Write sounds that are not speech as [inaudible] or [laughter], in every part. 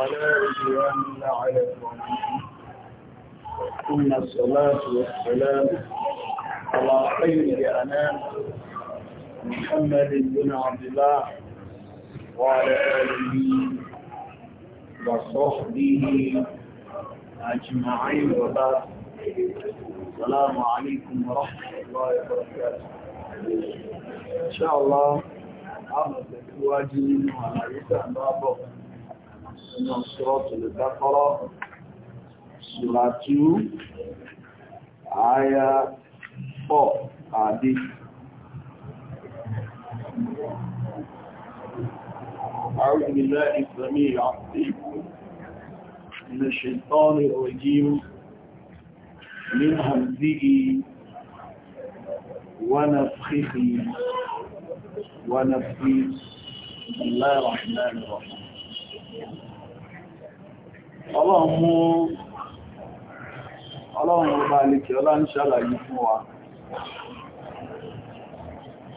ولا عدوان إلا على الظالمين ثم الصلاة والسلام على خير الأنام محمد بن عبد الله وعلى آله وصحبه أجمعين وبعد السلام عليكم ورحمة الله وبركاته إن شاء الله أمر تواجه على يسعى بابه dans Surat al-Baqarah, Surat 2, Ayah 4, Hadith. أعوذ بالله السميع العظيم من الشيطان الرجيم من همزه ونفخه ونفخه بسم الله الرحمن الرحيم ọlọ́run mú ọlọ́run ọba alìkẹ́ ọlá ń ṣàlàyé fún wa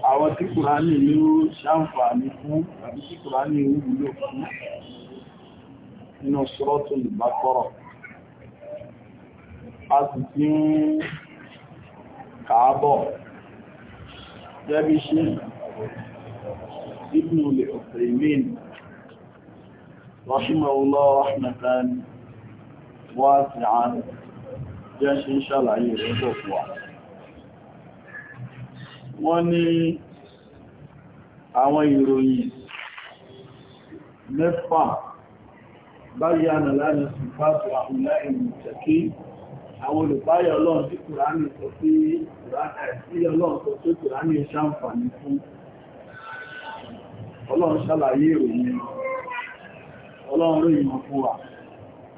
àwọn tí kùránì ní ó ṣàǹfààní fún àbí tí kùránì ó wúlò fún nínú ìbákọ́rọ̀ a sì ti ń kàábọ̀ jẹ́bí ṣe رحمه الله رحمة واسعة جاش إن شاء الله عليه الرسول wọ́n ní àwọn ìròyìn mẹ́fà báyìí ànàláyìn sí fásitì àwọn olùbáyà ọlọ́run tí kùránì sọ sí ọlọ́run kùránì fún ọlọ́run ṣàlàyé ìròyìn ọlọ́run ìmọ̀ fún wa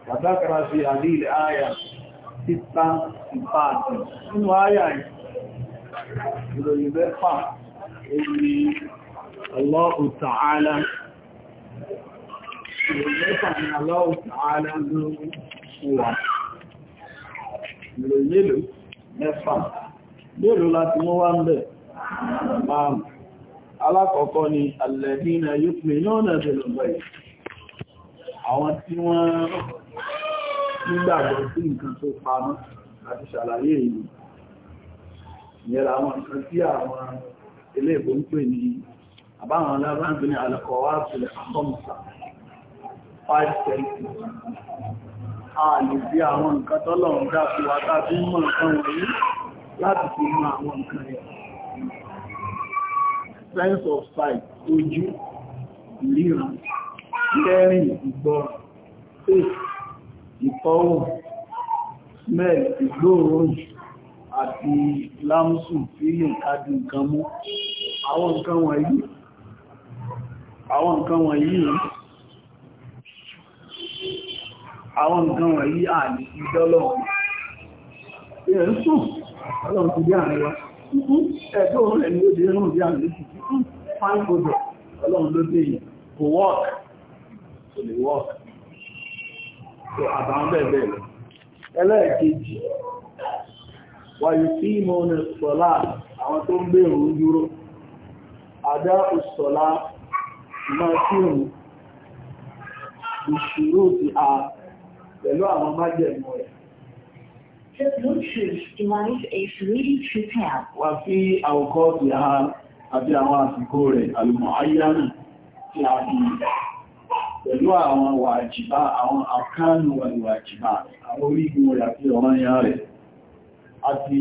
wàdákàrà sí àdílẹ̀ àyà títà ìpáàtì nínú àyà ìròyìn mẹ́fà èyí Allahu Ta'ala ìròyìn mẹ́fà ni Allahu Ta'ala lórí fún wa ìròyìn mélòó mẹ́fà mélòó láti mú wá ń bẹ̀ àwọn tí wọ́n nígbàgbọ́ sí nǹkan tó pamọ́ àti ṣàlàyé èyí ìyẹ́ra àwọn nǹkan tí àwọn ilé ìbò ń pè ní àbáwọn alábáǹdì ní alẹ́kọ̀ọ́wà sílẹ̀ àkọ́mùsà 530 a lè bí àwọn nǹkan tọ́lọ̀run dá sí wa tá bí mọ̀ nǹkan wọ̀nyí láti fi mọ àwọn nǹkan rẹ̀ sense of sight ojú ìríran hearing ìgbọ́ taste ìtọ́wò smell ìgbóòrùn àti lámsù feeling kádi nǹkan mú àwọn nǹkan wọ̀nyí àwọn nǹkan wọ̀nyí àwọn nǹkan wọ̀nyí àti ìdọ́lọ̀ ẹ̀ ń sùn ọlọ́run ti dé àríwá ẹ̀dọ́ ẹni ó dé rùn bí àríwá fine product ọlọ́run work tó lè wọ́ àbáwọn bẹ́ẹ̀ bẹ́ẹ̀ wàyí tí mo ní sọ́lá àwọn tó ń gbèrò ń dúró àdá òṣọ́lá máa tí ìṣòro ti a pẹ̀lú àwọn májẹ̀mọ́ rẹ̀ wà fí àwòkọ́ ti a àti àwọn àsìkò rẹ̀ àlùmọ̀ tí a fi pẹ̀lú àwọn wàjìbá àwọn àkánù wàjìbá àwọn orígun rẹ̀ àti ọ̀ranyà rẹ̀ àti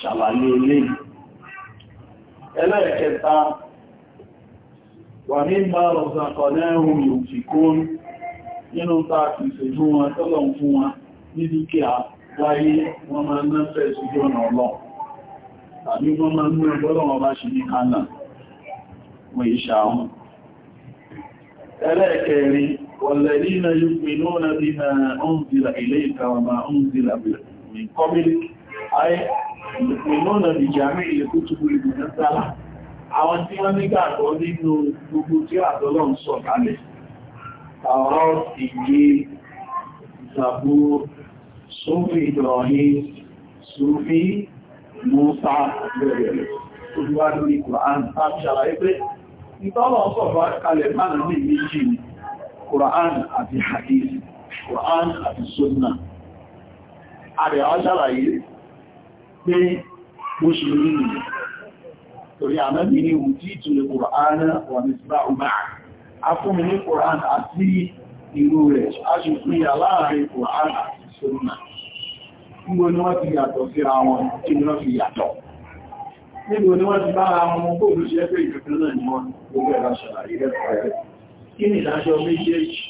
ṣàlàyé ilé ẹlẹ́ẹ̀kẹta wà ní bá rọ̀sàkọ̀lẹ́rùn yóò fi kún nínú ta ti ṣèjú wọn tọ́lọ̀ fún wọn ní dúkìá wáyé wọ́n ẹlẹ́ẹ̀kẹ̀rí wọ̀lẹ̀rí na yùpínú na bí na ọ́nzìlà ilé ìkàwàmà ọ́nzìlà mìkọ́mílìk ayé yùpínú na bí jàmí ilẹ̀ kútùkú ìlú nẹ́sàlá àwọn tí wọ́n nígbàgbọ́ nínú gbogbo tí àtọ́lọ́n sọ kalẹ̀ àwọn ìtọ́lọ̀ sọ̀rọ̀ kalẹ̀ mánà ní méjì ni Quran àti Hadith Quran àti Sunna àrẹ̀ ọ́ṣàlàyé pé mùsùlùmí ni torí àmẹ́bí ní ìwùjí ìtùlẹ̀ Quran wà ní ṣílá ọmọ afúnmi ní Quran àti ìlú rẹ̀ aṣùfíyà láàrin Quran àti Sunna nígbò ní wọ́n ti bá àwọn ọmọ bóòlù ṣe pé ìjọ̀kúnlẹ̀ ni wọ́n gbogbo ẹ̀rọ ṣàlàyé rẹ̀ kí ni ìdájọ́ méjèèjì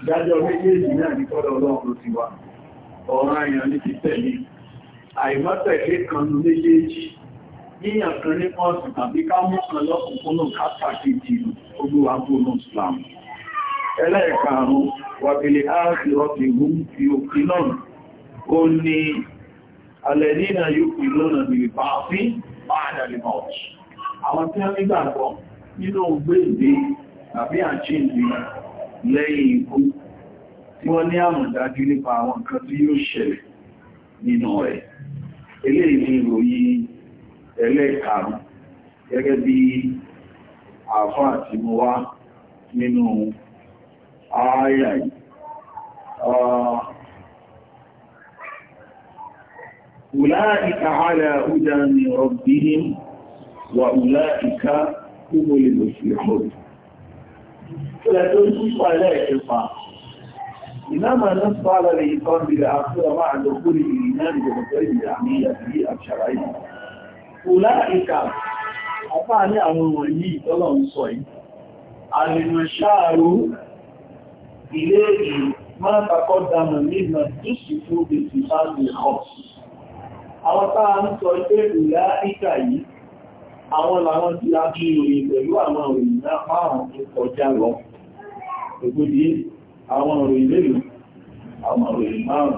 ìdájọ́ méjèèjì náà ní kọ́dọ̀ ọlọ́run ti wá ọ̀rọ̀ àyàn ní ti tẹ̀lé àìmọ́tẹ̀lé kan ní méjèèjì yíyàn kan ní pọ́ọ̀sì tàbí ká mú kan lọ́kùnkúnnù kápàkì ti gbogbo agbóhùn Islam ẹlẹ́ẹ̀karùn-ún wàbílẹ̀ áàkì ọ̀fì ìhún fi òkè náà ó ní alẹ́ nínà yóò pè lọ́nà bìrì pàápín báadàlìmọ̀ ọ̀tí. Àwọn tí wọ́n nígbàgbọ́ nínú ògbé ìdí tàbí àjíǹde lẹ́yìn ikú tí wọ́n ní àmọ̀dájú nípa àwọn nǹkan tí yóò ṣẹlẹ̀ nínú rẹ̀. Eléyìí ni ìròyìn ẹlẹ́ẹ̀karùn gẹ́gẹ́ bí àfá àti mo wá nínú ààyà yìí. Ah, أولئك على هدى من ربهم وأولئك هم المفلحون فلتنسوا صلاة إنما نص على الإيمان بالآخرة مع دخول الإيمان بمطلب العملية في الشرعية أولئك أفعل أولي طلب صيد المشاعر إليه ما تقدم مما تصف بصفات الخاص àwọn táà ń sọ pé ìlà ìkà yìí àwọn làwọn tí a fi ròyìn pẹ̀lú àwọn òyìn náà márùn tó kọjá lọ ògbódí àwọn òyìn lèrò àwọn òyìn márùn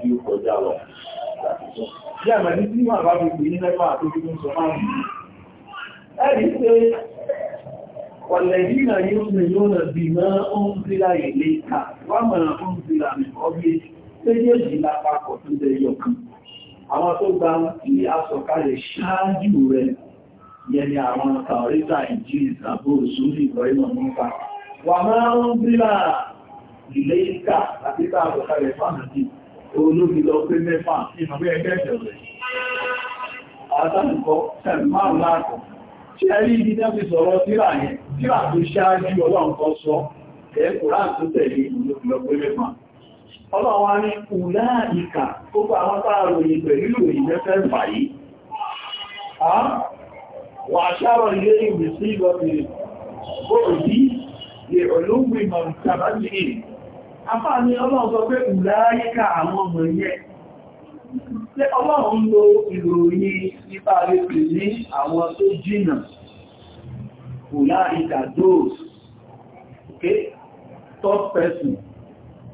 tó kọjá lọ bí àmà ní tí wọ́n bá fi pè ní lẹ́fà tó fi ń sọ márùn ẹ̀rí pé wàlẹ̀dínà yóò mẹ́lú ọ̀nà bí máa ń sílá àwọn tó gba tí a sọ̀kalẹ̀ ṣáájú rẹ̀ yẹ ni àwọn kàoríta ìjí ìsàbò sórí ìwọ̀rímọ̀ nípa wà máa ń bílá ilé ìkà àti tá a sọ̀kalẹ̀ fánàdì olóbi lọ pé mẹ́fà nínú ẹgbẹ́ ìjọba àtàkọ́ tẹ̀lmáà láàkọ̀ tí ẹ rí ibi náà fi sọ̀rọ̀ tíra yẹn tíra tó ṣáájú ọlọ́run kan sọ ẹ̀kùnrán tó tẹ̀lé olóbi lọ pé mẹ́fà ọlọ́wà ní kùlá ìkà gbogbo àwọn táàròyìn pẹ̀lú ìrẹ́fẹ́ fàyí wà ṣáwọ̀ ilé ìrìsí ìgbọ̀tìrì bóòdí lè olóògbé mọ̀rùn-ún Afá ni ọlọ́run sọ pé ìlàáyíká àwọn ọmọ yẹ. Lé ọlọ́run lo ìròyìn nípa rẹ̀ ní àwọn tó jìnà, ìlàáyíká those, okay, third person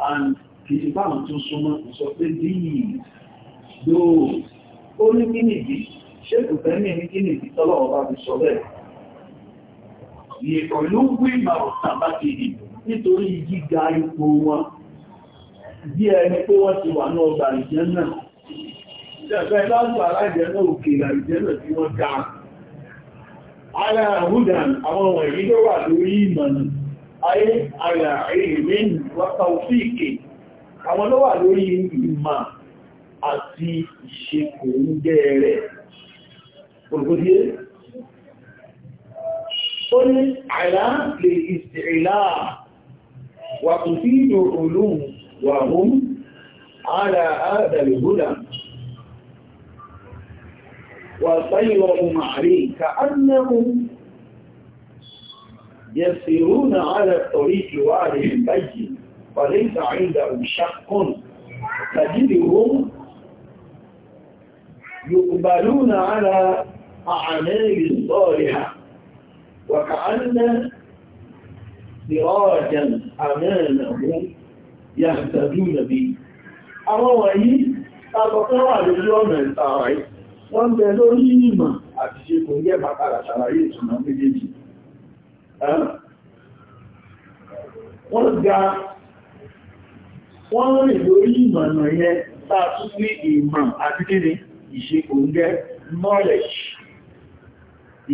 and kì í báwọn tún súnmọ́ sọ pé díì yóò ó ní kí nìdí ṣé kò fẹ́ ní ní kí nìdí tọ́lọ́ ọba fi sọ bẹ́ẹ̀ ìyẹ̀kọ̀ ló ń gbé ìmọ̀ ọ̀sán bá ti dì nítorí gíga ipò wọn bí ẹni pé wọ́n ti wà ní ọgbà ìjẹ́ náà ṣẹ̀fẹ́ láti aláìjẹ́ náà òkè ìlàìjẹ́ náà tí wọ́n ga ara àhúdàn àwọn wọ̀nyí ló wà lórí ìmọ̀nà ayé ara èèmẹ́ni wákàá òfíìkè àwọn ló wà lórí ìmọ̀ àti ìṣekò oúnjẹ rẹ̀ olùgbòdíé ó ní àìlá lè ìsìnlá wà kò sí ìjọ olóhùn wà hún ara àdàlùgbòdà wà sáyọ̀ ohun àrí ka annahun yẹ̀sìrún ààrẹ torí ìwà rẹ̀ báyìí وليس عندهم شق تجدهم يقبلون على أعمال صالحة وكأن سراجا أمامه يهتدون به أرواني أبقوا على اليوم الطاعي وان بيدو ليما أتشيكم يبا على شرائيتنا بجيجي أه وان wọ́n rìn lórí ìmọ̀nà yẹn táa ní ìmọ̀ àti kíni ìṣekòǹgẹ́ knowledge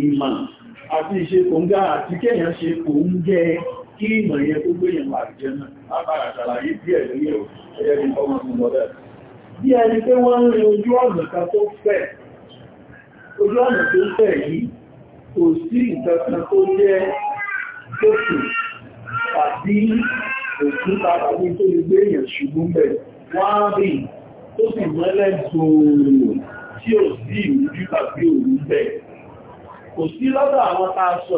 ìmọ̀ àti ìṣekòǹgẹ́ àti kéèyàn ṣe kòǹgẹ́ kí ìmọ̀ yẹn tó gbéyàn wà lábára ṣàlàyé bí ẹni òkúta tàbí tó lè gbé èèyàn ṣùgbọ́n bẹ̀ wọ́n á rí tó sì mọ́lẹ̀ gbòòrò tí ò sí ìrújú tàbí òun bẹ̀ kò sí lọ́dọ̀ àwọn tá a sọ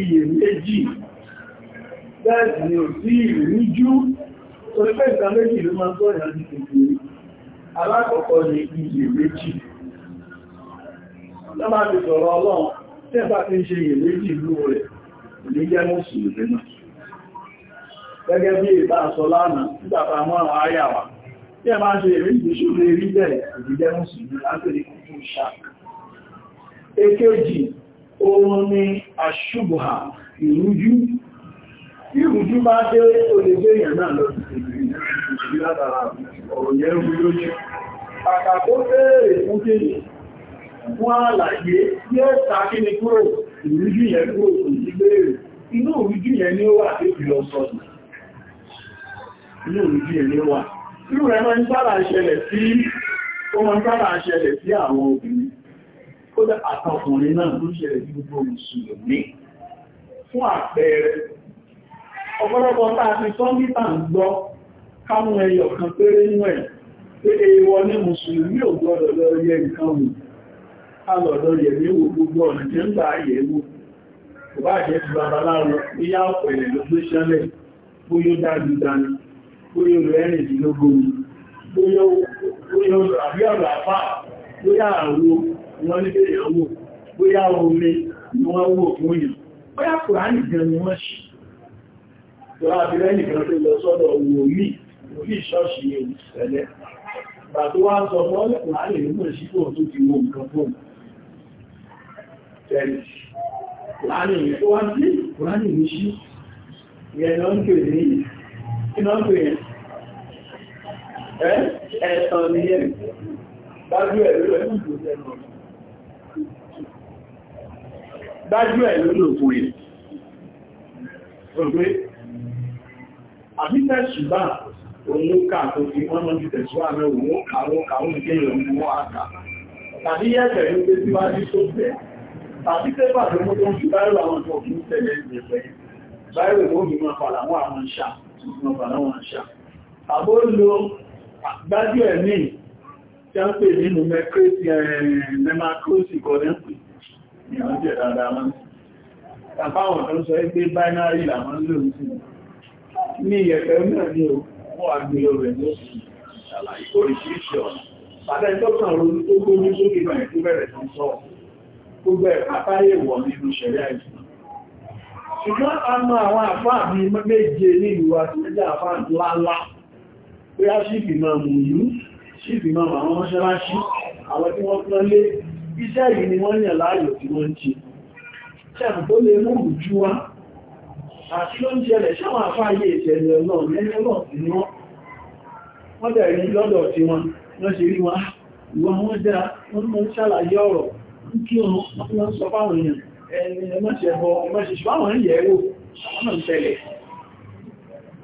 iye méjì bẹ́ẹ̀ sì ni ò sí ìrújú torí pé ìta méjì ló máa gbọ́ ìrìn àti kékeré alákọ̀ọ́kọ́ ni iye méjì lọ́bàá ti sọ̀rọ̀ ọlọ́run tẹ́bà ti ń ṣe iye méjì lú ní jẹ́ mọ́sùlùmí náà gẹ́gẹ́ bí ìta sọ lánàá nígbàtà mọ́ àwọn ayà wa tí ẹ máa ṣe èrí ìṣúlé rí bẹ̀rẹ̀ ìdíjẹ́ mùsùlùmí látòrí kúkú ṣak èkejì òun ni àṣùbùhà ìrújú tí ìrújú bá dé olèdé èèyàn náà lọ sí látara ọ̀rọ̀ yẹn rú lójú kàkà tó béèrè fún kéde fún àlàyé tí ẹ ta kí ni kúrò ìrújú yẹn kúrò kò sí béèrè inú ìrújú yẹn ni ó wà tó fi lọ sọ́dún ní òrùjú ilé wà irú rẹ̀ máa ń sára ṣẹlẹ̀ sí àwọn obìnrin ó dá àtọkùnrin náà ló ṣẹlẹ̀ sí gbogbo mùsùlùmí fún àpẹẹrẹ ọ̀pọ̀lọpọ̀ táa fi sọ́mítà ń gbọ́ káwọn ẹyọ kan péré nú ẹ̀ pé èèwọ̀ ní mùsùlùmí ò gbọ́dọ̀ lọ bóyó dájú dání bóyá olùrẹ́rìndínlógún bóyá àbí ọ̀rọ̀ àpá bóyá àwọ wọn ní bèèrè owó bóyá omi ni wọ́n wò fún yìí bóyá kùránì gan ni wọ́n ṣe tọ́lá abirẹ́ nìkan tó lọ sọ́dọ̀ wò mí orí ìṣọ́ṣì ìṣẹ̀lẹ̀ bà tó wá ń sọ fún ọlẹ́kùn láàrin ìlú ìṣípò tó ti wo nǹkan fún láàrin ìlú tó wá ẹ̀sàn ni yẹn dájú ẹ̀ ló dájú ẹ̀ ló lò fún ẹ̀ ògbé àbíkẹ́ ṣùgbọ́n òun kà tó fi wọ́n mọ́ jùtẹ̀ sí wà náà òun àwọn àwọn ìgbéyàn ní wọ́n àkà tàbí yẹ́kẹ̀ ló gbé síwájú tó fẹ́ tàbí tẹ́ pàtó mọ́ tó ń fi báyọ̀ àwọn tó fún tẹ́lẹ̀ ìgbẹ̀fẹ́ báyọ̀ mọ́ mi mọ́ pàlàwọ́ àwọn ṣà gbájú ẹ̀ ní tí a ń pè nínú mẹ́kírẹ́sì ẹ̀rẹ̀mẹ́mákírẹ́sì gọ́ọ̀dẹ́pì ní ọjọ́ dáadáa máa ń sí àbáwọn tó ń sọ ẹgbẹ́ binary làwọn lóòrùn sí ní ìyẹ̀fẹ́ náà ní ọwọ́ àgbélò rẹ̀ ní oṣù ṣàlàyé oríṣiríṣi ọ̀nà pàdé tó kàn ló tó gbójú sókè náà tó bẹ̀rẹ̀ tó ń sọ gbogbo ẹ̀ pátáyè wọ̀ nínú ṣẹ̀rí àìsàn ṣùgbọ́n a mọ àwọn àfáà bíi méje ní ìlú àti méjì àfáà ńláńlá pé á ṣìfì máa mú ìlú ṣìfì máa àwọn mọ́ṣáláṣí àwọn tí wọ́n pán lé iṣẹ́ yìí ni wọ́n yàn láàyò tí wọ́n ń ṣe ṣẹ́m tó lè mú ìjú wá àti ló ń ṣẹlẹ̀ ṣáwọn àfáàyè ìṣẹ̀lẹ̀ ọlọ́run ẹni ọlọ́run sí ni wọ́n wọ́n dẹ̀ rí lọ́dọ̀ tí wọn wọ́n ṣe rí wọn ah, ìwọ̀n wọ́n dára wọ́n mọ́ ń ṣàlàyé ọ̀rọ̀ kí wọ́n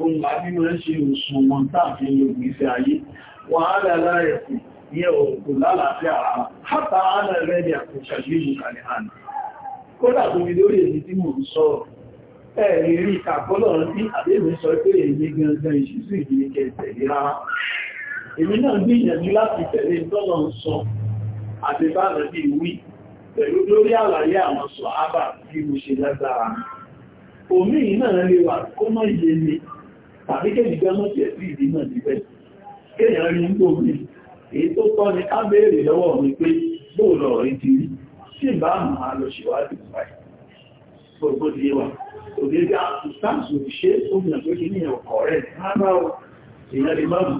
ohun àbí mọ́ ṣe òṣùn wọn tàbí lóògùn iṣẹ́ ayé wọ́n á rẹ̀ láyẹ̀kù ní ọ̀pọ̀ lálàáfíà ara hátà ánà rẹ̀ ní àkóṣàṣe ìmùkàlẹ̀ hànà kódà tó mi lórí èyí tí mò ń sọ̀rọ̀ ẹ̀rí rí ìkàkọ́lọ̀ sí àbẹ́mì sọ pé èyí gangan ìṣísù ìgbìnikẹ̀ tẹ̀lé rárá. èmi náà gbìyànjú láti tẹ̀lé tọ́lọ̀ ń sọ àbẹ́bàrẹ̀ bí wí pẹ̀lú lórí àlàyé àwọn sọ ábà bí mo ṣe lágbára. òmí náà lè wà kó mọ́ ìyẹni tàbí kéjì gánà tí ẹ̀sí ìdí náà ti bẹ̀. kéèyàn rí ń gbò mí èyí tó tọ́ ni ká béèrè lọ́wọ́ mi pé bóòlọ̀ rí ti rí sí ìbá máa lọ ṣèwádìí báyìí gbogbo ti yé wa òbí bí àtúntàṣù ṣe òmìnà tó kí ní ọkọ̀ rẹ̀ rárá o èèyàn lè mọ́mù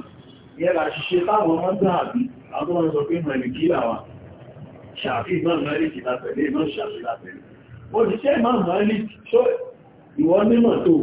yẹ́ la ṣiṣẹ́ táwọn wọ́n dáàbí àwọn ọmọ sọ pé mẹ́rin kí làwà ṣàfihàn mẹ́rin kìlá pẹ̀lú ìmọ̀ ṣàfihàn pẹ̀lú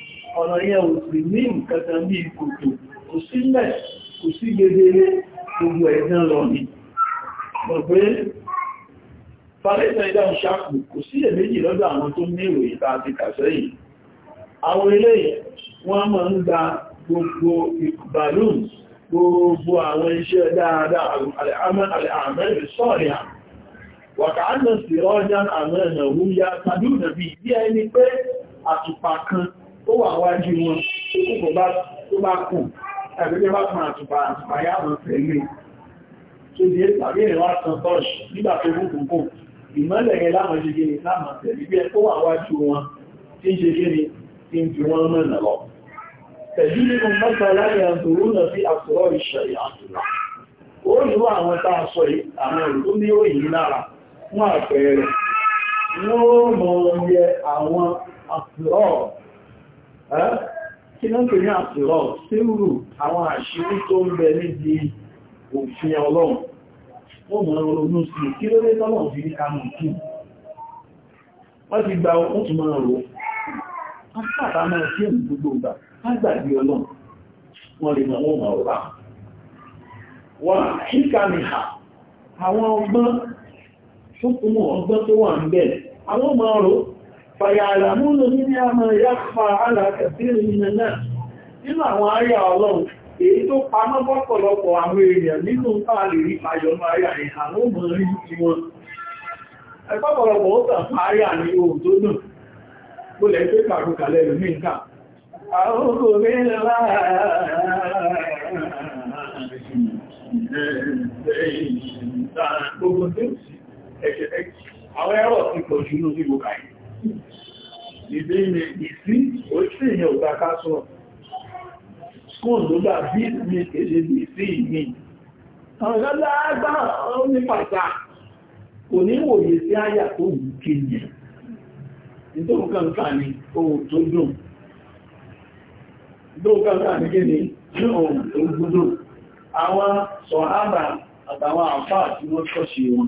ọ̀nà yẹn ò sì ní nǹkan bí ìkòtò kò sílẹ̀ kò sí gbedere gbogbo ẹ̀dán lọ ni gbogbo Fàlẹ́sẹ̀ ìdáhùn ṣàkù kò sí èméjì lọ́dọ̀ àwọn tó ní ìròyìn tàà ti kàṣẹ́ yìí. Àwọn ilé wọ́n máa ń gba gbogbo balloon gbogbo àwọn iṣẹ́ dáadáa àmẹ́rin sọ́ọ̀rì à. Wàkàánà sí ọjọ́ àmẹ́rin tó wà wájú wọn tó bá tó bá kù tàbí bí wọ́n máa tùbà àyà àwọn tẹ̀lé tó di tàbí ìrìn wá kan tọ́ọ̀ṣì nígbà tó kù kù ìmọ́lẹ̀ yẹn láwọn ṣe gẹ́ni láwọn tẹ̀lé bí ẹ tó wà wájú wọn tí ń ṣe gẹ́ni tí ń fi wọ́n mọ̀nà lọ pẹ̀lú nínú mọ́ta láyé àtòrò náà sí àtòrò ìṣẹ̀lẹ̀ àtòrò ó lú àwọn tá a sọ àwọn òrùn ní òyìn lára fún àpẹẹrẹ wọ́n mọ̀ yẹ àwọn àtòrò kí ló ń pè ní àṣírọ̀ sírù àwọn àṣírí tó ń bẹ níbi òfin ọlọ́run wọ́n mọ̀ ronú sí kí ló lé tọ́lọ̀ fi ní kanù kí wọ́n ti gba ohun tó máa rò pàtàkì máa kí èmì gbogbo ìgbà lágbàgbé ọlọ́run wọ́n lè mọ̀ wọ́n mọ̀ ọ̀rọ̀ wà kíkàmìhà àwọn ọgbọ́n tó kún فَيَعْلَمُونَ مِنْهَا مَا يَخْفَى عَلَى كَثِيرٍ مِنَ النَّاسِ nínú àwọn ayà ọlọ́run èyí tó pamọ́ bọ́pọ̀lọpọ̀ àwọn èèyàn nínú táà lè rí àyọ̀nà ayà ní àwọn ọmọ rí ti wọn ẹgbọ́pọ̀lọpọ̀ ó tàn fún ayà ní ohun tó dùn tó lẹ́ àwọn ẹ̀rọ ti pọ̀ jù ní ojú ìbéèrè ìsí oríṣẹ́ èyàn ò dáká sọ skóòlù ló bá bí mi bí pàtà sí àyà tó wù ní ohun tó dùn ní ní ohun tó àwọn sọ̀hábà àtàwọn wọ́n ṣọ́ṣe wọn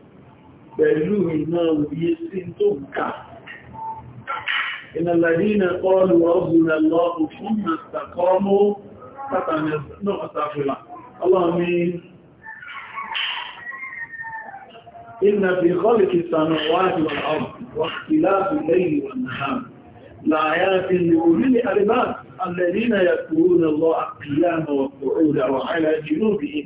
إن الذين قالوا ربنا الله ثم استقاموا kọlu ọgbùnà lọ́pù fún àtàkọ́mú إن في خلق السماوات والأرض واختلاف الليل والنهار لآيات لأولي الألباب الذين يذكرون الله قياما وقعودا وعلى جنوبهم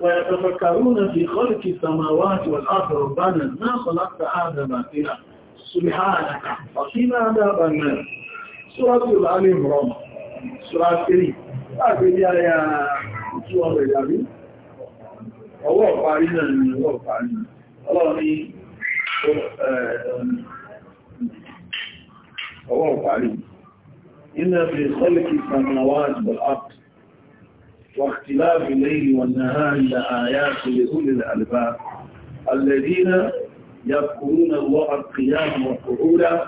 ويتفكرون في خلق السماوات والأرض ربنا ما خلقت آدم إلا سبحانك فقيم عذاب النار سورة آل عمران سورة كريم أخي يا سورة يا أبي الله فارينا الله فارينا الله الله إن في خلق السماوات والأرض واختلاف الليل والنهار لآيات لأولي الألباب الذين يذكرون الله قياما وقعودا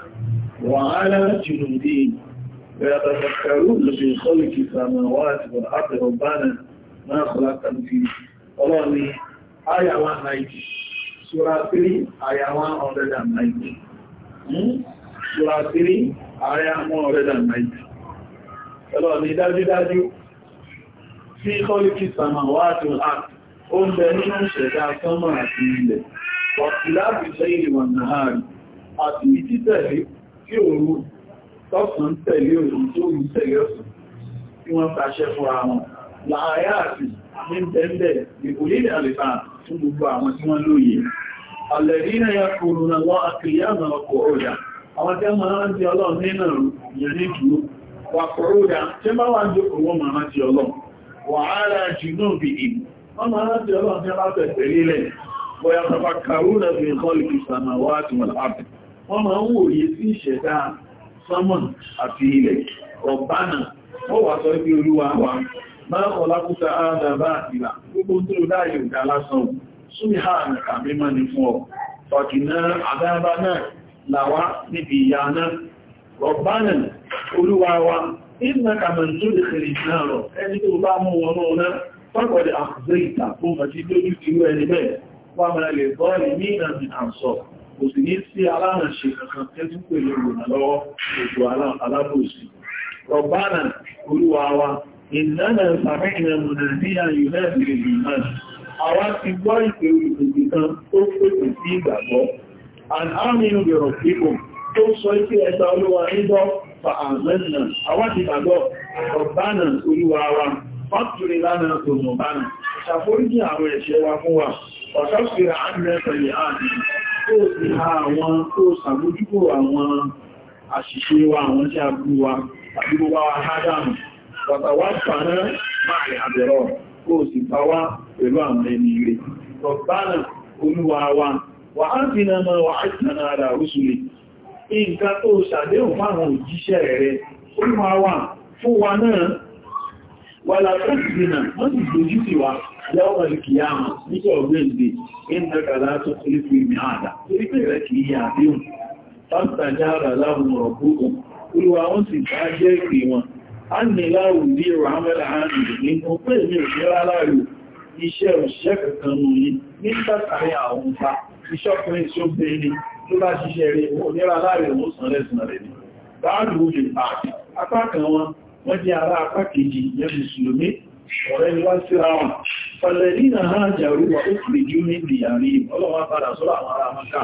وعلى جنودهم ويتفكرون في خلق السماوات والأرض ربنا ما خلقنا فيه الله ني آية 190 سورة 3 آية 190 سورة 3 آية 190 الله ني dájúdájú sí kọ́líkì sàmàwáàtì àti ó ń bẹ nínú ìṣẹ̀dá sánmà àti ilẹ̀ ọ̀tíláàbì lẹ́yìn wọn náàrí àti títẹ̀lé tí òru tọ́sàn tẹ̀lé òru tó ń tẹ̀lé ọ̀sán tí wọ́n pàṣẹ fún àwọn láàáyá àti ní bẹ́ẹ̀bẹ̀ ìpòlílẹ̀ àlèfà fún gbogbo àwọn tí wọ́n lóye alẹ́rínà ya kòrò na wọ́n akìyàmà ọkọ̀ máa ń di ọlọ́run nínú ìyẹn ní dúró wà kòrò ọ̀dà tí wọ́n máa ń jókòó wọ́n máa ń di ọlọ́run wàhálà jùlọ bí i wọ́n máa rántí ọlọ́run tí a bá tẹ̀sẹ̀ lílẹ̀ bóyá tàbá karúnà fi kọ́lì fi sàmà wá àti wọn àpẹ wọ́n máa ń wòye sí ìṣẹ̀dá sọ́mọ̀n àti ilẹ̀ ọ̀bánà ó wà sọ ibi olúwa wa máa kọ̀ lákúta àdàbà àtìlà gbogbo tó láyé ìdá súnmí ha nìkà mímọ́ ni fún ọ ìdínà kàmẹ̀ntó lè fèrè náà rọ̀ ẹni tó bá mú wọn náà fọ́kọ̀dẹ̀ àkùzẹ́ ìta fún ọjí lójú irú ẹni bẹ́ẹ̀ wà mẹ́rẹ̀ lè bọ́ọ̀lì ní ìrìnàmì àǹsọ̀ kò sì ní sí aláàrẹ̀ṣe kankan tẹ́jú pẹ̀lú ìrìnàlọ́wọ́ ètò alábòsí rọ̀bánà olúwa wa ìlànà sàmìnà mùnàdíyà united ìgbìmọ̀ àwa ti fa'azanna àwádìí gbàgbọ́ ọ̀bánà olúwa wa fàtúrí lánà òmùbánà ṣàforíjì àwọn ẹ̀ṣẹ̀ wa fún wa ọ̀ṣọ́fẹ́ àmìrẹ́fẹ̀lẹ̀ àti tó ti ha àwọn tó sàmójúkò àwọn àṣìṣe wa àwọn tí a bú wa tàbí gbogbo wa hádàmù pàtàwà pàná máa àbẹ̀rọ kó sì bá wá pẹ̀lú àwọn ẹni rẹ̀ ọ̀bánà olúwa wa wà á fi náà wà á nǹkan tó ṣàdéhùn fáwọn òjíṣẹ́ rẹ̀ ó máa wà fún wa náà wà látọ́sìdínà wọ́n sì dojú sí wa lẹ́wọ̀n kìyàmà nígbà ọgbẹ́ǹdè ìnàkàlá tó kéré fún ìmì àdá torí pé rẹ̀ kìí yà àdéhùn fásitàjára láhùn ọ̀rọ̀gbógún olúwa wọ́n sì bá jẹ́ ìpè wọn a ní láhùn ní ìrọ̀hámẹ́lá àmì nínú pé mi ò ṣẹ́rá láàrù iṣẹ́ òṣìṣẹ́ kankan nù yí ní sàtàrí àwọn ọ̀pá iṣọ́kùnrin tí ó bẹ́ẹ̀ tó bá ṣiṣẹ́ rí owó nira láàrin òun sàn lẹ́sìn rẹ̀ ni báàlù lè bá apá kan wọn wọ́n jẹ́ ará apá kejì yẹn mùsùlùmí ọ̀rẹ́ ni wá síra wọn pẹ̀lẹ̀rí na ha jàrú wà ó fìrì jú ní ìdìyàrí ọlọ́wọ́ padà sọ́rọ̀ àwọn ará mọ́ká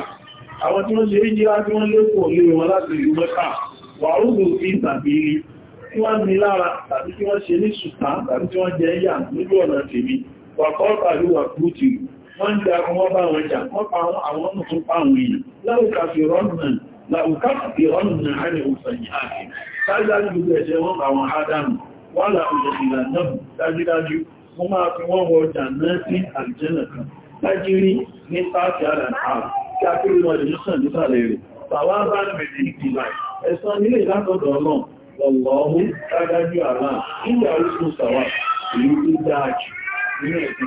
àwọn tí wọ́n ṣe ríjírá tí wọ́n lékòó lé wọn láti ìlú mọ́ká wà ó lò sí wọ́n jagun wọ́n bá wọn jà wọ́n pa àwọn ọmọ tó pa àwọn èèyàn láwùká fi rọ́nà láwùká fi rọ́nà àrẹ òsànyà àti sájájú gbogbo ẹ̀ṣẹ̀ wọ́n pa àwọn ádámù wà ní pàtí àrà àrà kí a kéré wọn lè sàn nísàlẹ̀ rẹ̀ bàwá bá bẹ̀rẹ̀ ìdìbà ẹ̀sán nílé látọ̀dọ̀ náà lọ́lọ́ọ̀hún dájájú àrà nígbà orísun sàwà ìlú tó dáa jù nínú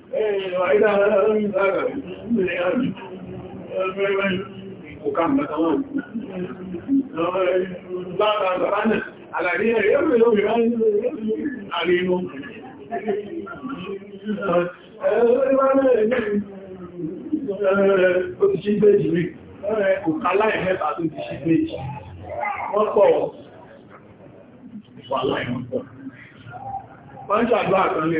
Wọ́n pọ̀ wà láìwọ̀n pọ̀. Wọ́n ṣàdúrà kan lè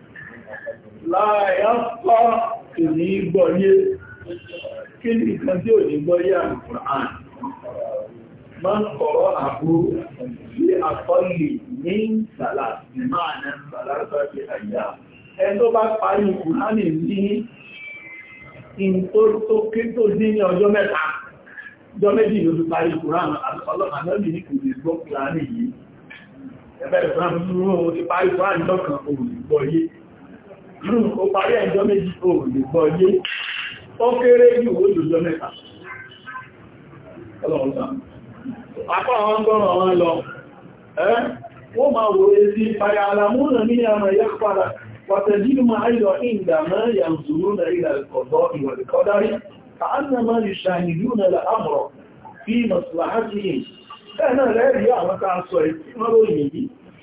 láàyá pọ́ kì ní gbọ́yé kí ní ìkan tí ò ní gbọ́yé àrùn máa ń kọ̀rọ̀ àbú sí àkọlì ní sàlàtì máa nẹ́ sàlàtì àyà ẹ tó bá parí kùránì ní ìntótókí tó ní ní ọjọ́ mẹ́ta ọjọ́ méjì ló fi parí kùránì ọlọ́pàá lọ́bì ní kò lè gbọ́ kùránì yìí ẹgbẹ́ ìfúnra fún ó ti parí kùránì lọ́kàn òun ìgbọ́ ó parí ẹjọ́ méjì ó lè gbọ́ yé ó kéré ní owó ìjọjọ́ mẹ́ta apá àwọn gọ́rọ̀ àwọn lọ ẹ́ wọ́n máa wò èsì ìpayà alamúnà ní àmà yá padà pàtàkì ma ayọ̀ ìdàmà yàmzùrú na ilẹ̀ ọ̀dọ́ ìwàlẹ̀kọ́dárí ka an na máa lè ṣàhìlú na la'amọ̀rọ̀ fi maslahati yìí bẹ́ẹ̀ náà lẹ́rìí àwọn ta sọ ìtìmọ́rò yìí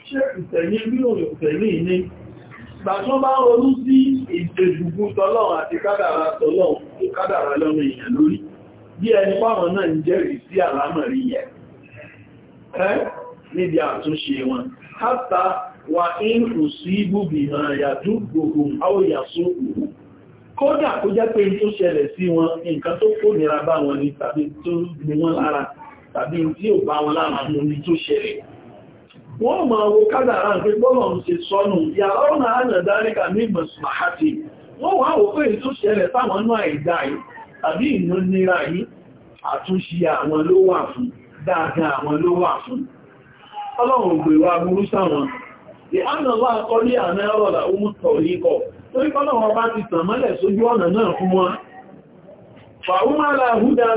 ṣe ìtẹ̀lé ìgbà tó bá ronú sí ìdèjùgún tọ́lọ́run àti kádàrà tọ́lọ́run tó kádàrà lọ́rùn èèyàn lórí bí ẹni pàwọn náà ń jẹ́rìí sí àlámọ̀rí yẹn níbi àtúnṣe wọn hátà wà ń kù sí ibùbì náà gbogbo àwòyàsó òkú kódà kó jẹ́ pé tó ṣẹlẹ̀ sí wọn nǹkan tó kó nira bá wọn ni tàbí tó ní wọn lára tàbí tí ò bá wọn lára mú ni tó ṣẹlẹ̀ wọ́n ma wo kádàrá pé bọ́lọ̀ ṣe sọ́nù ìyàrá ọ̀nà ànàdáríkà ní mọ̀sùmáhátì wọ́n wá wò pé ètò ṣẹlẹ̀ táwọn náà ìdá yìí tàbí ìnúnira yìí àtúnṣe àwọn ló wà fún dáadáa àwọn ló wà fún ọlọ́run gbé wa burú sáwọn wọn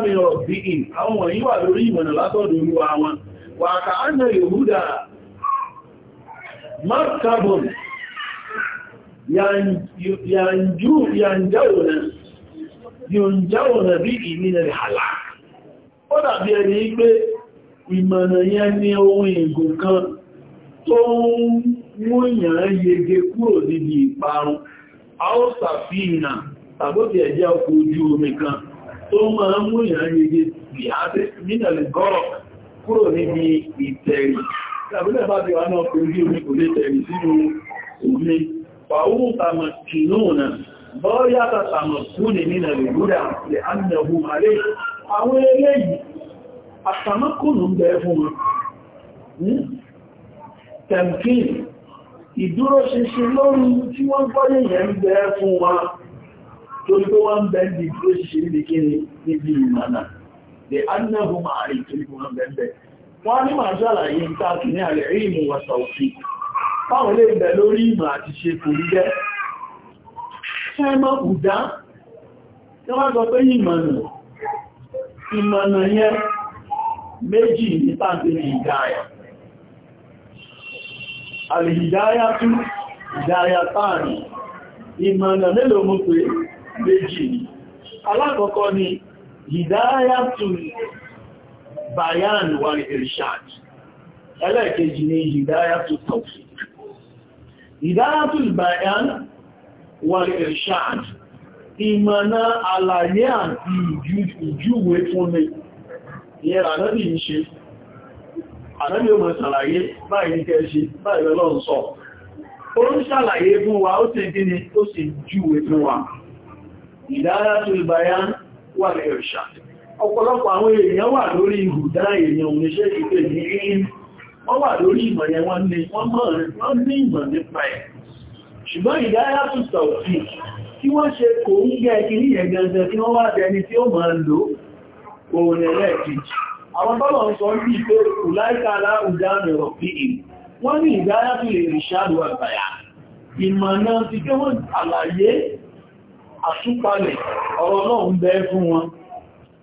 mi rọ̀ bí i àwọn wọ̀nyí wà lórí ìmọ̀nà wọn wà yòhúdá markabun yànjáwòrán bí ìmìnà ìhàlá ó dàbí ẹni pé ìmọ̀nà yẹn ní ohun ègò kan tó ń mú ìyàn yege kúrò níbi ìparun a ó sàfihàn tàbótí oju ọkọ̀ ojú omi kan tó máa mú ìyàn yege bí i Ìgbàbílẹ̀ bá bí wà náà kò rí omi kò lè tẹ̀rì sínú omi. Fàúrù tàmà kìnnú nà, bọ́ yàtà tàmà kúnni nínà lè gúdà lè ánìyàwó alé. Àwọn eléyìí, àtàmákùnù ń bẹ fún wọn. Hmm? Tẹ̀mkín, ìdúró ṣinṣin lórí tí wọ́n ní màá ṣàlàyé ìtàkì ní alẹ̀ ìmú wọ̀sà òfin fáwọn lè bẹ̀ lórí ìmọ̀ àti ṣe kò rí jẹ́ ṣẹ́mọ̀ ìdá tí wọ́n sọ pé ìmọ̀nà ìmọ̀nà yẹn méjì ní tàbí ìdáyà alìdáyà tún ìdáyà táàrí ìmọ̀nà ìdáyà bayan wal irshad ẹlẹ́ẹ̀kejì ni hidayatu tawfiq hidayatu bayan wal irshad ìmọ̀nà àlàyé àti ìjúwe fún mi ìyẹn ànábì ń ṣe ànábì ó mọ̀ ṣàlàyé báyìí ní kẹ́ẹ̀ṣe báyìí lọ́lọ́ sọ ó ń ṣàlàyé fún wa ó sì gíní ó sì júwe fún wa ìdáyàtò ìbáyá wà ní ọ̀pọ̀lọpọ̀ àwọn èèyàn wà lórí ìhùdá èèyàn oníṣẹ́ ìpè ní wọ́n wà lórí ìmọ̀ yẹn wọ́n ní wọ́n ní ìmọ̀ nípa ẹ̀ ṣùgbọ́n ìdáyà tún sọ̀tí tí wọ́n ṣe kò ń gẹ́ kìí yẹn gẹ́gẹ́ tí wọ́n wá dẹni tí ó máa lò òun ẹlẹ́ẹ̀kejì àwọn tọ́lọ̀ ń sọ bí pé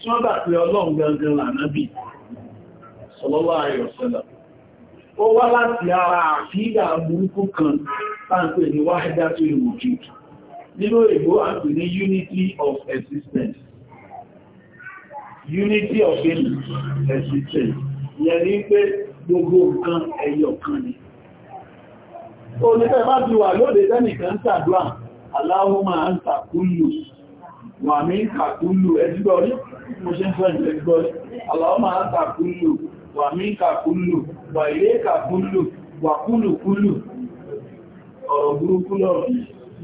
tí wọ́n gbà pé ọlọ́run gangan lànábì sọlọ́wọ́ ayọ̀sọ́lá ó wá láti ara àfíìdà burúkú kan táǹkù ní wáhídá tó lè wòjú nínú èbó àpè ní unity of existence unity of existence yẹn ní pé gbogbo nǹkan ẹyọ kan ni onífẹ́ bá ti wà lóde tẹ́nìkan ṣàdúrà aláwọ́ máa ń tàkúlù wà ní kàkúlù ẹgbọ́rí mo ṣe ń sọ ìgbẹ́gbọ́rí aláwọ́mà ń kàkúlù wà ní kàkúlù wà ilé kàkúlù wà kúlùkúlù ọ̀rọ̀ burúkú lọ́rọ̀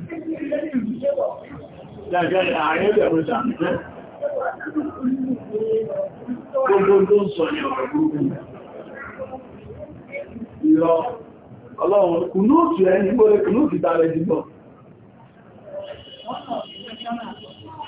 Gbogbo tó ń sọ ní ọ̀rọ̀ burúkú. Ìrọ̀ Ọlọ́run kùnú òtù ẹni gbọ́rẹ̀ kùnú òtù tààrẹ jùlọ.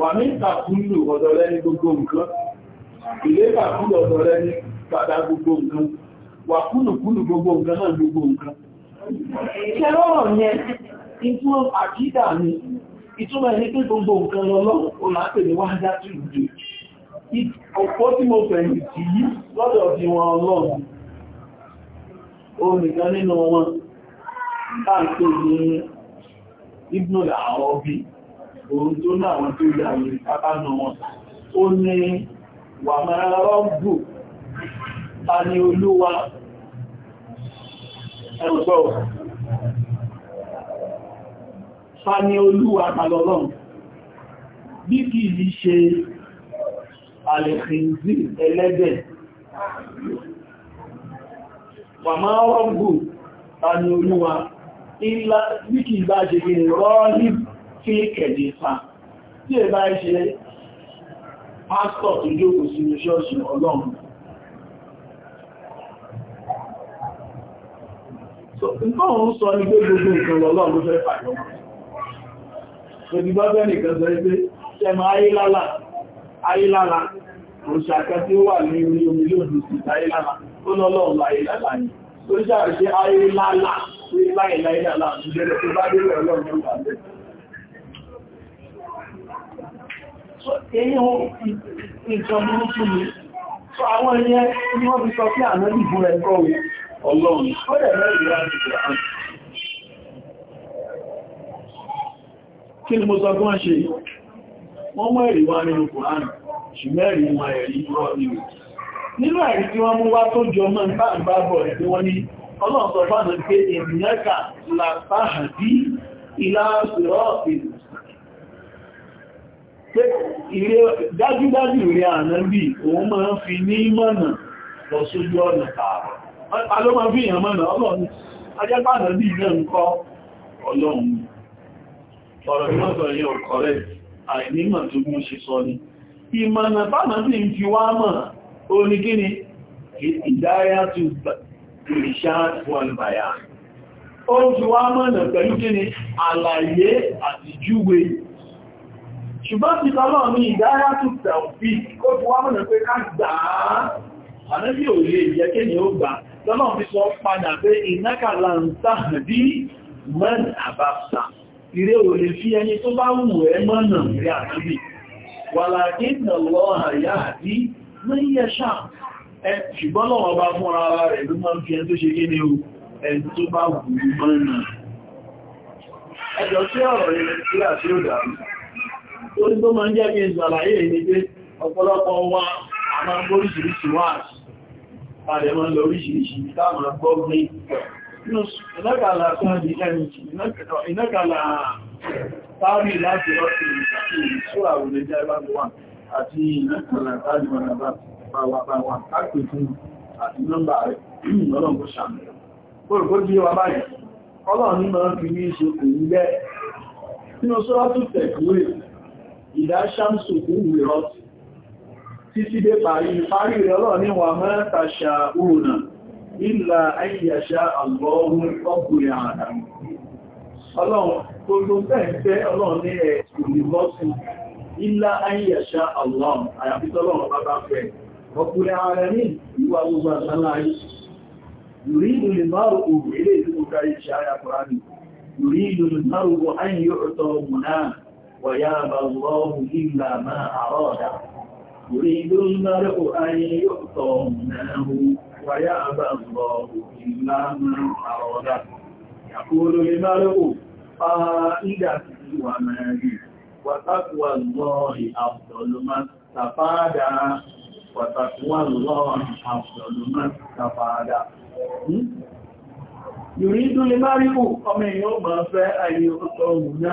wà ní ìtàkùnlù ọ̀dọ̀ lẹ́ni gbogbo nǹkan ilé ìtàkùnlù ọ̀dọ̀ lẹ́ni padà gbogbo nǹkan wà kúlùkúlù gbogbo nǹkan náà gbogbo nǹkan ṣẹlọ́rọ̀ yẹn ìtún àkídà ni ìtúnmọ̀ ẹni pé gbogbo nǹkan lọ́lọ́run ó láti ní wájá tí ó dé ọ̀pọ̀ tí àwọn obìnrin òun tó ní àwọn tó yà ní pápánà wọn ó ní wà máa rọ́gbù ta ni olúwa ẹgbọ́ ta ni olúwa tàlọ́lọ́n bí kì í ṣe alẹ́kìnzí ẹlẹ́dẹ̀ wà máa rọ́gbù ta ni olúwa ilá kì í bá ṣe rọ́ọ̀lìbù kéèkẹ̀dé fa tí è bá ṣe pásítọ̀ tó jókòó sí ṣọ́ọ̀ṣì ọlọ́run nǹkan òun sọ ní pé gbogbo nǹkan lọ́lọ́run ló fẹ́ fàyọ́ òdìgbọ́gbẹ́ nìkan sọ pé tẹ́mọ ayélára ayélára òṣàkà tí ó wà ní orí omi lóòdù sí ayélára ó lọ́lọ́run ayélára yìí ó ṣàrẹ̀ sí ayélára láìláìláìláà so èyí hàn nǹkan burúkú ni so àwọn ẹyẹ ni wọ́n fi sọ sí àná ìbú rẹ̀ kọ́ ọlọ́run ó dẹ̀ mẹ́rin láti ìgbà kí ni mo sọ gán ṣe wọ́n mọ́ ẹ̀rí wá nínú Kùránì ṣùgbẹ́rì wọn ẹ̀rí rọ́ níwò nínú ẹ̀rí tí wọ́n mú wá tó jọ mọ́ nípa ìgbàgbọ́ ẹ̀ tí wọ́n ní ọlọ́sọ̀fánà pé ènìyàn kà látàhàdí ìlàásìrọ́ ìlú pé dájúdájú rẹ̀ ànábì òun máa ń fi ní mọ̀nà lọ sójú ọ̀nà tààrà ló máa fi èèyàn mọ̀nà ọlọ́run ajẹ́pá ànábì náà ń kọ́ ọlọ́run ọ̀rọ̀ ìmọ̀sọ̀ yẹn ọ̀kọ̀rẹ́ àìnímọ̀ tó gún ṣe sọ ni ìmọ̀nà bánà sí fi wá mọ̀ orí kí ni ìdáyà tó ìṣà wọn bàyà ó fi wá mọ̀nà pẹ̀lú kí ni àlàyé àti júwe ṣùgbọ́n ti tọ́lọ́ ní ìdáyà tó tẹ̀wọ̀fí kó fi wá mọ̀nà pé ká gbà á ànábí ò lè jẹ́ kí ni ó gbà lọ́nà fi sọ padà pé ìnákàlà ń tàà bí mẹ́n àbáfà ìrẹ ò lè fi ẹni tó bá wù ẹ́ mọ́nà rẹ̀ àtúbì wà láti ìnàlọ́ àyà àbí mẹ́yẹṣà ṣùgbọ́n lọ́wọ́ bá fún ara rẹ̀ ló máa ń fi ẹni tó ṣe kí ni ẹjọ́ sí ọ̀rọ̀ ilẹ̀ tí àti ó dàrú torí tó máa ń jẹ́ kí n ṣàlàyé ní pé ọ̀pọ̀lọpọ̀ wa a máa gbọ́ oríṣiríṣi wá àṣì máa lọ oríṣiríṣi táàmà gbọ́ ní ìnákàlà sáàdì ìnákàlà sáàrì láti ọ̀sẹ̀ ìṣúra òlè jẹ́ ìbáwà àti ìnákàlà sáàdì wọn àbáwà káàkiri fún àti nọ́mbà rẹ̀ ọlọ́run kó ṣàmì ọlọ́run ní máa fi ní ìṣe kò ní bẹ́ẹ̀ nínú sọ́rọ́ tó tẹ̀kúrè ìdáṣàmsù fún ìrọ́tì títí dé parí parí ìrọ́lọ́ ní wà mẹ́ta ṣàúnà ìlà ayíyàṣà àgbọ́ọ̀hún ọgbùnrin àdàmù ọlọ́run tó ló fẹ́ ọlọ́run ní ẹ̀ ìrọ́tì ìlà ayíyàṣà àlọ́run àyàfítọ́lọ́run bá bá fẹ́ ọkùnrin ààrẹ ní ìwà gbogbo àtàláyé وياب الله إلا ما أراد يريد المرء أن يؤتى منه وياب الله إلا ما أراد يقول المرء قائدتي ومالي وتقوى الله أفضل ما استفاد وتقوى الله أفضل ما استفاد يريد المرء أن يؤتى منه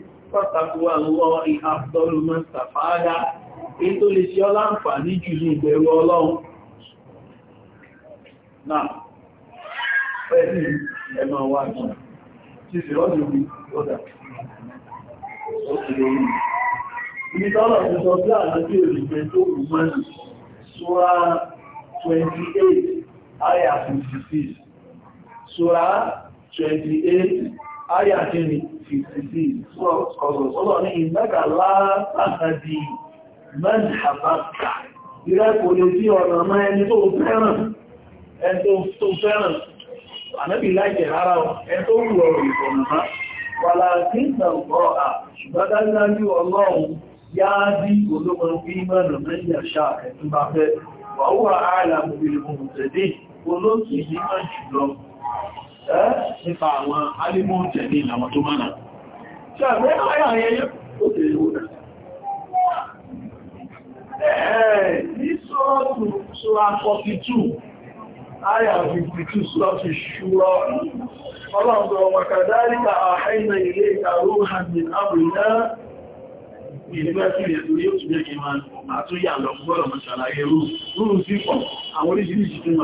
pàtàkùwà lọ ìhàtọ́lùmọ́ tàfàádá èyí tó lè ṣe ọlá ń fà ní jù ní ìbẹ̀rù ọlọ́run náà pẹ̀lú ẹmọ wà náà tí sì rọ́dù rí ọdá ó sì rí ibi tọ́lọ̀ ti sọ bí àdájú òṣìṣẹ́ tó 28 ayà 56 ọ̀sọ̀sọ́lọ́ ní ìmẹ́gà látàdì mẹ́jàbáta ìrẹ́kò lè tí ọ̀nà mọ́ ẹni tó fẹ́ràn ẹni tó fẹ́ràn ànábì láìjẹ̀ rárá ẹni tó rù ọ̀rọ̀ ìfọ̀nàmá wà láti ìtàkọ́ à ṣùgbádájú ọlọ́run yáájí olóman bí mẹ́rin mẹ́jì àṣà ẹ̀tún wà ó wà áàlà nípa àwọn alímọ̀ tẹ̀lé àwọn tó mọ́nà tí àgbẹ́ àyà yóò lọ mọ̀ ṣàlàyé rú sí pọ̀ àwọn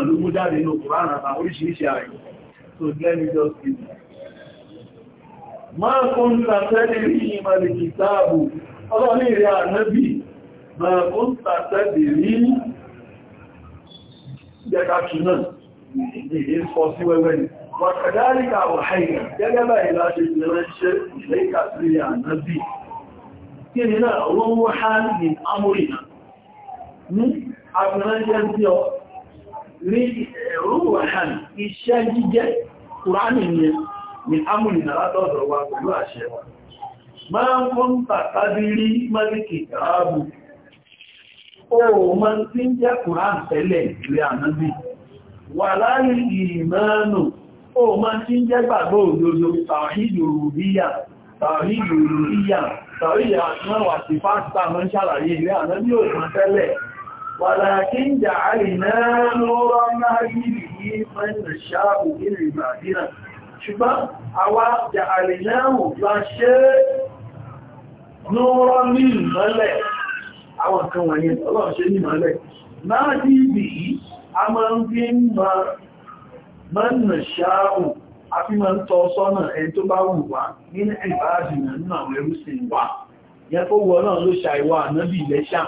ló mú jáde ní òkúrá ààrẹ So let me just give you. Máa kún tàtẹ́lì rí ìmàlì kìtàbù, ọlọ́ní ìrẹ́ ànábì, máa kún tàtẹ́lì rí jẹ́kàkì náà, ìdí fọ́ sí wẹ́wẹ́ ni. Wàkàdárìkà wàháyà, gẹ́gẹ́ báyìí láti ìrẹ́ṣẹ́ ìlẹ́ náà, olówó ní amúrìnà, ní àfihàn rí eh, rúwàhàn iṣẹ́ jíjẹ́ kùránì yẹn ni amúlì náà látọ̀dọ̀ wa pẹ̀lú àṣẹ wa máa ń fún tàbí rí ààbù ó mọ́ tí ń jẹ́ tẹ́lẹ̀ ànábì wà ó tí ń jẹ́ gbàgbọ́ òdodo tàwídò rúbíyà ولكن جعلنا نورا نهدي به من نشاء من عبادنا ṣùgbọ́n àwa jààlìnáhù la ṣe lóòrọ́ ní ìmọ́lẹ̀ àwọn kan wọ̀nyí ọlọ́run ṣe ní ìmọ́lẹ̀ náà dí ibi yìí a máa ń fi mọ́nà ṣáàrù a fi máa ń tọ́ sọ́nà ẹni tó bá wù wá nínú ìbáàdìnà nínú àwọn ẹrúsìn wa yẹ́ fó wọ́n náà ló ṣàìwà náà bí ilẹ̀ ṣáà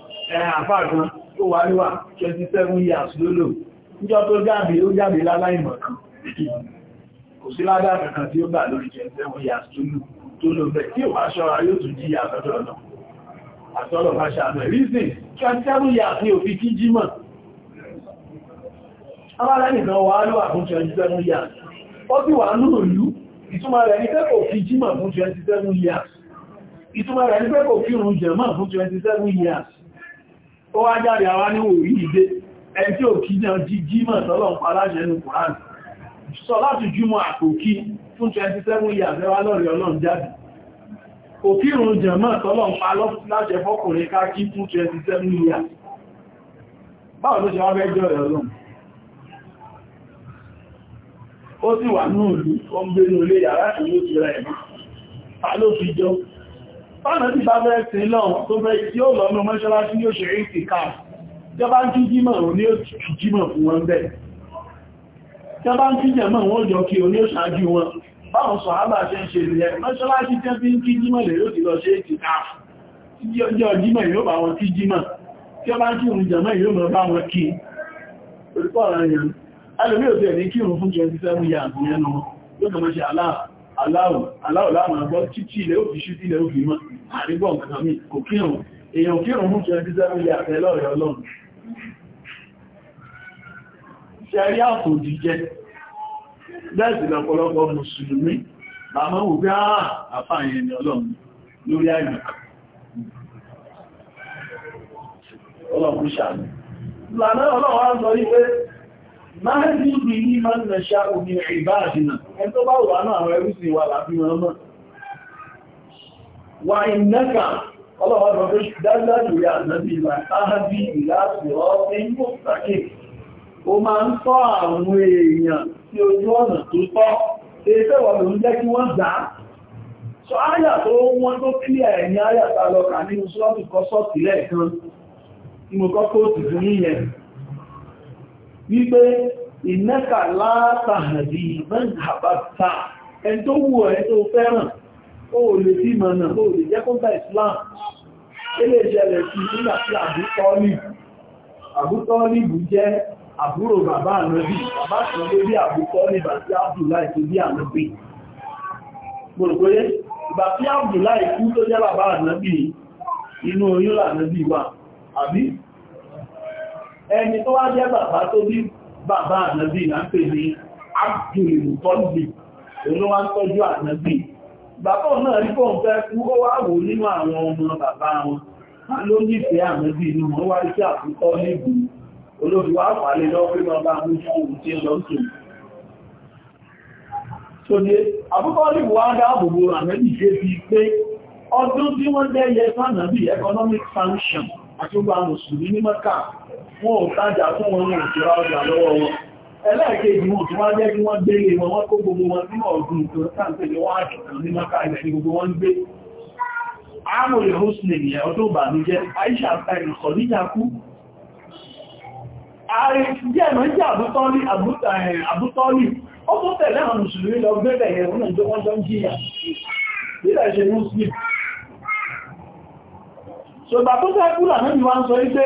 àfáàkan tó wà níwà 27 years lólò níjọ́ tó jáde ó jáde láláìmọ̀ kan kò sí ládá kankan tí ó gbà lórí 27 years tó lò bẹ̀ tí ò bá ṣọ́ra yóò tún jí àtọ́jọ́ náà àtọ́lọ̀ bá ṣàmẹ̀ reason 27 years ni òfin kí jímọ̀ abálẹ́nìkan wà lówà fún 27 years ó sì wà nínú ìlú ìtumọ̀ rẹ̀ ní pé kò fi jímọ̀ fún 27 years ìtumọ̀ rẹ̀ ní pé kò fi rùn jẹ̀mọ̀ fún 27 years ó wá jáde àwá ní orí ìdé ẹni tí ò kí náà di jímọ̀ tọ́lọ̀ ń paláṣẹ ní Kùránì sọ láti jùmọ̀ àkókí fún 27 years ẹwà lọ́rẹ̀ ọlọ́run jáde òkírùn jẹ̀mọ̀ tọ́lọ̀ ń paláṣẹ fọ́kùnrin ká kí fún 27 years báwo ló ṣe wá fẹ́ jọ rẹ̀ ọlọ́run ó sì wà ní òlú ó ń gbé ní ilé yàrá Fáànà ti bá bẹ́ẹ̀ sí lọ tó bẹ́ tí ó lọ ní mọ́ṣáláṣí yóò ṣe rí ìkà. Jọba ń kí jímọ̀ ní òṣù jímọ̀ fún wọn bẹ̀. Jọba ń kí jẹmọ̀ wọn jọ kí o ní òṣàájú wọn. Báwọn sọ àbà ṣe ń ṣe ìrìnlẹ̀, mọ́ṣáláṣí tẹ́ fi ń kí jímọ̀ lè yóò ti lọ ṣe ìkà. Ìjọ jímọ̀ yóò bá wọn kí jímọ̀. Jọba ń kí òun jẹmọ̀ yóò mọ̀ bá wọn kí. Olùkọ́ ọ̀rọ̀ yẹn. Ẹlòmí ò tẹ̀ ní kírun fún 27 years nínú, yóò kọ̀ mọ́ ṣe aláà aláwọ̀ láwọn àgbọ́ títí ilẹ̀ ó fi ṣú tí ilẹ̀ ó fi mọ́ àrígbọ́ nǹkan mi kò kírùn èèyàn kírùn mú jẹ́ ẹgbẹ́ ilẹ̀ àfẹ́ lọ́rẹ̀ ọlọ́run ṣẹ́rí àpò jíjẹ bẹ́ẹ̀sì lọ́pọ̀lọpọ̀ mùsùlùmí bàmọ́ wù bí àfààyàn ni ọlọ́run lórí àyè ọlọ́run ṣàmì máa ń rí bí ní máa ń nàṣà omi ìbá àdínà ẹn tó bá wà náà àwọn ẹrùsì wà láti wọn mọ́ wà ìnáka ọlọ́wọ́n tó dájájú rẹ̀ ànábì ìlà táhábí ìlà ọ̀sẹ̀ ń bó sàkè ó máa ń tọ́ àwọn èèyàn sí ojú ọ̀nà wípé ìnẹ́kà látàrí mẹ́hàbátà ẹn tó wù ẹ́ tó fẹ́ràn ó lè tí mọ̀nà ó lè jẹ́ kó bá Islam ilé ìṣẹ̀lẹ̀ sí nígbà tí àbútọ́lìbù jẹ́ àbúrò bàbá ànábì bàbá kan ló bí àbútọ́lìbù àti Abdullahi tó bí ànábì gbogbogbòye ìgbà tí Abdullahi kú tó jẹ́ bàbá ànábì inú oyún lànábì wà àbí ẹni tó wá jẹ́ bàbá tó bí bàbá ànàbì náà pè ní abdulmutọ́lì olówá tọ́jú ànàbì bàbá náà rí fọ́n fẹ́ kú nínú àwọn ọmọ bàbá wọn ló nífẹ̀ẹ́ ànàbì ní wọn wá àkútọ́ níbi olóbi wá pàálé wọn ò tájà fún wọn ní ìṣúra ọjà lọ́wọ́ wọn ẹlẹ́ẹ̀kejì wọn tí wọ́n jẹ́ kí wọ́n gbé lè wọn wọ́n kó gbogbo wọn nínú ọ̀gbìn tó sáǹtẹ̀ ní wọ́n àkìtàn ní maka ilẹ̀ ní gbogbo wọn gbé àmọ̀ ìhúsùn ènìyàn ọdún ìbànújẹ́ Aisha àtàrí kọ̀ níyàkú ààrẹ jẹ́ ẹ̀mọ́ jẹ́ àbútọ́lì ó tó tẹ̀lé àwọn mùsùlùmí lọ gbẹ́bẹ̀ ẹ̀rùn náà jọ wọ́n jọ ń jíyà nílẹ̀ ni wọ́n sọ wípé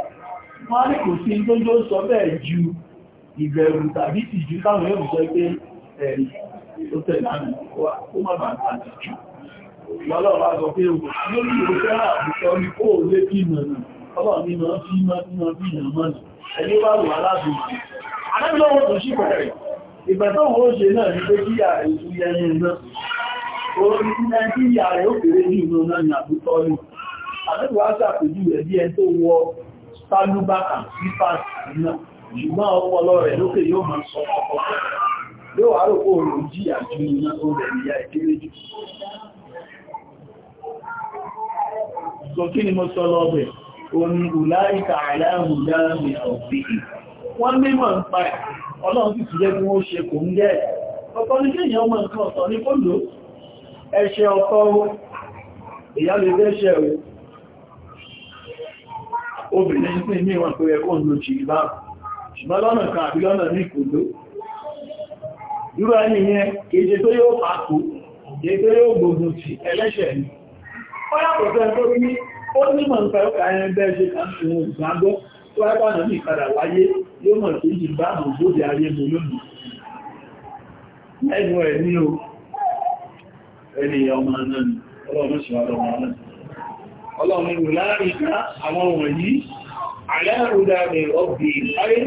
wọ́n ní kò sí tó jó sọ bẹ́ẹ̀ ju ìbẹ̀rù tàbí tìjú táwọn yóò sọ pé ẹ̀rí tó tẹ̀lá mi kó má bàa ta tìjú lọ́lọ́wọ́ sọ pé lórí òṣèrà àbùsọ ní kó lé bí mọ̀nà ọlọ́run ní máa fi máa fi máa fi yàn mọ́nà ẹni wá wà láàbùn adájọ́wọ́ tó ṣí pẹ̀rẹ̀ ìbẹ̀tọ́ wọ́n ṣe náà ní pé kí ààrẹ ìṣúyẹ ní iná orí nàìjíríà rẹ̀ tálúbàtà sífàsì náà ṣùgbọ́n ọpọlọ rẹ̀ lókè yóò máa sọ ọkọ̀ yóò wá rò kó òun jìyà ju iná tó rẹ̀ ìyá ìkéré jù sọ kí ni mo sọ lọ́bẹ̀ òun ìlàríkà aláàmùdáàmì ọ̀fẹ́ wọ́n mímọ̀ ń pa ẹ̀ ọlọ́run sì tìlẹ̀ bí wọ́n ṣe kò ń gẹ́ ẹ̀ṣẹ̀ ọ̀tọ̀ ìyá rẹ̀ obìnrin pín ní wọn pé ẹkọ́ ń lo jìlbá ṣùgbọ́n lọ́nà kan àbí lọ́nà ní kòdó irú ẹni yẹn kéje tó yóò pàkó kéje tó yóò gbógun ti ẹlẹ́ṣẹ̀ ni ó yàtọ̀ fẹ́ tó ní ó nímọ̀ ń fẹ́ ọkà ẹni bẹ́ẹ̀ ṣe kà ń fi wọn ìgbàgbọ́ o ẹni ọmọ náà ni ọlọ́run ṣe wà lọ́mọ náà ọlọ́run ìlú láàrínká àwọn wọ̀nyí aláàrúdá rẹ̀ ọgbì ayé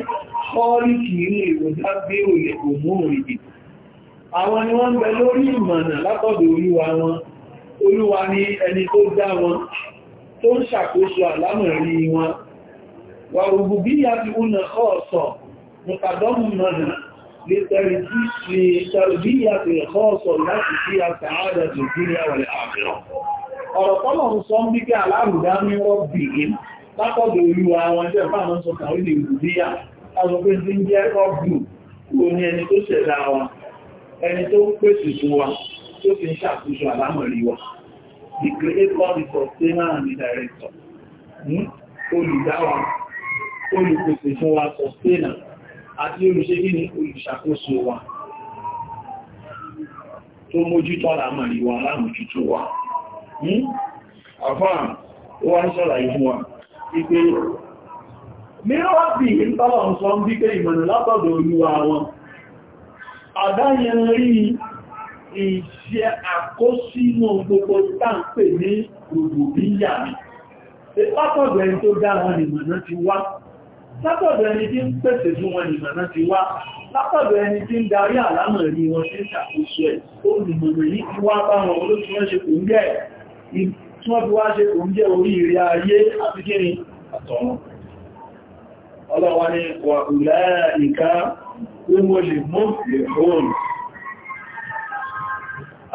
kọ́ọ̀rí kì í lè rọ̀dá bí olè òmúrùn ìdì àwọn ni wọ́n ń bẹ lórí ìmọ̀nà látọ̀dọ̀ olúwa wọn olúwa ni ẹni tó dá wọn tó ń ṣàkóso àlámọ̀rí wọn wà rògbò bí ọ̀rọ̀ tọ́lọ̀ ń sọ ń bí kí aláàrùdá ní rọ́bì yìí látọ̀dọ̀ olúwa wọn jẹ́ fáwọn sọ kàwé lè wù bí yà ọ̀rọ̀ pé ti ń jẹ́ rọ́bì kúrò ní ẹni tó ṣẹ̀dá wa ẹni tó ń pèsè fún wa tó fi ń ṣàkóso àlámọ̀rí wa the creator the sustainer and the director hmm? olùdá wa olùpèsè fún wa sustainer àti olùṣègbè ní olùṣàkóso wa tó mójútó àlámọ̀rí wa alámójútó wa. Hmm? àfáà ó wá ń ṣàlàyé fún wa ipé mírọ́bì ìtọ́lọ̀ ń sọ ń bí pé ìmọ̀nà látọ̀dọ̀ olúwa wọn àdáyẹnrí ìṣẹ́ àkóṣínú gbogbo táǹpẹ̀ ní rògbòbíyà látọ̀dọ̀ ẹni tó dá wọn ìmọ̀nà ti wá látọ̀dọ̀ ẹni tí ń pèsè fún wọn ìmọ̀nà ti wá látọ̀dọ̀ ẹni tí ń darí àlámọ̀ rí wọn tí ń ṣàkóso ẹ̀ tó nìmọ̀nà ṣe kò tí wọ́n fi wá ṣe kò ń jẹ́ orí ìrẹ́ ayé àti kíni àtọ̀run ọlọ́wà ni wà láàríká ohun lè mọ́ ìrọ̀rùn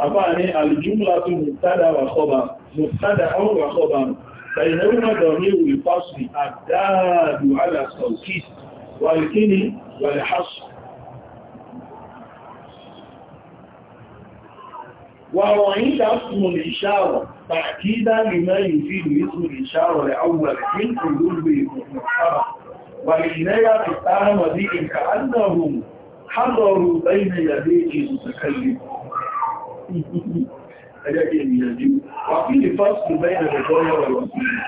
àbá ní alìjúmọ́lá tó mùtádà wà kọba mùtádà lè hásù تأكيدا لما يفيد اسم الإشارة الأول في القلوب المختبرة والعناية بالتهم ذي كأنهم حضروا بين يديه المتكلم وفي الفصل بين الرجاية والوسيلة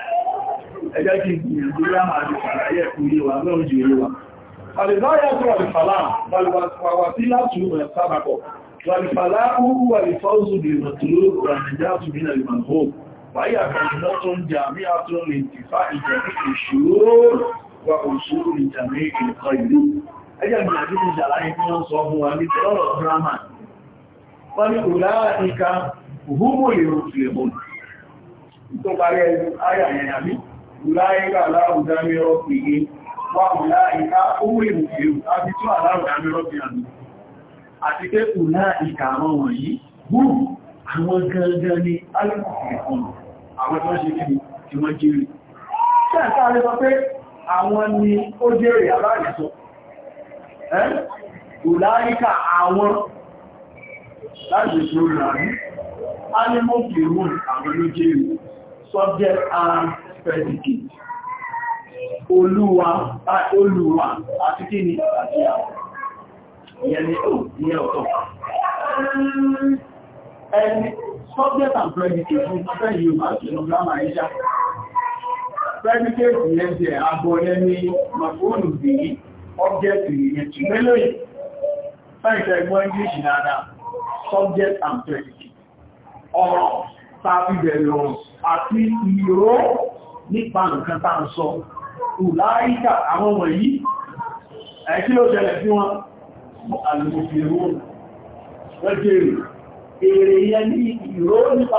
ẹjẹ́ kí ìgbìyànjú láàmà àti ṣàlàyé ẹ̀kùn yíwa lọ́rùn jù yíwa. àlèdáyà tó àlèfàlà balùwàsílá túnmọ̀ wàlìfàláhù wàlìfọ́sù lè mọ̀tòrò rànìjáàtù bí nà ìmọ̀hó wáyà kàrínà tó ń jà mí àtún lè tìfà ìjẹ̀mí ìṣòro wà òṣòro ìjẹ̀mí ìkọ̀ ìlú ẹjẹ́ ìgbìyànjú ti ṣàlàyé bí wọ́n sọ fún wa wà láìka ó àti pé kù náà ìkà àwọn wọ̀nyí gùn àwọn gangan ni alẹ́kùnrin àwọn tó ṣe kí tí wọ́n jẹ́rì ṣẹ́ẹ̀ká rẹ̀ sọ pé àwọn ni ó jẹ́rì aláàrẹ̀sọ ìlàríkà àwọn láti ṣòro rẹ̀ alẹ́mọ́kì rùn àwọn ló jẹ́rì subject and predicate olúwa olúwa àti predicate. ni ó ìyẹn ọ̀tọ̀. Ẹni subject and predicate fún fẹ́ yìí máa ṣe lọ́gbà máa ń ṣá. Predicate yẹn jẹ́ àbọ̀ yẹn ni màfóònù bí object yẹn tù mélòó yìí. Fẹ́ǹkẹ́ ẹgbọ́n English dáadáa, subject and predicate. Ọ̀rọ̀ tàbí bẹ̀rẹ̀ ọ̀rọ̀ àti ìró nípa nǹkan tá à ń sọ. Ìlàáríkà àwọn wọ̀nyí, ẹ̀kí ló ṣẹlẹ̀ sí wọn, àlùfẹ́rún wọ́n jèrè èrè yẹ ní ìró nípa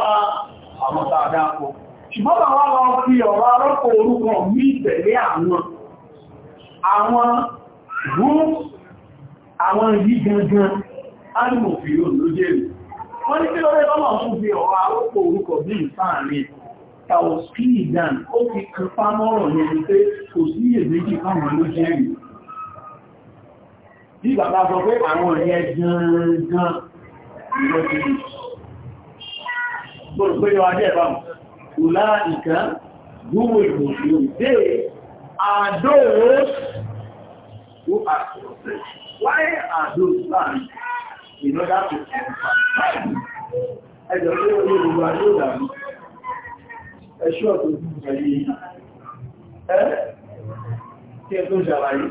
àwọn tàdápọ̀ ṣùgbọ́n bàbá lọ fi ọ̀rọ̀ arọ́pọ̀ orúkọ mí ìtẹ̀lé àwọn àwọn àwọn yìí gangan alùfẹ́rún ló jèrè wọ́n ní kí lọ́rẹ́ fún fi ọ̀rọ̀ arọ́pọ̀ orúkọ bí bàbá sọ pé àwọn ìyẹn gan-an ìwọ ti rí gbọ́rọ̀ pé yọ adé ẹ̀bá ìlà ìkà gúgbò ìgbòsílò dé àdó Why are those plans in ó ní ìlú tó ti jẹ́ ẹ́ tí ẹ tó ṣàlàyé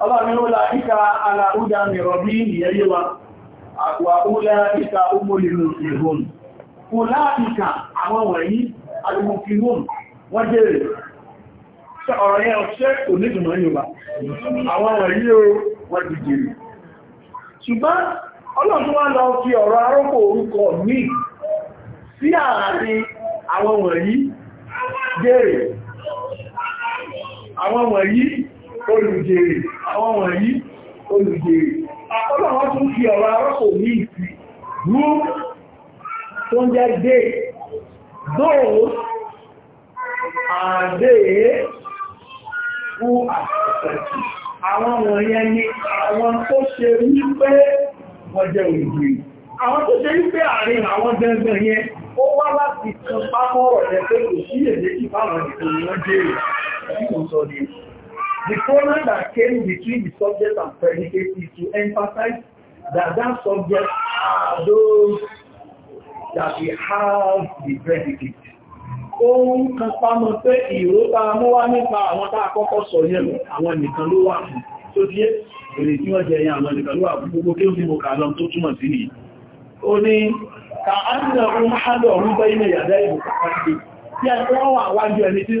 ọlọ́rin ó la ìka aláhúdá mìírọ̀ bí ìyẹyẹ wa àwà ọlá ìka ọmọlìlú ìhùn ọlá ìka àwọn wọ̀nyí alìmọ̀kìhùn wọ́n jẹ́rẹ̀ ọ̀rọ̀ yẹn ṣẹ́ kò ní ìdùnmọ̀ yóò àwọn wọ̀nyí ó wọ́n ti jẹ́rẹ̀ ṣùgbọ́n ọlọ́run wá lọ fi ọ̀rọ̀ arọ́pò orúkọ míì sí àárín àwọn wọ̀nyí jẹ́rẹ̀ àwọn wọ̀nyí olùgbèrè àkọ́lọ̀ wọ́n tún fi ọ̀rọ̀ arọ́pò ní ìsì rú tó ń those are they who are successful àwọn wọ̀nyẹn ni àwọn tó ṣe wípé wọ́n olùgbèrè àwọn tó ṣe wípé àárín àwọn gbẹ̀ngbẹ̀ yẹn ó wá láti kan pápọ̀ ọ̀rọ̀ ẹ̀ pé kò sí èdè kí báwọn wọ́n jẹ́ èyí mọ̀ The pronoun that came between the subject and predicate is to emphasize that that subject are those that we have the predicate. Ohun kan pamọ́ pé ìró ta mọ́ wá nípa àwọn tá àkọ́kọ́ sọ yẹn àwọn nìkan ló wà fún tó tí é èrè tí wọ́n jẹ yẹn àwọn nìkan ló wà fún gbogbo kí ó fi mọ̀ kàlọ́ tó túmọ̀ sí ni. Ó ní ka á ń nà ohun hálọ̀ ọ̀rún bẹ́ ilẹ̀ yàdá ìbùkọ̀ pàdé tí ẹ̀ wọ́n wà wájú ẹni tí ń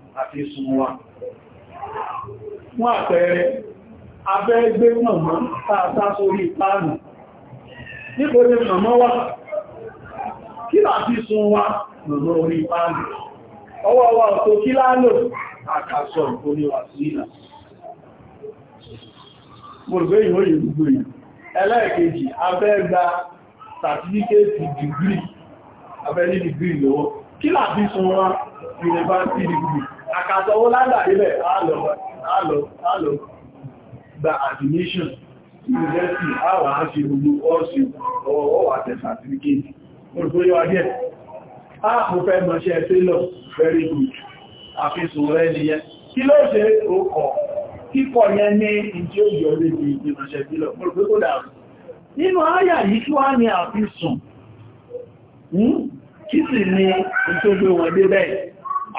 àti súnmọ́wà fún àpẹẹrẹ abẹ́ gbé mọ̀mọ́ tààtà sórí páànù nígbòrí mọ̀mọ́ wà kí láti sún wá mọ̀mọ́ orí páànù ọwọ́ wa ọ̀tọ̀ kí láàlò àkàsọ̀ oníwà sílà gbogbo ìwòye gbogbo ìyàn ẹlẹ́ẹ̀kejì abẹ́ gba sàtífíkẹ́ẹ̀tì dìgírì abẹ́ ní dìgírì lọ́wọ́ kí láti sún wá yunifásitì dìgírì àkàtọ̀wó ládàrílẹ̀ àlọ́ àlọ́ àlọ́ gba admission university àwà á ṣe gbogbo ọ́sìn ọwọ́ wà tẹ̀ certificate olùgbóyọ́ adé ààpù fẹ́ mọ̀ṣẹ́ tailor very good àfisùn rẹ̀ nìyẹn kí ló ṣe ó kọ̀ kíkọ̀ yẹn ní ìjí òyìn ọdún ìdí ìrìnṣẹ́ tailor olùgbóyọ́ dàrú nínú àyà yìí kí wá ní àfisùn hmm? kí sì ní ìtógbé wọn dé bẹ́ẹ̀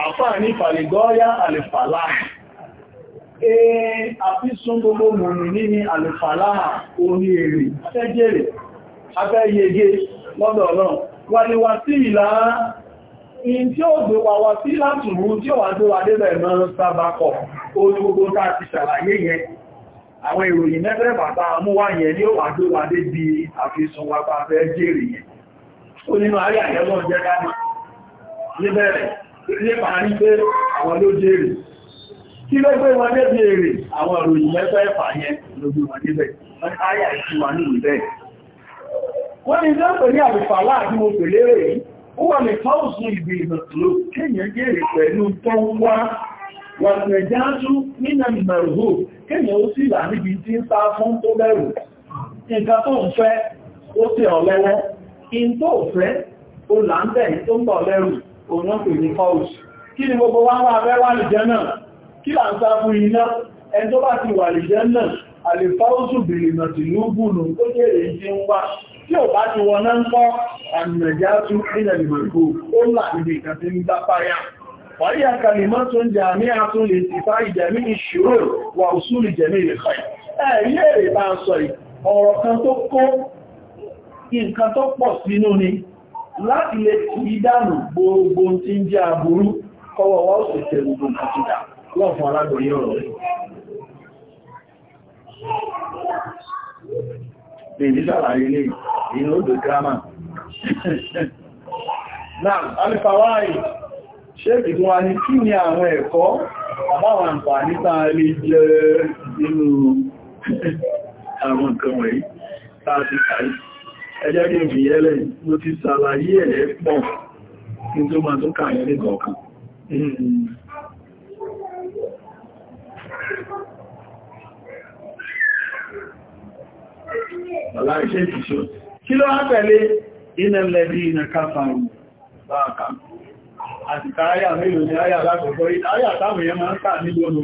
àfáà ní fàlìgọ́ọ́yá àlèfàlá ee àfíṣún gbogbo mọ̀mí níní àlèfàlá orí èrè afẹ́jẹ̀rẹ̀ afẹ́yege lọ́dọ̀ náà wà ní wà sí ìlà in tí ó gbé wà wà sí látùmú tí ó wà tó wà débẹ̀ náà sábàkọ̀ orí gbogbo tá ti ṣàlàyé yẹn àwọn ìròyìn mẹ́fẹ́ bàbá amúwà yẹn ní ó wà tó wà dé bí àfíṣún wà pàfẹ́ jèrè yẹn ó nínú ayé àyẹ́lọ́ jẹ́ dání níbẹ̀rẹ̀ nípa rí pé àwọn ló jèrè kí ló gbé wọn débi èrè àwọn ìròyìn mẹ́fẹ́ ẹ̀fà yẹn ló gbé wọn débẹ̀ wọ́n táyà ìṣúwà ní ìbẹ̀ wọ́n ni lọ́pẹ̀ ní àbùfà láàrin mo pè lérè yìí ó wà ní fáwọ̀sùn ìbí ìmọ̀tòló kéèyàn jèrè pẹ̀lú tó ń wá wọ́n ti ẹ̀já jú nínà sì là níbi tí ń sá fún tó bẹ̀rù nǹkan tó ń fẹ́ ó sì ọ̀ in tó fẹ́ ó là tó ń bọ̀ lẹ́rù òun náà pè ní fọ́ọ̀s kí ni gbogbo wá wá fẹ́ wà lè jẹ́ náà kí là ń sá fún iná ẹni tó bá ti wà lè jẹ́ náà àlèfáúsù bìrìnà tí ló gùnù tó jẹ́rẹ̀ ìdí ń wá tí ò bá ti wọ́n náà ń kọ́ àmìnàjá tún ilẹ̀ nǹkan tó pọ̀ sínú ni láti lè kí dànù gbogbo tí ń jẹ́ aburú kọwọ́ wọ́n sì tẹ̀lú gbogbo àtìdà lọ́n fún alágbòrí ọ̀rọ̀ rẹ̀. Èyí sàlàyé lè inú odò gírámà. Náà, alifawai, ṣe ìdún wa ní kí ni àwọn ẹ̀kọ́ àbáwọn àǹfààní táa lè jẹ nínú [laughs] àwọn nǹkan wọ̀nyí ti kàí. ẹjẹ́gẹ́ ìfìyẹ́lẹ̀ ló ti sàlàyé ẹ̀ pọ̀ kí tó máa tó kààyẹ ní kọ̀ọ̀kan aláìṣẹ́ ìṣò kí ló wá pẹ̀lé inẹ̀lẹ̀bí ìnà káfàrù báàkà àti káyà mélòó ni áyà lákọ̀ọ́kọ́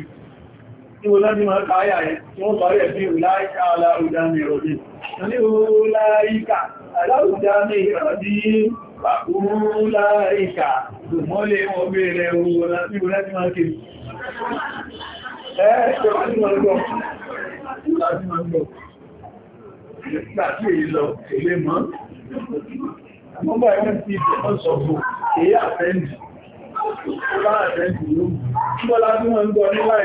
tí wọ́n láti máa káyà ẹ̀ tí wọ́n parí ẹ̀bí ìláìkà aláùdámi ìrọ̀dí. ní oláìkà aláùdámi ìrọ̀dí pàkúrúláìkà mọ́lé wọn bèèrè ohun láti wọ́n láti máa kìí. ẹ́ ṣe wọ́n láti máa gbọ́ láti máa gbọ́ láti ìlọ èlé mọ́ mọ́bà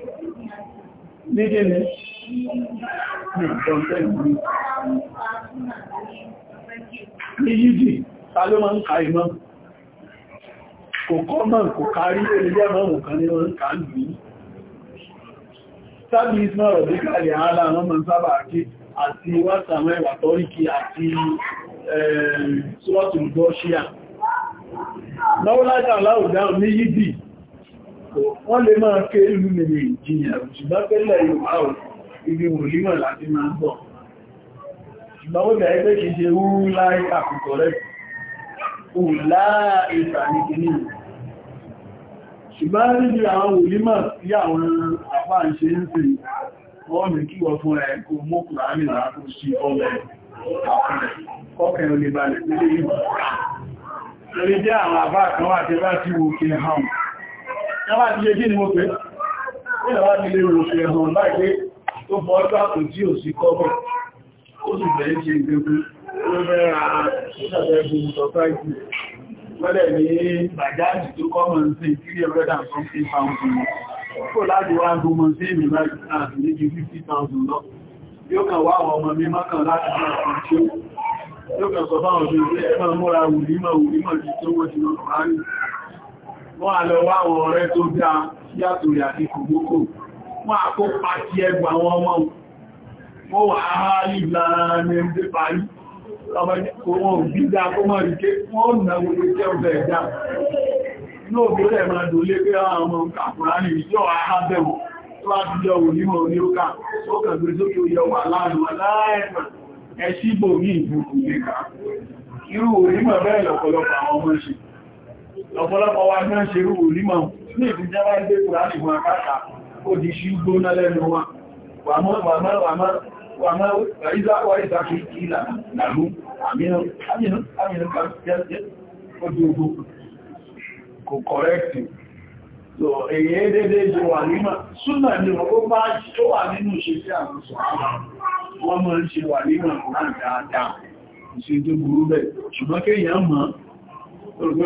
Nígbèrè ní ìjọ̀ǹtẹ́ ìlú. Ní Yídì, ta ló máa ń ka ìmọ̀? Kò kọ́ mọ̀ kò kárí ilé mọ̀mù kan ní wọ́n ká lù yí. Sábì ìsmọ̀ ọ̀dí kàlẹ̀ ààlà wọn mọ̀ sábà àti àti wátàmẹ́ ìwàtọ́ríkì àti ẹ̀ẹ̀rẹ̀ wọ́n lè máa ké ìlú mèrè ìjìyàn ṣùgbọ́n pẹ́lẹ̀ Yorùbá ò ibi wòlímọ̀ láti máa ń bọ̀ ṣùgbọ́n ó bẹ̀rẹ̀ pé kìí ṣe wúrú láì àkùkọ̀ rẹ̀ kò láà ìtàníkìní ṣùgbọ́n níbi àwọn wòlímọ̀ tí àwọn àpá ń ṣe ń pè wọ́n mi kí wọ́n fún ẹ̀ kó mú kùránì láàkó sí ọlẹ̀ àkùnrẹ̀ kọ́kẹ̀ olè balẹ̀ nílé ìmọ̀ lórí jẹ́ àwọn àbá kan wà tẹ́lá tí wo kí hàn Ẹwà ti lè gíní mo pé, ìlàwà ti lè rò fi ẹ̀hàn láìpé tó fọ́ ọjọ́ àpò tí ò sí kọ́bọ̀. Ó sì bẹ̀rẹ̀ ṣe ìgbẹ̀gbẹ̀ ló mẹ́ra ìṣàbẹ̀ ẹgbùn sọ̀tàìtì. Mọ́lẹ̀ ní bàjáàjì tó kọ́mọ̀ sí 300,000. Kò láti wá gbọmọ sí ìrìnlá àti ní 50,000 lọ. Yóò kàn wá àwọn ọmọ mímọ́ kan láti ní ọ̀pọ̀ tí ó. Yóò kàn sọ fáwọn ọdún ilé ẹgbẹ́ mọ́ra wùlímọ̀ wùlímọ̀ jù tó wọ́n ti lọ́pàá rí wọ́n á lọ wá àwọn ọ̀rẹ́ tó dá yàtòrì àti kògbókò wọ́n á kó pàtí ẹgbà wọn mọ́ wọ́n wà á ìlà ní ẹgbẹ́ parí ọmọ ìgbìdá kó mọ́ rí ké wọ́n nà gbogbo jẹ́ ọ̀bẹ̀ ẹ̀dá inú òbí rẹ̀ máa dò lé pé àwọn ọmọ kàkùnrà ní ìjọ àhábẹ̀wò tó bá ti jọ onímọ̀ onírókà ó kàgbé sókè oyọ wà láàrin aláẹ́mà ẹ̀ṣígbò ní ìbùkù lè ká irú onímọ̀ bẹ́ẹ̀ lọ́pọ̀lọpọ̀ àwọn ọ̀pọ̀lọpọ̀ wa náà ṣe rú onímọ̀ ní ìfìjẹ́ bá gbé kùránì wọn káàkà ó di ṣí gbóná lẹ́nu wọn wà mọ́ wà mọ́ wà mọ́ wà mọ́ ìzá wà ìzá kí ìlà làlú àmìnà àmìnà kàfẹ́ ojú ogun kò kọ̀rẹ́kì so èyí dédé jẹ wà nímọ̀ súnà ní ọgbọ́ bá tó wà nínú ṣe sí àwọn sọ̀rọ̀ wọ́n mọ́ ń ṣe wà nímọ̀ náà dáadáa ìṣẹ́ burú bẹ́ẹ̀ ṣùgbọ́n kéèyàn mọ́ orúkọ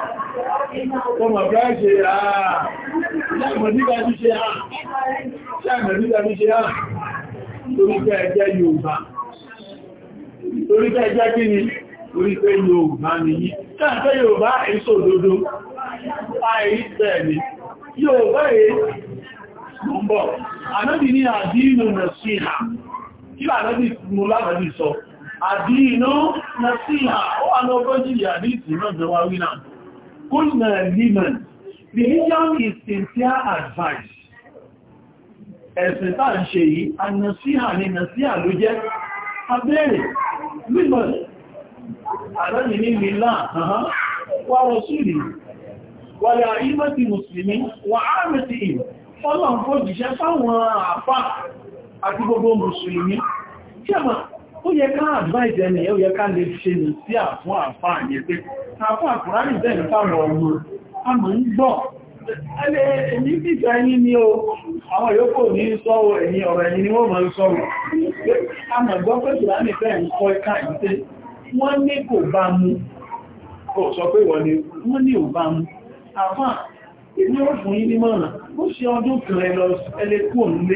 ọmọ ọ̀gá ṣe àà ṣàmọ̀dígbà ti ṣe àà ṣàmọ̀dígbà ti ṣe àà torípẹ́ ẹjẹ́ kí ni orípẹ́ Yorùbá nìyí ní nàṣíhà ó wà ní ọgọ́jì náà jẹ wá Kulna liman. Religion is sincere advice. Ẹ̀sìn tá ń ṣe yìí, a nàṣíhà ni nàṣíhà ló jẹ́. A bẹ̀rẹ̀, mímọ̀ àdáni ní Milá, wà rọ̀súlì, wà lè àyímọ̀ ti Mùsùlùmí, wà áàrẹ̀ ti ìm, fọ́lọ̀ ń kó jìṣẹ́ fáwọn àpá àti gbogbo Mùsùlùmí. Kí ó yẹ ká advice ẹni ó yẹ ká lè ṣe ní sí àfún àfáà pé àfún àkùnránì bẹ́ẹ̀ fáwọn ọmọ àmọ́ ń gbọ́ ẹlẹ́ èyí ẹni ni o àwọn ní sọ́wọ́ ọ̀rọ̀ ni wọ́n mọ̀ ń sọ́wọ́ pé kùránì fẹ́ ń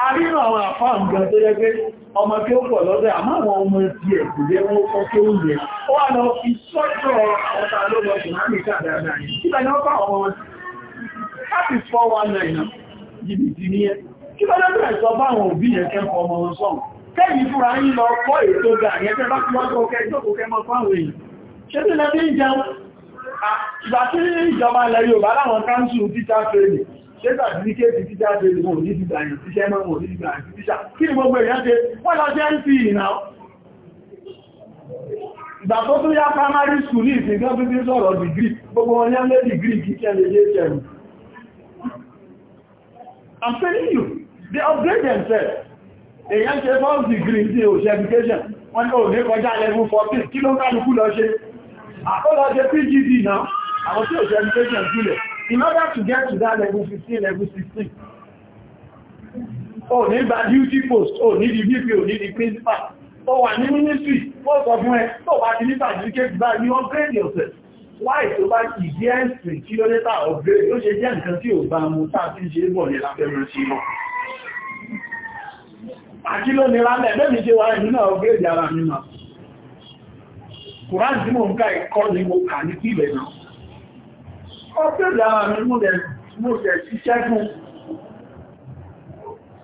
a nínú àwọn àfáà nǹkan tó yẹ pé ọmọ tí ó pọ̀ lọ́dọ̀ àmọ́ àwọn ọmọ ti ẹ̀kù lé wọ́n kọ́ tó ń yẹ ó wà lọ fi sọ́jọ́ ọ̀tà lọ́dọ̀ tsunami kàdáadáa yìí kí lẹ́ni wọ́n bá ọmọ wọn láti fọ́ wà náà jìbìtì ní ẹ kí lọ́dọ̀ bẹ̀rẹ̀ sọ bá àwọn òbí yẹn kẹ́kọ̀ọ́ ọmọ wọn sọ́n kẹ́yìn fúra yín lọ kọ́ ètò gà yẹn tẹ́ bá fi wọ́n tó kẹ́ jókòó kẹ́ mọ́ fáwọn èèyàn ṣé tí lẹ́bí ń jẹun ìgbà tí ìjọba ilẹ̀ Yorùbá láwọn káńsù títà fèrè ṣé sàtífíkéètì títà ṣe ìwọ̀n ní ti gbàyàn síṣẹ́ mọ́ ìwọ̀n ní ti gbàyàn sí tíṣà kí ni gbogbo èèyàn ṣe wọ́n tó yá primary school ní ìsìnkán tó ti sọ̀rọ̀ dìgírí gbogbo wọn yá lé dìgírí kí kí ẹlẹ́ yé ṣẹ̀rù I'm telling you they upgrade themselves èèyàn ṣe first degree sí òṣè education wọ́n ní òní kọjá level 14 kí ló kálukú lọ ṣe àkọ́lọ́ ṣe PGD náà àwọn tí òṣè education sílẹ̀ in order to get to that level 15, level 16. oh need bá duty post, oh need the VP, o ní di principal. oh I need ministry, post of where, tó wà ní certificate that, you upgrade yourself. Why tó bá ìdí ẹ̀sìn kí ló létà upgrade ló ṣe jẹ́ nǹkan tí ò bá mú tá ti ń ṣe bọ̀ ní lábẹ́rún sí lọ. Àti ló nira lẹ̀ lẹ́mi ṣe wà nínú upgrade ara mi náà. Kùrán tí mo ń ká ẹ̀kọ́ ni mo kà ní pìlẹ̀ náà ọ̀pẹ́lẹ̀ àwọn mímúlẹ̀ múlẹ̀ sí ṣẹ́gun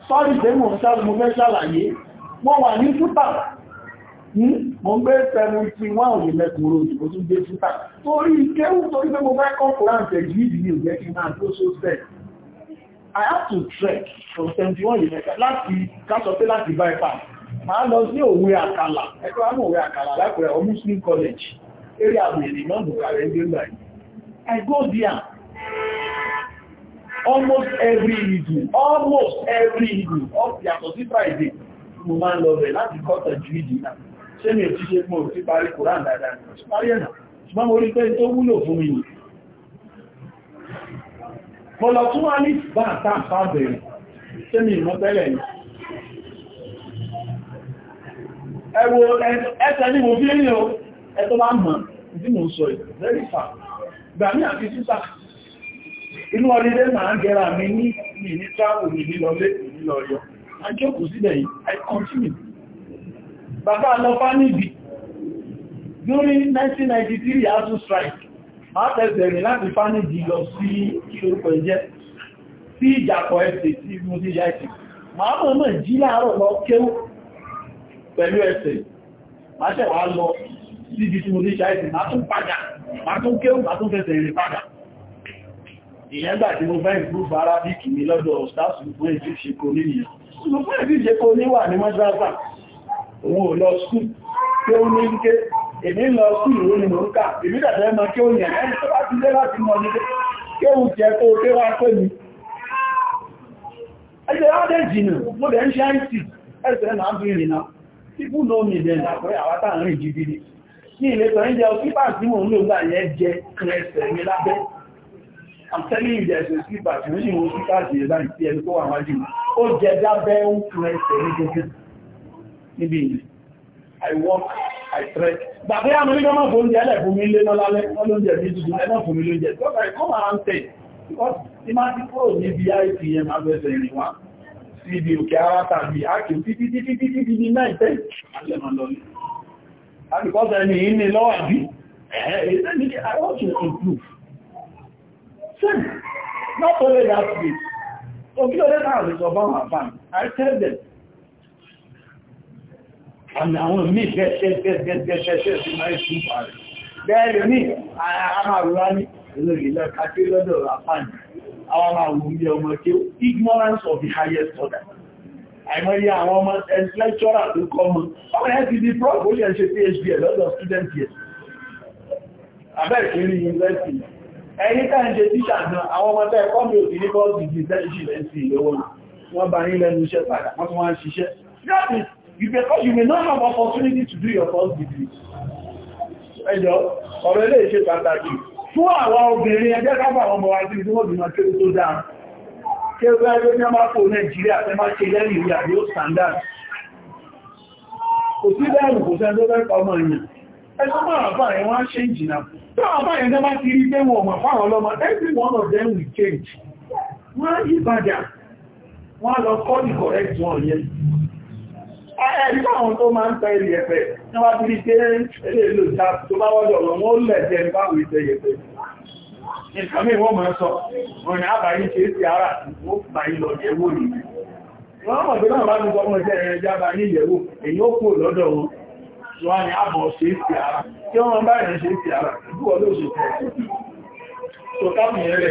sọ́rì pé mò ń sáré mo fẹ́ ṣàlàyé wọ́n wà ní súpà hmm? mo ń gbé tẹnu tí wọ́n òní mẹ́kúnrò ìbò tún gbé súpà torí kéhù torí pé mo fẹ́ kọ́kùnráǹtẹ̀ yìí ní ìgbẹ́ kí tó so I go there. Almost every evening, almost every evening, up yàtọ̀ sí Friday, mo máa ń lọ that's láti kọ́tọ̀ jíìdì náà. Ṣé mi ò ti ṣe mọ̀ sí parí Koran dáadáa? Parí ẹ̀nà, ṣùgbọ́n mo rí pé tó wúlò fún mi. Mo lọ tún wá ní bá àtàǹfà bẹ̀rẹ̀. Ṣé mi ìmọ̀ tẹ́lẹ̀ ni? Ẹwọ ẹsẹ̀ ni mo fi ń yọ, ẹ gbà ní àti títà inú ọlẹ́dẹ́ máa ń gẹ́ra mi ní ní travel mi ní lọlé ìlú lọ́yọ́ àjọ́kù sílẹ̀ yìí i continue bàbá lọ́pá níbi during 1993 asu strike máa tẹ́sẹ̀ rìn láti fánìjì lọ sí ìṣòrùkọ̀ ìjẹ́ sí ìjàpọ̀ ẹ̀sẹ̀ tí mo ti yá ẹ̀sẹ̀ máa mọ̀ mọ̀ jí láàárọ̀ lọ kéwò pẹ̀lú ẹ̀sẹ̀ máa ṣẹ̀wàá lọ síbi tí mo ti yá màtúnkéhùn màtúnfẹ́sẹ̀ rẹ̀ padà ìyẹ́gbà tí mo fẹ́ ìgbúfà arábíkì mi lọ́dọ̀ ọ̀stásù fún èdè ìṣẹ́kò níyàn mo fún èdè ìṣẹ́kò níwà ní mọ́sílásà òun ò lọ skú pé ó ní wíké èmi lọ skú ìró ni mo ń kà èmi dàbẹ́ mọ́ kí ó yẹn ẹni tó bá ti dé láti mọ́ ní kéhùn jẹ́ kó ké wá pé mi ẹgbẹ́ adé jìnà mo ń ṣe àìsì ẹsẹ̀ náà bí ìrìnà people know me ní ìletọ̀ ń jẹ òkípà tí mò ń lò gbà yẹn jẹ kẹrẹsẹ̀ mi lábẹ́ àtẹ́lì ìjẹsẹ̀ sípà tí ó sì mú sípà sí ẹ̀bá ìpí ẹni tó wà wájú ó jẹ dábẹ́ ń kẹrẹsẹ̀ ní gẹ́gẹ́ níbi ìlú I walk, I trek gbàgbé àmì nígbà máa fún oúnjẹ ẹlẹ́fún mi lé lọ́lálẹ́ wọ́n lóúnjẹ mi dúdú ẹlẹ́ fún mi lóúnjẹ tó bẹ̀rẹ̀ kọ́ máa ń tẹ̀ because ní máa ti kúrò ní bí ipm abẹ́sẹ̀ ìrìn wá sí ibi òkè ara tàbí ákìó títí títí títí ní 9 10 alẹ́mọ̀ lọ́lẹ́ because ẹni yìí ní lọ́wọ́ àbí I want to improve same not only that way òkè ọdẹ́ náà lè sọ báwọn àbáyé I tell them àmì àwọn míì gẹ́gẹ́gẹ́gẹ́gẹ́gẹ́ sí máa ń sún parí bẹ́ẹ̀rẹ̀ ní àmàrúwá ní ìlúrìlẹ̀ kàtí lọ́dọ̀ àpáyé àwọn àwọn òmìnir ọmọ tí ignorance of the highest order àìmọye àwọn ọmọ lecturer tó kọ́ mọ́ ọmọ ẹ̀ ti di prof ó yẹ ṣe phd ẹ̀ lọ́dọ̀ student yẹ abẹ́ẹ̀kiri university ẹ̀yìn káà ń ṣe tíṣà náà àwọn ọmọ tẹ́ ẹ̀kọ́ mi ò sí ní bọ́ọ̀sì di tẹ́ṣìlẹ̀sì lọ́wọ́ wọn bá yín lẹ́nu iṣẹ́ padà wọ́n tún wá ń ṣiṣẹ́ that is you may not have opportunity to do your first degree ẹjọ́ ọ̀rọ̀ ilé ìṣe pàtàkì fún àwọn obìnrin ẹgbẹ́ káfà àwọn ọmọ wa sí ìdíwọ̀n ìgbìmọ̀ tó dáa kí ó gbáyé ní ọmọ kò Nàìjíríà tẹ́ máa ṣe lẹ́yìn ìyà yóò standard kò sí lẹ́yìn kò sẹ́ lọ́rẹ́ ọmọ èèyàn ẹgbẹ́ máa àbá ẹ̀ wọ́n á ṣe ìjìnà tó àbá ẹ̀ tẹ́ máa ti rí pé wọn every one of them will change wọ́n á yí padà wọ́n á lọ correct one yẹn ẹ̀rí fáwọn tó máa ń tẹ ilé ẹ̀fẹ̀ ní wọ́n á ti rí pé ilé ìlú ìta tó ìkàmí ah, wọ́n mọ̀ sọ wọn ni àbáyí ṣe sí ara ó báyí lọ yẹ̀wò ní wọ́n mọ̀ tó náà bá ní ọmọ jẹ́ ẹ̀rẹ́ jábá ní yẹ̀wò èyí ó kò lọ́dọ̀ wọn wọ́n ni àbọ̀ ah, ṣe é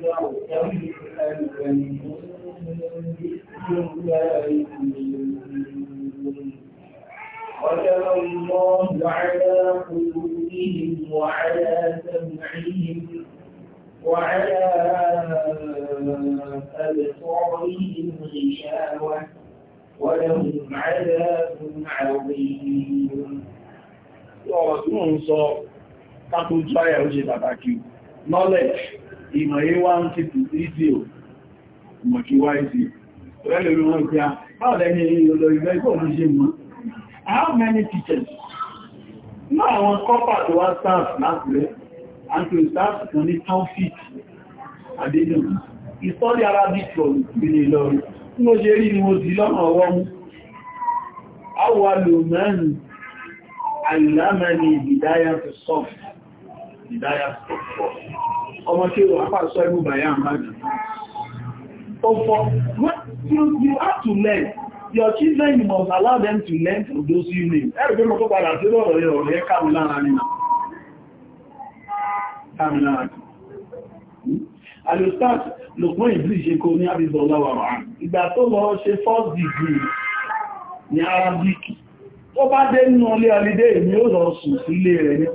وَتَرَى اللَّهُ عَلَى قُلُوبِهِمْ وَعَلَى سَمْعِهِمْ وَعَلَى أَبْصَارِهِمْ غِشَاوَةٌ وَلَهُمْ عَذَابٌ عَظِيمٌ Ọ̀rọ̀ tí mò ń sọ, ká tó jáyà ó ṣe pàtàkì, knowledge ìmọ̀ yí wá ń ti tù ìdí ò mọ̀ kí wá ìdí rẹ̀lẹ̀ orí wọn pẹ́ báwọn lẹ́ni ìlọ ìgbẹ́ ìgbọ́ mú ṣe mọ́ how many teachers ní àwọn kọ́pà tó wá staff láti rẹ̀ and to staff kan ní taufik adéjọba ìsọ́lẹ̀ arabic from ìpínlẹ̀ Ìlọrin tí mo ṣe rí ni mo sì to soft ìdáyà to soft ọmọ tí ó apá sọ ẹgbù bàyá àmájì ó fọ́ you have to learn your children you must allow them to learn from those you name ẹ̀rù pé mo tó padà sí lọ́rọ̀ rẹ̀ ọ̀rọ̀ yẹ kàmìlára nínú kàmìlára alustad lòpọ̀ ìbí ìṣẹ́kọ ní àbíbọ̀ láwàrán ìgbà tó lọ ṣe first degree ní Arabic ó bá dé nínú ilé ọlídé ìní ó lọ sùn sílé rẹ̀ ní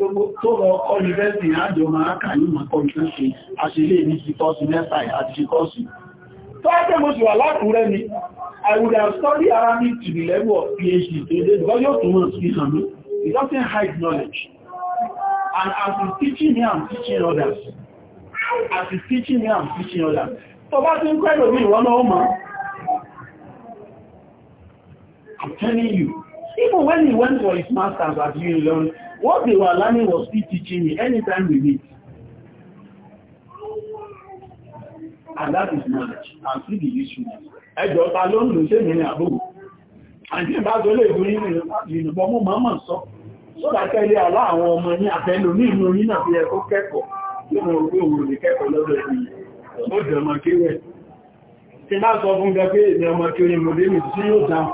tó lọ kọ́ yúnivẹ́sìtì àjọ máa kà ní mọ̀kọ́ ìfẹ́sì àṣílé ní ti tọ́sí mẹ́ta àti ṣe kọ́sì tó ẹgbẹ́ mo sì wà lákùúrẹ́ ni I would have studied Arabic to the level of PhD today because yóò tún wọ́n sí hàn mí it doesn't hide knowledge and as he's teaching me I'm teaching others as he's teaching me I'm teaching others tó bá ti ń kọ́ ẹ̀lòmí ìwọ́n náà mọ́ I'm telling you Even when he went for his masters at Union, what they were learning was still teaching me anytime we meet. And that is knowledge. And see the issue. usefulness. Ẹjọ́ ta ló ń lò ṣe mìíràn àbúrò. Àti ìbá tó lè gún nínú ìrìnbọn You know, mọ̀ sọ. Só dákẹ́ ilé àlá àwọn ọmọ ní àfẹ́lò ní inú orí náà fi ẹ̀kọ́ kẹ́kọ̀ọ́. Nínú orí òun lè kẹ́kọ̀ọ́ lọ́dọ̀ ẹni. Ó jẹ́ ọmọ kéwẹ̀. Ti bá sọ fún gẹ́gẹ́ ìdí ọmọ kéwẹ̀ mọ̀lẹ́mì tí yóò dáhùn.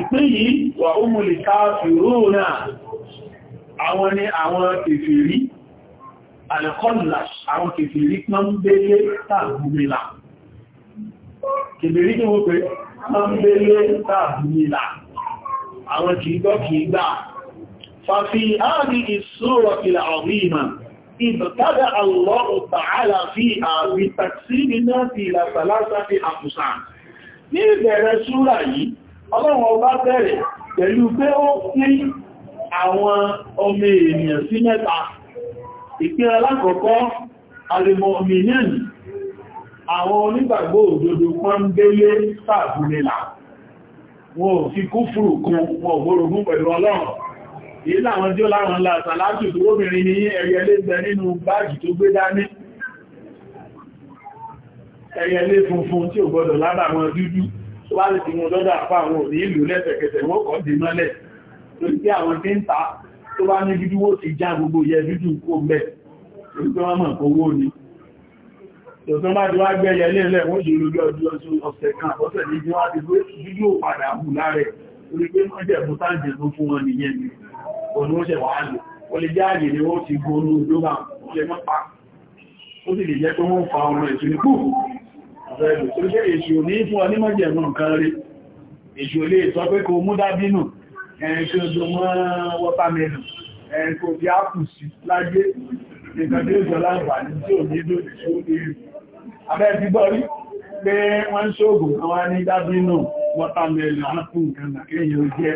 ìpín yìí wà ó mú lè ká fìrónà àwọn ni àwọn kèfèrí alẹ́kọ́lá àwọn kèfèrí pán bẹ́lẹ́ tàbùmìlà kèfèrí tí wọ́n pé pán bẹ́lẹ́ tàbùmìlà àwọn kìí gbọ́ kìí gbà fàfí ààrí ìṣòro ìlà ọ̀rìmà ìbùkádà Allah ìbẹ̀rẹ̀ súra yìí ọlọ́run ọba bẹ̀rẹ̀ pẹ̀lú pé ó pín àwọn ọmọ ènìyàn sí mẹ́ta ìpín alákọ̀ọ́kọ́ alìmọ̀mìnìyàn àwọn onígbàgbọ́ òdodo pọ́nbélé sàbúnilà wọn ò fi kúfùrù kan wọn ògbórogún pẹ̀lú ọlọ́run èyí láwọn tí ó láwọn ńlá sàlájù tó obìnrin ní ẹyẹlé bẹ nínú báàgì tó gbé dání ẹyẹlé funfun tí ò gbọdọ̀ lábàwọn dúdú tó bá ti mú lọ́dọ̀ àpá àwọn òní ìlú lẹ́sẹ̀kẹsẹ̀ wọ́n kọ́ dì mọ́lẹ̀ torí pé àwọn tí ń ta tó bá ní dúdú ó ti já gbogbo yẹ dúdú kó mẹ́ torí pé wọ́n mọ̀ owó ni tòtán bá ti wá gbẹ́yẹ lẹ́lẹ̀ wọ́n jù lórí ọdún ọ̀sẹ̀ kan àbọ́sẹ̀ ní bí wọ́n ti gbé dúdú padà hù lárẹ̀ torí pé wọ́n jẹ̀ mú táǹjì tó fún wọn nìyẹn ni òun ó ṣẹ̀ wàá lò ó lè jẹ́ àyè ni wọ́n ti sì lè jẹ́ pé wọ́n fa ọmọ ìtúnikú fẹ́lú tó ṣe èṣù ní fún ọ ní mọ́jẹ̀mú nǹkan rí èṣù lè sọ pé kò mú dábínù ẹ̀ẹ́kí ojú mọ́ wọ́pàmẹ́lù ẹ̀ẹ́kí òbí ápù sí lágbé nǹkan tí ó jọ láǹfààní tí ò ní lòdì sí orílẹ̀ abẹ́ ti gbọ́ rí pé wọ́n ṣóògùn àwọn ní dábínù wọ́pàmẹ́lù ápù nǹkan kéèyàn jẹ́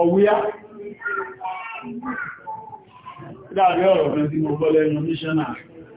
ọ̀wíyá láàrin ọ̀rọ̀ kan tí mo bọ́ lẹ́nu míṣánà rẹ̀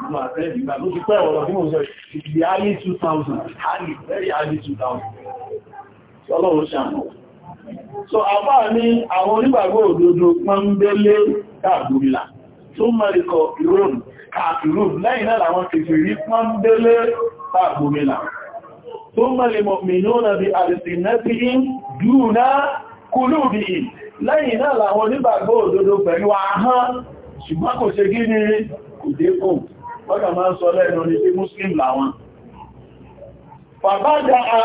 So, àbá ní àwọn onígbàgbọ́ òdodo pọ́nbélé dàgbùlà tó mẹ́ríkọ̀ ìròrùn kàfìrùn lẹ́yìn náà àwọn kèfèrí pọ́nbélé dàgbùlà tó mẹ́lẹ̀mọ̀ mìírànà bí àrìsìnẹ́tì in dúnà kúlùbí in lẹ́yìn náà àwọn onígbàgbọ́ òdodo pẹ̀lú ahán ṣùgbọ́n kò ṣe gí ní kò dé kòmù ọ̀dọ̀ máa ń sọ lẹ́nu ní pé muslim làwọn fàbádà á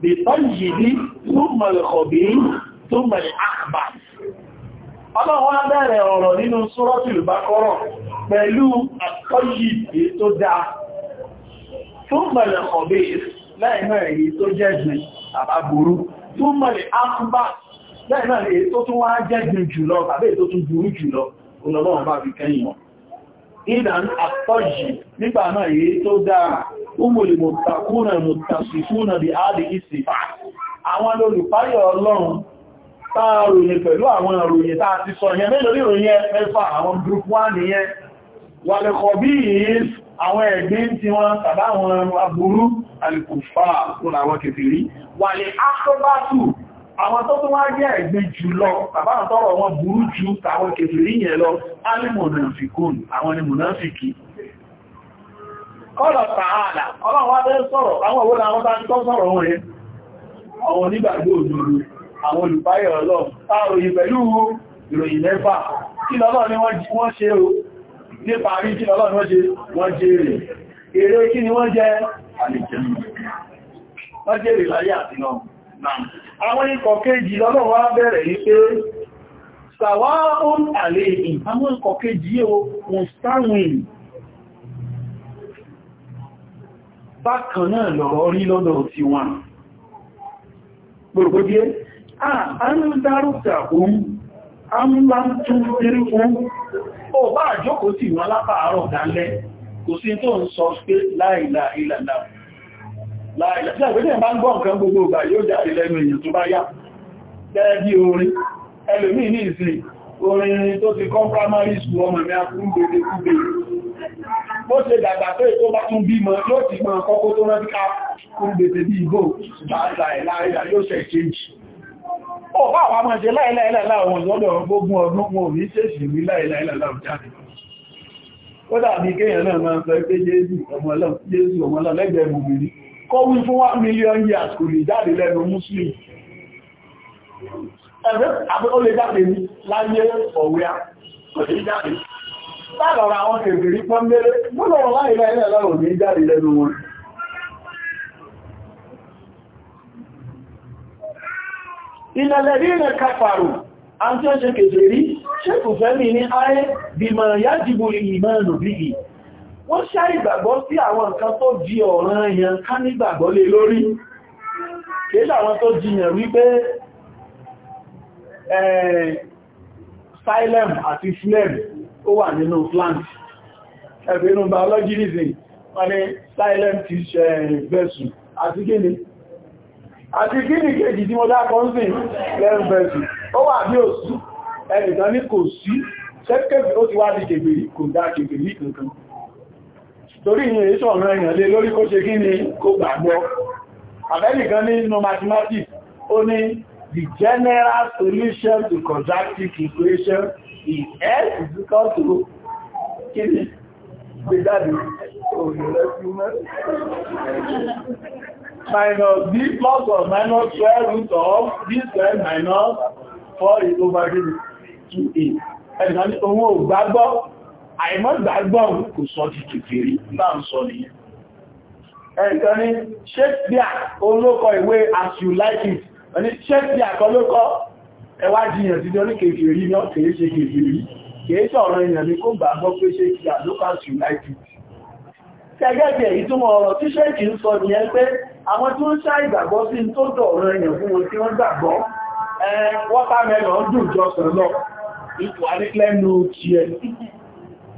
bí tọ́yì ní túnmọ̀lẹ̀kọ̀bí túnmọ̀lẹ̀ àkbà ọlọ́wọ́ abẹ́rẹ̀ ọ̀rọ̀ nínú súrọ́tìlù bá kọ́rọ̀ pẹ̀lú àtọ́yì tó dáa túnmọ̀lẹ̀kọ̀bí lẹ́ẹ̀mọ́ èyí tó jẹ́gbìn ìdàn àpọ̀jì nígbà náà èyí tó dáa umùlì mùtàkúnà mùtàṣìfúnà bí áàdì ìsìfà àwọn olùpáyọ̀ ọlọ́run táà ròyìn pẹ̀lú àwọn ìròyìn táà ti sọ yẹn mélòó ìròyìn mẹ́fà àwọn group 1 nìyẹn wàlẹ̀kọ̀ bí i àwọn ẹ̀gbẹ́ tí wọ́n tàbá àwọn aburú alìkùfà fún àwọn kèfèrí wàlẹ̀ akọ́bátù àwọn tó tún wá jẹ́ ẹ̀gbẹ́ jù lọ bàbá àtọ́rọ̀ wọn burú jù tàwọn kèfèrí yẹn lọ alìmọ̀nàfikún àwọn ni mọ̀nàfikì kọ́lọ̀ tààlà ọlọ́run wá bẹ́ sọ̀rọ̀ àwọn òwúrọ̀ àwọn tàbí tó sọ̀rọ̀ wọn yẹn àwọn onígbàgbọ́ òdodo àwọn olùbáyọ̀ ọlọ́run táàròyìn pẹ̀lú ìròyìn mẹ́fà kí lọ́lọ́ ni wọ́n ṣe o nípa rí kí lọ́lọ́ ni wọ́n ṣe wọ́n jẹ́ èrè èrè kí ni wọ́n jẹ́ àlìjẹ́mù wọ́n jẹ́ èrè láyé àti náà Àwọn ikọ̀ kejì lọ́lọ́wọ́ bẹ̀rẹ̀ yí pé Sàwáhún àlèyìn, àwọn ikọ̀ kejì yíò wọ́n sáwìn bákan náà lọ̀rọ̀ rí lọ́dọ̀ ti wọn. Gbogbo díẹ̀, a ń dárúkà òun, a ń lá tún rí fún, ó bá àjókòó sì wọn lápàárọ̀ dálẹ́, kò sí tó ń sọ pé láìláìlàláà láìlẹ́ orin tó ti kọ́ primary school ọmọ mi akúrúgbèrè kúgbè bó ṣe dàgbà tó ètò bá tún bí mọ́ yóò ti mọ́ kọ́kọ́ tó rántí ká kúrúgbèrè bí ìgbò bàtà ìlàríà yóò ṣe change ó bá wà mọ́ ṣe láìláìláà wọn lọ́dọ̀ gbógún ọdún wọn ò ní ṣèṣì rí láìláìláà jáde ó dàbí kéèyàn náà máa sọ pé Jésù ọmọ ọlọ́run Jésù ọmọ ọlọ́run lẹ́gbẹ̀ẹ́ mùmìnì kọ́ wí fún 1 million years kò lè jáde lẹ́nu muslim ẹgbẹ́ ó lè jáde ní láyé ọ̀wẹ́ kò lè jáde láàrọ̀ àwọn kèfèrí pọ́n mẹ́rẹ́ gbọ́nà láì láìlẹ́ lọ́rọ̀ ní jáde lẹ́nu wọn ìlẹ̀lẹ̀rí rẹ̀ kàfàrù àti ọ̀ṣẹ́ kèfèrí ṣe kò fẹ́ mi ní ayé bí mọ̀ yájìbò ìmọ̀ nù bí i wọ́n ṣá ìgbàgbọ́ sí àwọn nǹkan tó di ọ̀ràn èèyàn ká nígbàgbọ́ lé lórí kìí àwọn tó jiyàn wípé phylum àti phlegm ó wà nínú plant ẹgbẹ̀rún biology reason wọ́n ni phylum ti ṣe vessel àti gíní àti gíní kejì tí mo dákọ́ ń sìn phlegm vessel ó wà bí òsù ẹnìkan ní kò sí ṣẹ́kẹ́ ó ti wá di kèbèrè kò dá kèbèrè kankan torí ìyìn èṣọ́ ọ̀rọ̀ èèyàn lé lórí kó ṣe kí ni kó gbàgbọ́ abẹ́nìkan nínú mathematics ó ní the general solution to quadratic equation is x is equal to kí ni gbé jáde minus b plus or minus square root of b square minus 4 is over 2a ẹnìkan ní ohun ò gbàgbọ́ àìmọ́gbàgbọ́ kò sọ ti kìfèrí náà sọ nìyẹn ẹ̀kan ni Shakespeare olókọ ìwé as you like it ẹni Shakespeare kọ lókọ ẹwà jiyàn ti jọ ní kèfèrí náà kèé ṣe kèfèrí kèé sọ̀rọ̀ èèyàn ní kó gbàgbọ́ pé Shakespeare lókọ as you like it gẹ́gẹ́gẹ́ ìtumọ̀ ọ̀rọ̀ tí ṣẹ́kì ń sọ nìyẹn pé àwọn tí ó ń ṣá ìgbàgbọ́ sí tó dọ̀rọ̀ èèyàn fún wọn tí wọ́n gbàgbọ́ wọ́pàá mẹ́lọ̀ ń dùn jọ sọ̀rọ̀ lọ ipò àríklẹ́nu ti ẹ̀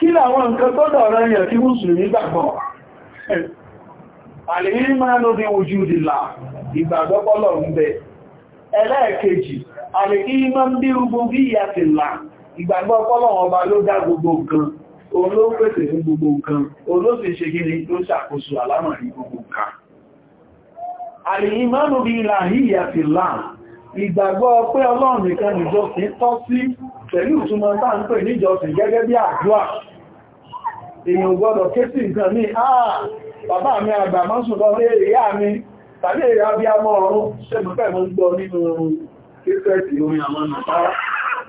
kí làwọn nǹkan tó dọ̀rọ̀ yẹ̀ tí mùsùlùmí gbàgbọ́ alìmánú bí wùjúdìlà ìgbàgbọ́ pọ́lọ̀ ń bẹ ẹlẹ́ẹ̀kejì alìmánú bí rúgbùbíyàtìlà ìgbàgbọ́ pọ́lọ̀ ọba ló dá gbogbo nǹkan òun ló pèsè fún gbogbo nǹkan òun ló sì ṣe kí ni ló ṣàkóso àlámọ̀rí gbogbo nǹkan alìmánú bí ìlàhíyàtìlà ìgbàgbọ́ pé ọlọ́run nìkan nìjọsìn tọ́ sí pẹ̀lú ìtumọ̀ tá ń pè níjọsìn gẹ́gẹ́ bí àdúrà èèyàn gbọ́dọ̀ ké sí nǹkan ní àà ah, bàbá mi àgbà máa ń sùn lọ léèrè yá mi tàbí èrè abiyamọ ọ̀run ṣẹ́gbẹ̀fẹ́ mọ́ gbọ́ nínú kéfẹ́ẹ̀tì orin àwọn nàtàrà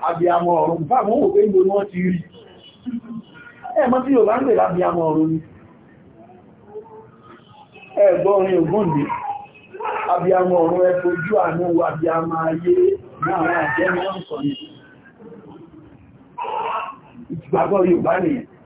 abiyamọ ọ̀run bá mọ́ òfin gbò ní wọ́n ti rí ẹ̀mọ́ tí yóò bá ń gbèrè abiyamọ ọ̀run ni ẹ̀gbọ́ orin ògúnde abiyamọ ọ̀run ẹ fojú àánú wo abiyamọ ayé láàrin àjẹ́mọ́ ìgbàgbọ́ Yorùbá nìyẹn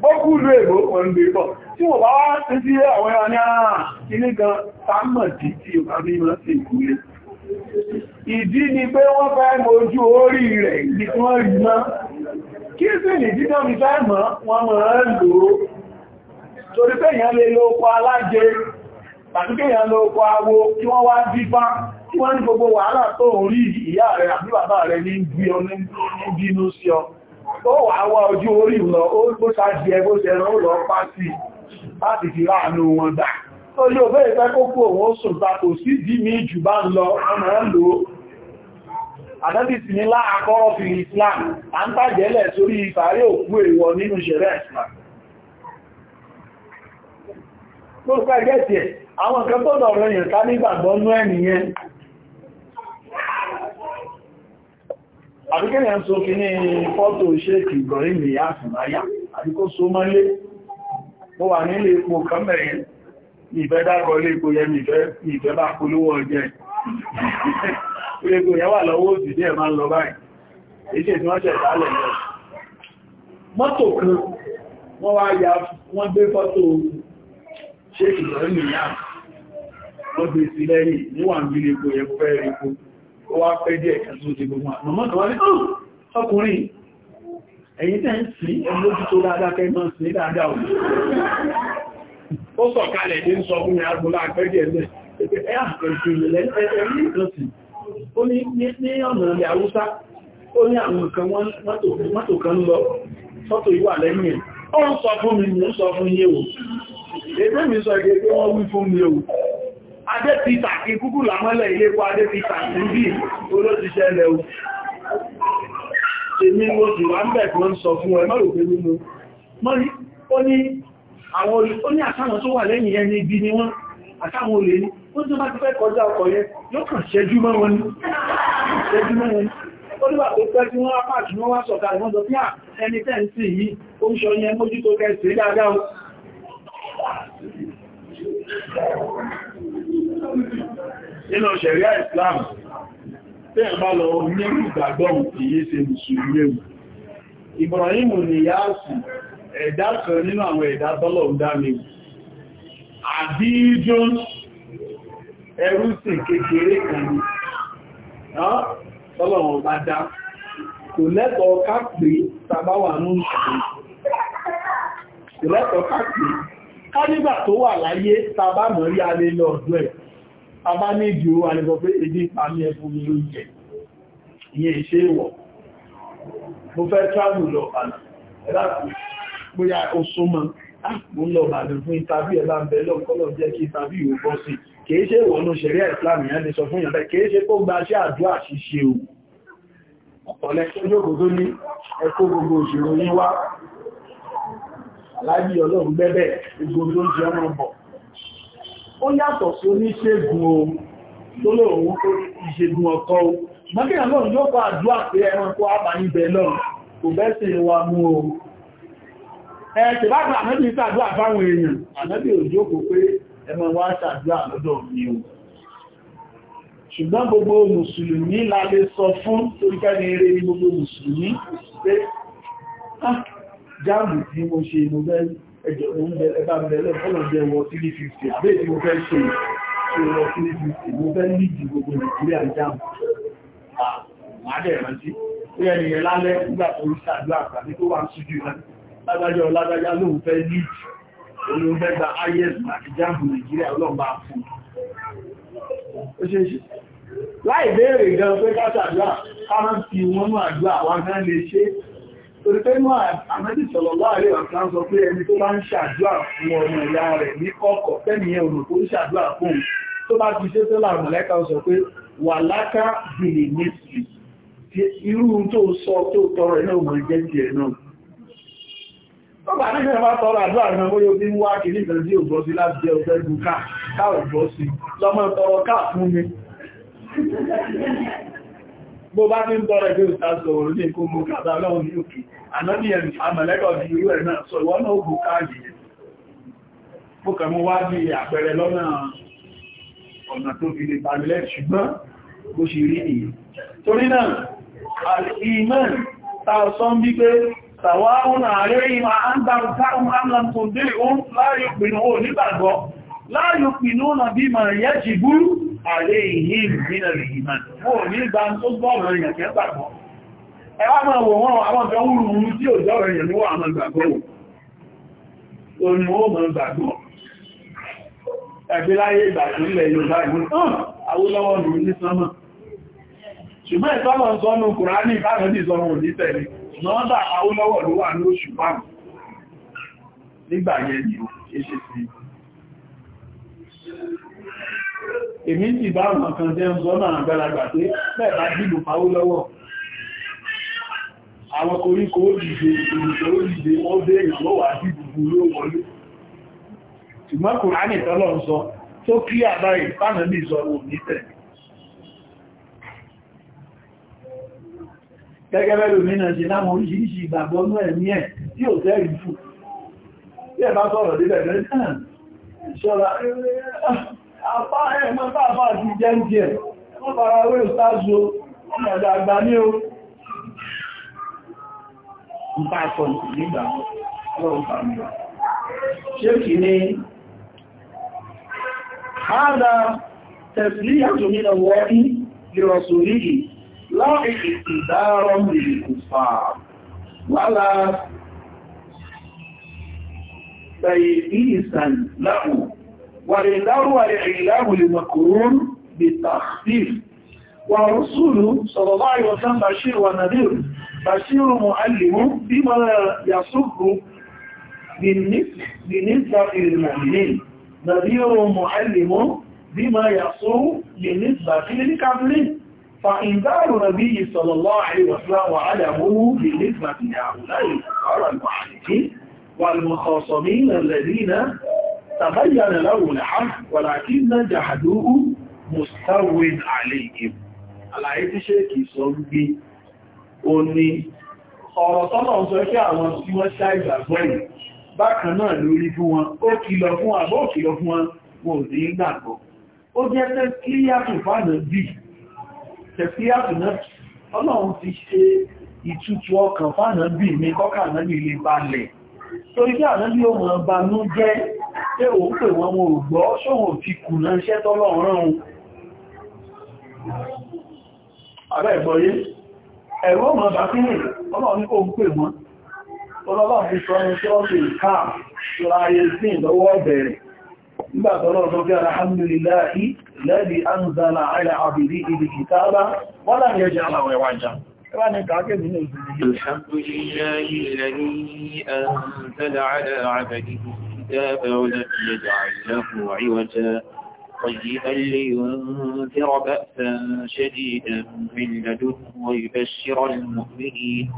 gbókú ìlú èbó wọn gbé bọ̀ tí wọ́n bá wá sí sí àwọn ẹran ní àárá ah, ilé gan sámọ̀ tí tí o bá ní wọ́n sì kúlé ìdí ni pé wọ́n fẹ́ mojú orí rẹ̀ ní kí wọ́n rí mọ́ kí sì ní dídọ́ mi fẹ́ mọ́ wọ́n mọ̀ ẹ́ lò ó torí pé èèyàn lè lo oko alájẹ tàbí kéèyàn lo oko awo kí wọ́n wá dífá tí wọ́n ní gbogbo wàhálà tó ń rí ìyá rẹ̀ àbí bàbá rẹ̀ ní gbí ọ ó wà wá ojú orí lọ ó gbó sáàjì ẹgbó sẹ́ran ó lọ pàtì láti fi láàánú wọn dà ó kó ta kò sí mi jù bá lọ ọmọ ń lò ó àdábì sí ní láàkọ́rọ̀ fi Islam à ń tàjẹ́lẹ̀ sórí ìfàrí òkú èèwọ nínú Islam àbíkẹ́lẹ̀ ń so kí ní fọ́tò ṣéèkì ìgbọ̀rí mi yá àfìmáyá àti kó so mọ́ lé mo wà nílé epo kọ́mẹ̀rin ìfẹ́ dákọ̀ lé epo yẹ ìfẹ́ bá polówó ọjẹ́ epo yẹn wà lọ́wọ́ òsì díẹ̀ máa ń lọ báyìí èṣe ya wọ́n gbé fọ́tò ṣéèkì ìgbọ̀rí mi yá ó wá pẹ́ díẹ̀ kan tó ti gbogbo àmọ́mọ́nà wọ́n ọkùnrin ẹ̀yìn tẹ́ ń sí ẹmójú tó dáadáa kẹ́ mọ́ sí dáadáa òun ó sọ kalẹ̀ ní sọ fún mi agbóla àpẹ́jẹ̀ ẹ̀lẹ́ ẹ̀yà pẹ̀lú fún mi adé ti tàkí kúkú làmọ́lẹ̀ ilé kó adé ti tàkí bí olóṣìṣẹ́ lẹ̀ o èmi mo sì wá ń bẹ̀ tó ń sọ fún ẹ mọ́rò pé mímú mọ́rí ó ní àwọn ó ní àtàwọn tó wà lẹ́yìn ẹni ibi ni wọ́n àtàwọn olè ní ó tó bá ti fẹ́ kọjá ọkọ̀ yẹn yóò kàn ṣẹ́jú mọ́ wọn ní ṣẹ́jú mọ́ wọn ní Olúwà tó pẹ́ tí wọ́n apá àti wọ́n wá sọ̀kà ìwọ́n sọ pí à ẹni tẹ́ ń sì yí, nínú ṣẹ̀ríà Islam tí ẹ̀ bá lọ ní ìgbàgbọ́ tí yé ṣe mùsùlùmí ewu Ibrahim Niyasi ẹ̀dá kan nínú àwọn ẹ̀dá tọ́lọ̀ dámi àdíjọ́ ẹrúsìn kékeré kan ní tọ́lọ̀ kò ká nígbà tó wà láyé tàbá mọ̀ rí alẹ́ lọ ọ̀dọ́ ẹ̀ tàbá ní ìdí owó alẹ́ pé èdè ìpàmí ẹkùn mi ló jẹ ìyẹn ìṣe ìwọ̀ mo fẹ́ travel lọ ọ̀bàdàn ẹ̀dá bóyá ah, ṣe ìwọ̀nú ṣẹ̀rí o ọ̀pọ̀lẹ́kẹ́jọ́ gbogbo ní ẹkọ́ gbogbo òṣèrò yín aláàbí ọlọ́run gbẹ́bẹ̀ gbogbo tó ń jẹ ọmọ bọ̀. ó yàtọ̀ sí oníṣègùn o tó lóòrùn tó ìṣègùn ọkọ̀ o mọ́kànlá náà yóò kọ́ àdúrà pé ẹranko àbáyíbẹ̀ náà kò bẹ́ sí wa mú o ẹ tìbátà ànábì ṣàdúrà fáwọn èèyàn ànábì òjò kò pé ẹmọ wa ṣàdúrà lọ́dọ̀ mi o ṣùgbọ́n gbogbo mùsùlùmí la lè sọ fún toríkẹ́ni eré ní gbogbo mùsùlùmí pé ah, jáàmù tí mo ṣe mo fẹ́ ẹjọ́ oúnjẹ ẹbá bẹ̀rẹ̀ fọ́lọ̀jẹ́ wọ 350 àbẹ́ tí mo fẹ́ ṣe ṣe wọ 350 mo fẹ́ lídì gbogbo Nàìjíríà jáàmù àmàdẹ̀ ìrántí ó yẹ nìyẹn lálẹ́ nígbà tó ń ṣàdúrà tàbí tó wà ń ṣojú ìrántí lágbájọ́ lágbájá lóun fẹ́ lídì olóun fẹ́ gba is àti jáàmù Nàìjíríà ọlọ́mbà fún ó ṣe ṣe láì béèrè gan pé ká ṣàdúrà ká máa ń fi wọn nú àdúrà wọn gan lè ṣe torí pé mọ́ àmẹ́jì sọ̀rọ̀ láàrin ọ̀sán sọ pé ẹni tó bá ń ṣàdúrà fún ọmọ ìyá rẹ̀ ní kọ́kọ̀ tẹ́niyàn ọ̀nà tó ń ṣàdúrà fún tó bá ti ṣe tẹ́lá mọ̀lẹ́ka sọ pé wà láká bìlì méjì irú tó sọ tó tọrọ iná ọmọ ìjẹ́ ti ẹ̀ náà Ọba nígbà bá tọrọ àdúrà náà ó yóò bí ń wá kìí nìkan sí òbọ́ sí láti jẹ́ ọ̀fẹ́ gùn tọrọ káà bó bá ní ń tọrẹ bí ìtàṣọ òun ní kó mú kàtà lọ́wọ́ ní òkè ànábíyàn àmàlẹ́kọ̀ọ́ ní irú ẹ̀ náà sọ ìwọ́n náà bù káàdì yẹn mo kàn mú wá bí àpẹẹrẹ lọ́nà ọ̀nà tó fi lè balẹ̀ ṣùgbọ́n bó ṣe rí nìyẹn torí náà al-iman ta sọ ń bí pé sàwáhùn ààrẹ ìmọ̀ àǹdàrù táwọn àmàlàntòndé òun láàyò pìnú àlé ìhìn nínà lè yìí máa mú ò ní ìgbà tó gbọ́ọ̀rọ̀ èèyàn kẹ́ gbàgbọ́ ẹ wá máa wò wọ́n àwọn ọ̀fẹ́ wúrùn tí ò jọ́rọ̀ èèyàn ní wọ́n àwọn gbàgbọ́ wò ní ó mọ̀ gbàgbọ́ ẹ̀bí láyé ìgbàgbọ́ ilẹ̀ Yorùbá ìwọ̀n Awólọ́wọ̀ ní ní sánmà ṣùgbọ́n ìtọ́lọ̀ sọ́nù Kùránì ìbáwọn ìsọmọ òní tẹ̀lé nọ́ọ́dà ló wà ní oṣù márùn-ún nígbà ni ó ṣe sí i èmi ti bá àwọn kan jẹ́ ń sọ náà gbàlagbà pé bẹ́ẹ̀bá dìbò pàwó lọ́wọ́ àwọn koríko òdìdè ìrìnṣẹ́ òdìdè wọ́n bèèrè lọ́wọ́ àdìbò ló wọlé ṣùgbọ́n kùránì tọ́lọ̀ ń sọ tó kí àbáyé fánà ní ìsọ̀rọ̀ òmítẹ̀ gẹ́gẹ́ bẹ́lú mìíràn ṣe láwọn oríṣiríṣi ìgbàgbọ́ ní ẹ̀mí ẹ̀ tí ò tẹ́ ìfù tí ẹ bá sọ̀rọ̀ débẹ̀ bẹ́ẹ̀ náà ṣọ́ra Àpá ẹ̀mọ́ tàbà ti jẹ́ ń jẹ́, wọ́n fara wé ìsájú ọmọ ìdàgbà ní o. Ń bá kọ̀ nígbà ọlọ́run fàmí. Ṣé kì ní, Hádá tẹ̀sílì àtòmí lọ wọ́ ní ìrọ̀sòríkì láàrín ìdárọ̀ والإله والإعلام لمكرون بالتخفيف ورسوله صلى الله عليه وسلم بشير ونذير بشير معلم بما يصب بالنسبة للمؤمنين نذير معلم بما يصب بالنسبة للكافرين فإنذار نبي صلى الله عليه وسلم وعلمه بالنسبة لهؤلاء الكفار المعلمين والمخاصمين الذين تبين له الحق ولكن جحدوه مستو عليهم àlàyé tí ṣéèkì sọ ń gbé o ní ọ̀rọ̀ tọ́nà ń sọ kí àwọn tí wọ́n ṣàìgbàgbọ́ ẹ̀ bákan náà lórí fún wọn ó kìlọ̀ fún àbọ́ kìlọ̀ fún wọn wọn ò ní gbàgbọ́ ó jẹ́ tẹ́kíyàtù fánà bí tẹ́kíyàtù náà ọlọ́run ti ṣe ìtútù ọkàn fánà bí ní kọ́kà náà ilé balẹ̀ torí kí àwọn bí ohun ọba ní jẹ́ pé ò ń pè wọn wọn ò gbọ́ ṣóhun ti kù náà iṣẹ́ tọ́lọ́run àbẹ́ ìgbọ́yé ẹ̀rọ ọmọ ọba kí ní ọlọ́run ní kò pè wọn ọlọ́run fi fi الحمد لله الذي أنزل على عبده الكتاب ولم يجعل له عوجا طيبا لينذر بأسا شديدا من لدنه ويبشر المؤمنين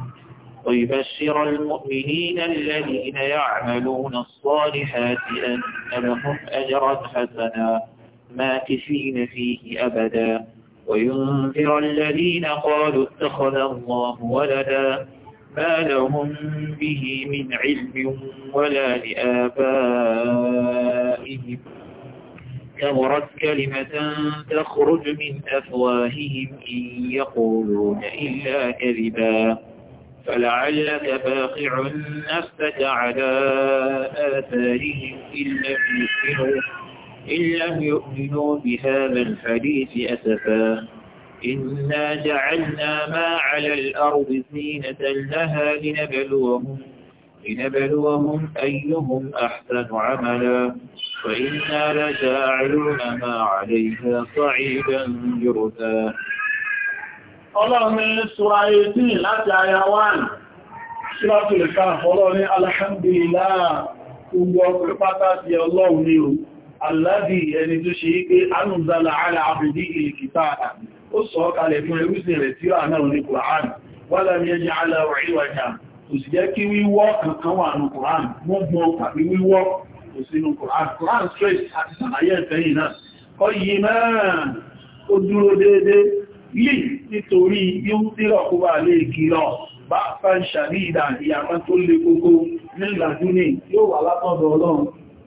ويبشر المؤمنين الذين يعملون الصالحات أن لهم أجرا حسنا ماكثين فيه أبدا وينذر الذين قالوا اتخذ الله ولدا ما لهم به من علم ولا لآبائهم كبرت كلمة تخرج من أفواههم إن يقولون إلا كذبا فلعلك باقع نفسك على آثارهم إن لم يؤمنوا إن لم يؤمنوا بهذا الحديث أسفا إنا جعلنا ما على الأرض زينة لها لنبلوهم, لنبلوهم أيهم أحسن عملا وإنا لجاعلون ما عليها صعيدا جرثا اللهم من سورة láti لا تعيوان سورة الكهف الله الحمد لله alhamdulillah gbogbo ọkùnrin pátá ti ọlọ́run ní aláàbí ẹni tó ṣe pé anúzala ala àbìdí ìlìkìtà ó sọ kalẹ̀ fún ẹrúsìn rẹ̀ tí ó náà ní Kùrán wọ́lá ní ẹjẹ́ aláwọ̀ ìwàjá kò sì jẹ́ kí wíwọ́ kankan wà ní Kùrán gbọ́gbọ́n tàbí wíwọ́ kò sínú Kùrán Kùrán straight àti sàlàyé ẹ̀fẹ́yìn náà kọ́ yìí mẹ́rin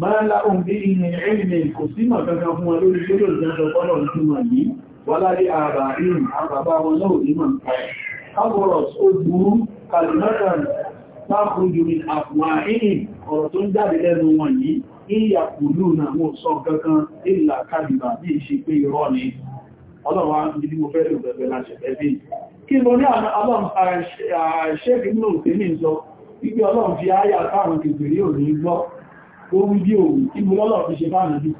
máa láhùn bí ní ẹ̀rìnlẹ̀ kò sí mọ̀ kankan fún wọn lórí lórí ìjọsọ fọ́lọ̀ ìtumọ̀ yìí wà lárí ààbà ìrìn àbàbà wọn náà ní mọ̀ nípa ẹ̀. kábọ̀rọ̀s ó burú kalimatan pákùnjú ní àpùwà ìrìn ọ̀rọ̀ tó ń jáde lẹ́nu wọn yìí ìyà kùlù náà wọn sọ kankan ìlà kàdìbà bí i ó wí bí òun tí mo lọ́lọ́ fi ṣe báyìí bí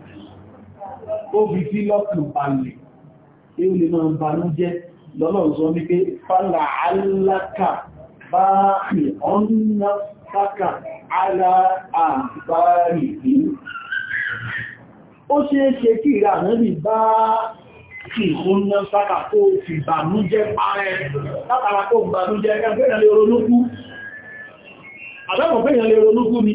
ó fi sí lọ́kùn balẹ̀ tí ó lè máa banú jẹ́ lọ́lọ́ sọ wípé fàlà aláka bá rí ọ́nà sáka ara àbárí ó ṣeé ṣe kí ìrà náà bá ìkúnná sára kó fi bànújẹ́ parẹ́ látara kó bànújẹ́ ẹgbẹ́ ìrìnlẹ̀ oronúkú. Àdáwọn pé ìrìnlẹ̀ oronúkú ni,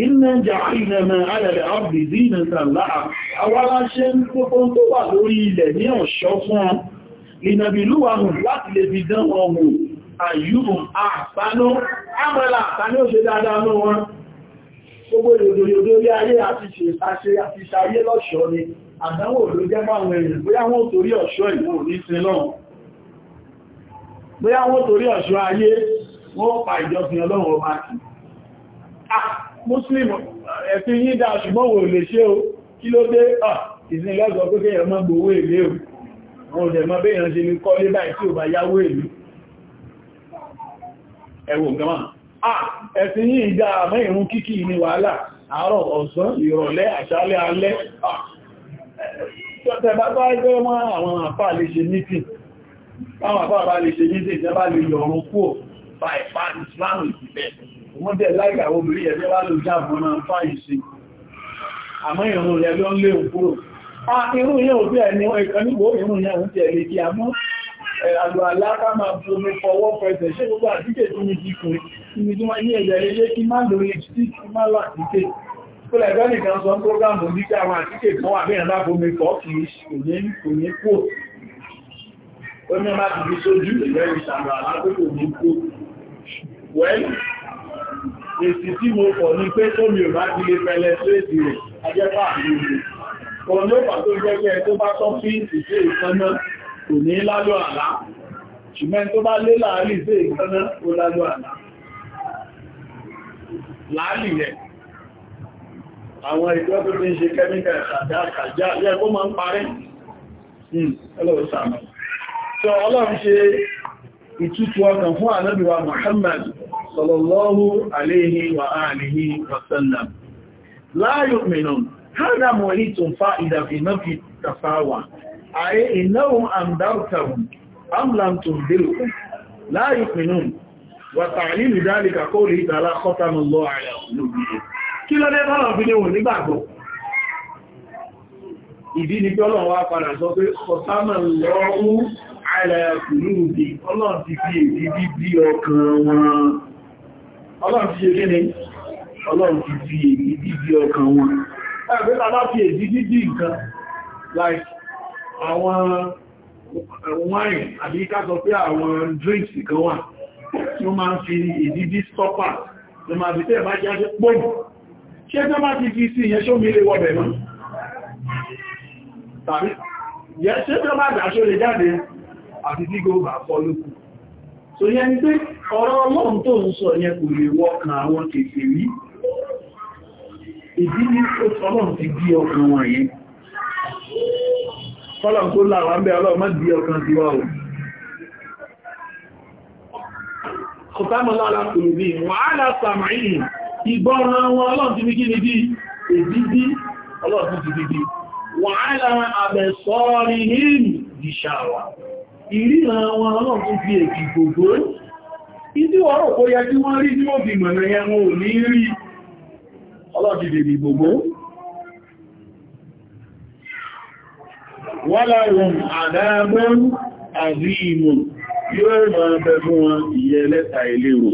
iná jàáìnà mẹ́ alẹ́lẹ̀ àbì dínà sàláà awáráṣẹ́ púpọ̀ tó wà lórí ilẹ̀ ní ọ̀ṣọ́ fún ọ ìnàbìlúwàhùn láti lè fi dán ọmọ àyùbùn àpánú àmọ́lá àpánú ṣe dáadáa mọ́ wọn gbogbo ìròdòdó rí ayé àti ṣe àti ṣayé lọ́ṣọ́ ni àdánwò ló jẹ́ máwọn èèyàn bóyá wọ́n torí ọ̀ṣọ́ ìwọ̀n ní sin náà bóyá wọ́n torí ọ̀ṣọ́ ayé wọ́n pa ìjọsìn ọlọ́run ọba kìí ah! muslim ẹ̀sìn yí dá ṣùgbọ́n wò lè ṣe o kí ló dé ìsinlọ́gbọ̀ pé kéèyàn má gbowó èlé o wọn ò dẹ̀ mọ́ bí èèyàn ṣe ní kọ́ lé báyìí tí ò bá yáwó èlé ẹwọ gan ẹ̀sìn yí dá àmọ́ ìrun kíkì ní wàhálà àárọ̀ ọ̀sán ìrọ̀lẹ́ àṣálẹ́ alẹ́ tẹ̀bàbá ẹgbẹ́ wọn àwọn àpá lè ṣe mítì báwọn àpá bá lè ṣe mítì ìjọba lè yọ̀rún kúò wọ́n dẹ̀ láìka àwọn obìnrin ẹ̀dẹ́ wá ló jáàbù náà fáyìn sí àmọ́ ìrùn rẹ̀ ló ń lé òkúrò irun yẹn òbí ẹni ẹ̀kan níwò irun yẹn òun tẹ̀lé kí a mọ́ àlò aláká máa bomi fọwọ́ pẹ̀sẹ̀ ṣe gbogbo àtíkè tó ní ti kùn ní tí wọ́n ní ẹ̀yẹ̀ lé kí má lórí tí kí má lọ àtíkè tó lẹ̀gbẹ́ nìkan sọ prógámù bí kí àwọn àtíkè kan wà bẹ́ẹ̀ bá bomi fọ́ kì í kò ní kò ó ní má ti fi sójú ìrẹ́ ìṣàlọ̀ àlágbé kò ní kò èsì tí mo pọ̀ ní pé tó mi ò bá ti lè pẹ̀lẹ̀ tó èsì rẹ̀ ajẹ́pà àmúrú kan ló pà tó jẹ́gbẹ́ tó bá tọ́ sí ìṣẹ́ ìkaná kò ní lálọ́ àlá ṣùgbọ́n tó bá lé láàrí ìṣẹ́ ìkaná ó lálọ́ àlá láàrí rẹ̀ àwọn ìjọ tó ti ń ṣe kẹ́míkà ìṣàdá àkàjá yẹ kó máa ń parẹ́ hmm, ọlọ́run ṣe ìtútù ọkàn fún ànábìwa Muhammad sallallahu alayhi wa alihi wa sallam la yu'minun hadha muhitun fa'ida fi nafi tafawa ay innahum andartahum am lam tundirhum la yu'minun wa ta'lil dhalika qawli ta'ala khatama Allah ala qulubihim kila de bala fi ni wọ́n nígbàgbọ́ ìdí ni pé Ọlọ́run wá padà sọ pé khatama Allahu ala qulubihim Ọlọ́run ti wọn ọlọ́run ti ṣe kí ni ọlọ́run ti fi èdí dídí ọkàn wọn ẹgbẹ́ tàbá fi èdí dídí nǹkan like àwọn wine àbí ká sọ pé àwọn drinks kan wà tí ó máa ń fi èdí dí stopper ló máa fi tẹ́ẹ̀ bá jáde pọ́m ṣé tẹ́ bá ti fi sí ìyẹn ṣó mi lè wọ́bẹ̀ mọ́ tàbí yẹ́ ṣé tẹ́ bá dà ṣó lè jáde àti tí gbogbo àpọ̀ lókùn so yẹn pé ọ̀rọ̀ ọlọ́run tó ń sọ yẹn kò lè wọ́kàn àwọn kèfè rí ìdí ní ọlọ́run ti bí ọkàn wọn yẹn ọlọ́run tó láwà ń bẹ ọlọ́run má bí ọkàn ti wá o kọ̀tàmọ́lára kò lè bí wàhálà sàmàìlì ní ìṣàwà ìríran wọn ọlọ́run tó fi èkì gbogbo ìdí ọ̀rọ̀ kó yẹ kí wọ́n rí ní òbí mọ̀nà yẹn wọn ò ní rí ọlọ́dìdè ní gbogbo wọ́n láwọn àdáàbọ́n àrí ìmọ̀ yóò máa bẹ fún wọn ìyẹ lẹ́ta ìlérò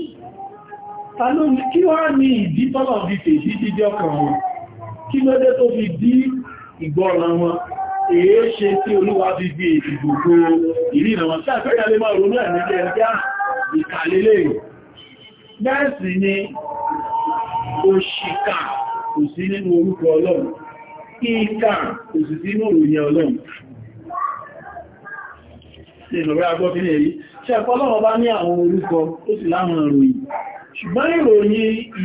kí wọ́n ní ìdí tọ́lọ̀ fi tèjì dídí ọkàn wọn kí lọ́dẹ́ tó fi èéṣe tí olúwa fi bí ìdìbò ìrìnà wọn tí àfẹ́yà lè máa ronú ẹ̀mí jẹ́ ẹgbẹ́ ah, ìkàlélẹ̀ bẹ́ẹ̀ sì ni òṣìkà kò sí nínú orúkọ ọlọ́run ìkà kò sí nínú òròyìn ọlọ́run ìrọ̀rẹ́ agbọ́fílẹ̀ yìí ṣe ọ̀pọ̀lọ́wọ́ bá ní àwọn orúkọ ó sì láwọn ìròyìn ṣùgbọ́n ìròyìn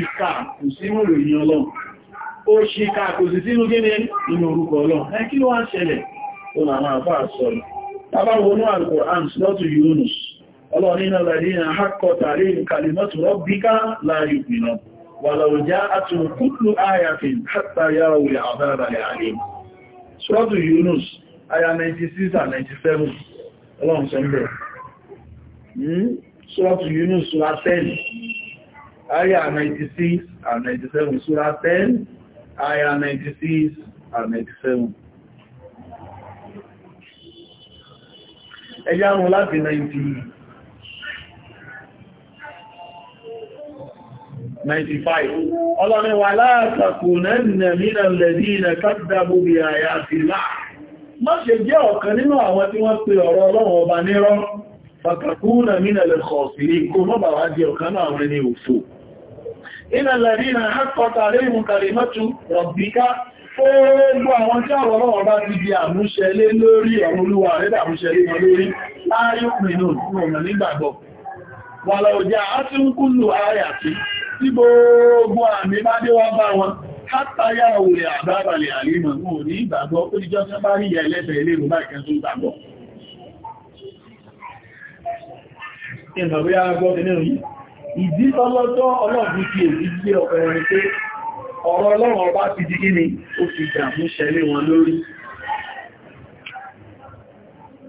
ìkà kò sí ìròyìn ọlọ́run ó ṣe káàkòsí sínú gíní inú orúkọ ọlọ́ ẹ kí ló wá ṣẹlẹ̀ tó nà máa bá sọ̀rọ̀ tàbá wọnú Al-Qur'an lọ́tù Yunus ọlọ́nínà lẹ́dínà hakọta rí kalimatu rabbika la Yunus aya 96 and 97 ọlọ́run hmm? Yunus sura 10 aya 96 and 97 sura 10 Aya 96 and 97. Ẹjá rùn láti 95. Ọlọ́ni wà látàkù nẹ́nà nínà lẹ́dí ilẹ̀ kàtàbù bí àyà ti láà. Má ṣe jẹ́ ọ̀kan nínú àwọn tí wọ́n pe ọ̀rọ̀ ọlọ́run ọba nírọ́, fàtàkù nà nínà lẹ́kọ̀ọ̀sì iná lẹ́rìnà àkọta lẹ́yìn kàrìmọ́tù rọ̀bíká gbogbo àwọn tí àwọn ọlọ́wọ́ bá ti di àmúṣẹlé lórí ọ̀rọ̀ olúwa rẹ̀ dàmúṣẹlé wọn lórí láyọ́pìnà ọ̀nà nígbàgbọ́ wà lọ́jà á ti ń kúlù ayàtí tí gbogbo àmì bá dé wá bá wọn látàyà òwè àbábalẹ̀ àlímọ̀ wọn ò ní ìgbàgbọ́ ó ti jọ́sán bá ríyà ẹlẹ́bẹ̀ ilé ìrùbá ìkẹ́ tó gbàgbọ́ ìdí tọ́lọ́tọ́ ọlọ́run fi èdí gbé ọ̀pẹ̀rẹ̀ pé ọ̀rọ̀ ọlọ́run ọba ti di gíní ó fi dàmú ṣẹlé wọn lórí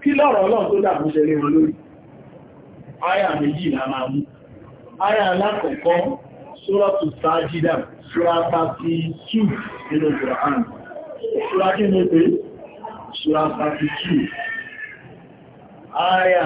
kí lọ́rọ̀ ọlọ́run tó dàmú ṣẹlé wọn lórí aya méjì la máa mú aya alákọ̀ọ́kọ́ sóràtù sáájídà sóràtà ti 2 nínú Quran sóràtì mẹ́pẹ́ sóràtà ti 2 aya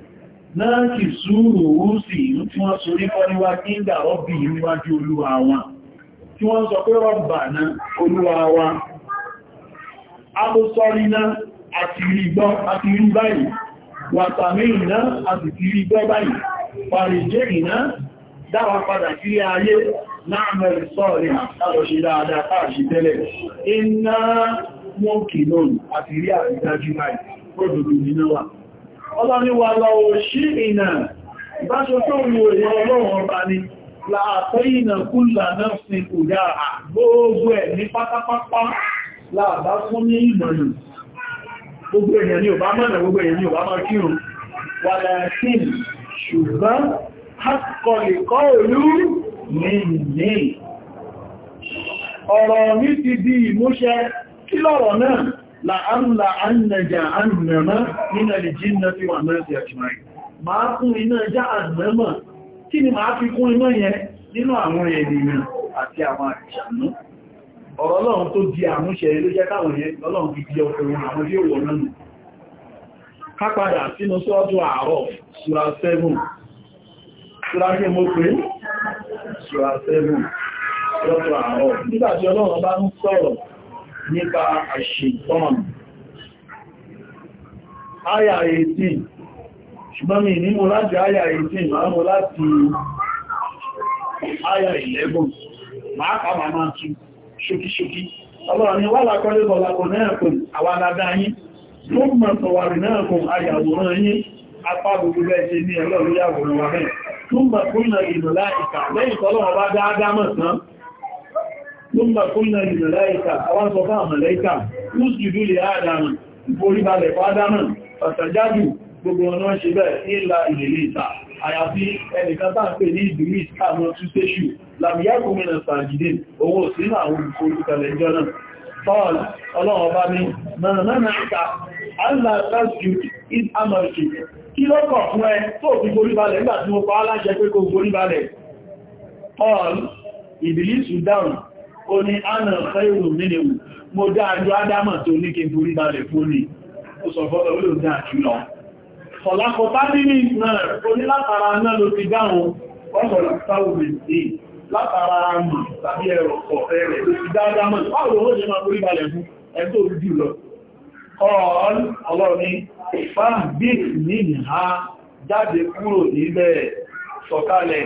náà kì súrù rúsì ìlú tí wọ́n sorí kọ́ níwájú ìgbà ọ̀bì níwájú olúwa wọn tí wọ́n sọ pé rọ̀bà náà olúwa wa abúsọ́rí náà àti rí báyìí wàtàmí iná àti ti rí gbọ́ báyìí pàrìjẹ́ iná dáwà padà sí ayé láàmẹ́rin sọ́ọ̀rẹ́ ọlọ́niwà lọ òṣì ìnà ìbáṣọ tó wù èyàn ọlọ́run ọba ni láàtọ́ ìnà kúlà náà sí kùdá gbogbo ẹ̀ ní pátápátá láàbá fún ní ìmọ̀nà gbogbo èyàn ni ọba mọ́nà gbogbo èyàn ni ọba mọ́ kírun wà láàkín ṣùgbọ́n akọlẹ̀kọ́ olú nìyí ọ̀rọ̀ mi ti di ìmúṣẹ kí lọ̀rọ̀ náà láàrùlà àìnàjà àìnàmà nínà lè jí nà fi wà mẹ́sì àjìmáyì máa kún iná já àìnàmà kí ni máa fi kún iná yẹn nínú àwọn ènìyàn àti àwọn àjànú ọ̀rọ̀ ọlọ́run tó di àmúṣẹ ló jẹ́ káwọn yẹn lọ́lọ́run fi di ọkùnrin àwọn nípa àṣìtọ́n àyà 18 ṣùgbọ́n mi ní mo láti àyà 18 máa mo láti àyà 11 máa ká máa máa tún ṣókíṣókí ọlọ́rọ̀ ni wà lákọ́lé bọ̀lápọ̀ náà kùn àwọn aládá yín fún mọ̀tọ̀wàrí náà kùn àyàwòrán yín apá gbogbo bẹ́ẹ̀ ṣe ní ẹlọ́rọ̀ yàwòrán wa bẹ́ẹ̀ lọ́mà kúnnà ìmẹ̀láìkà àwọn sọ fún àmàlẹ́kà lóṣùdú lè ádámà ìforí balẹ̀ fádámà pàtàjájú gbogbo ọ̀nà ṣe bẹ́ẹ̀ ìlà ìrìnlẹ̀ ìta àyàfi ẹnìkan tàà pè ní ìdúrísì àmọ́ túnṣẹ́ṣù làmìyàkùn mìíràn sàjìdé owó sínú àwọn olùkọlùkọlẹ̀ ìjọ náà paul ọlọ́wọ́ bá ní mẹ́rànmẹ́rànmẹ́ ìta allah tasjud is amurki kí lọ́kọ̀ fún ẹ tó fi gorí balẹ̀ nígbàtí mo pa aláṣẹ pé kò gorí balẹ̀ paul ìbìlísù dáhùn ó ní ánà fẹ́rù mínimù mo dáadú ádámà tó ní kí n torí balẹ̀ fún ní ó sọ fọ́lọ̀ ó lò dáa jù lọ ọ̀làkọ̀tá nínú náà ó ní látara náà ló ti dáhùn ọ̀sọ̀lá látara àmà tàbí ẹ̀rọ ọ̀fẹ́ rẹ̀ ló ti dáadáa mọ̀ báwo ó ṣe máa borí balẹ̀ fún ẹgbẹ́ orí jù lọ ọ̀ọ́l ọlọ́ni fáàbí ní ìhá jáde kúrò níbẹ̀ sọ̀kalẹ̀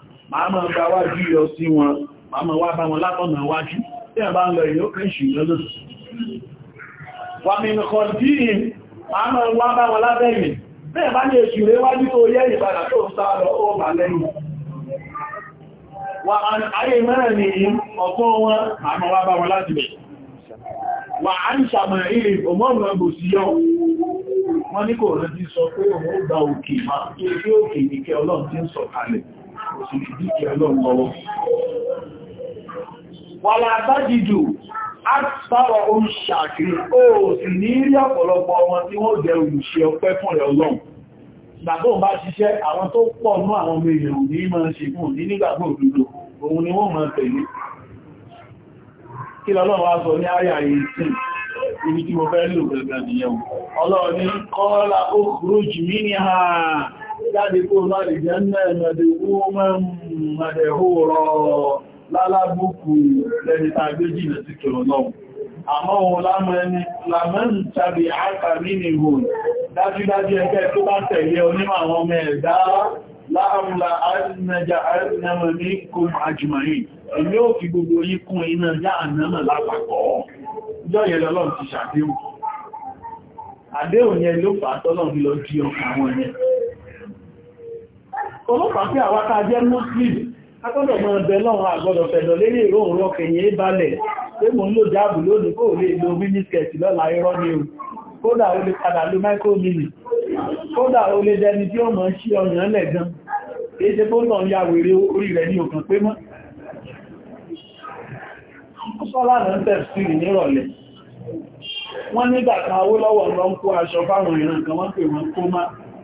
máa máa gba wájú yọ sí wọn máa máa wá bá wọn látọ̀nà wájú tí a bá ń lọ ìyókè ìṣìyàn lọ́dún wàmìnì kọ̀díyìn máa máa wá bá wọn lábẹ́yìn bẹ́ẹ̀ bá ní èṣù rẹ̀ wájú tó yẹ ìbàdà tó sá lọ ó bà lẹ́yìn wà ayé mẹ́rẹ̀ ní ọ̀pọ̀ wọn àmọ́ wá bá wọn láti Wàlá àbájìdò, a sáwọ̀ oúnṣàkì, ó sì ní rí ọ̀pọ̀lọpọ̀ wọn tí wọ́n jẹ olùṣe ọpẹ́ fún rẹ̀ ọlọ́run. Gbàgbó bá ṣiṣẹ́ àwọn tó pọ̀ ní àwọn ọmọ èèyàn ní máa ṣe fún ní nígbàgbọ́ òdodo, òun ni wọ́n máa tẹ̀lé. Kí lọ́lọ́run wá sọ ní àyà ìsìn, ibi tí mo fẹ́ lò gẹ̀gẹ̀ nìyẹn. Ọlọ́run ní kọ́lá ó kúrò jù mí ní àà jáde kó láàrin jẹ́ mẹ́rin mẹ́rẹ̀hóró lálábùkù lẹ́ni tàbí jìnà sí kìrò náà. Àmọ́ òun lámẹ́rin tàbí àkàrí ni hùn, dájúdájú ẹgbẹ́ tó bá tẹ̀lé onímọ̀ àwọn ọmọ ẹ̀dá láàrùnlá àrínàjà àrínàmà ní kùn àjùmáyì. Èmi ò fi gbogbo yí kún iná já ànámà lápapọ̀. Jọ́yẹ̀ lọ́lọ́ ti ṣàdéhùn. Àdéhùn yẹn ló fà tọ́lọ́ ọlọ́pàá pé àwọn akájẹ́ muslim agbọ́dọ̀ mọ́ ọbẹ̀ lọ́run àgbọ́dọ̀ fẹ̀dọ̀ lérí ìró òun ọkẹ̀yìn ìbálẹ̀ pé mò ń lò jáàbù lónìí kó lè lo mínísẹ̀tì lọ́la irọ́ ni o kódà o lè padà lo micromini kódà o lè dẹni tí ó mọ̀ sí ọyàn lẹ̀ gan èyí ṣe bóńtọ̀ ń ya wèrè orí rẹ̀ ní òkàn pé mọ́ sọ́lá náà tẹ̀sí nírọ̀lẹ̀ wọ́n nígbà kan awó lọ́wọ́ lọ ń kó aṣọ fáwọn ìran kan wọ́n pè wọ́n kó máa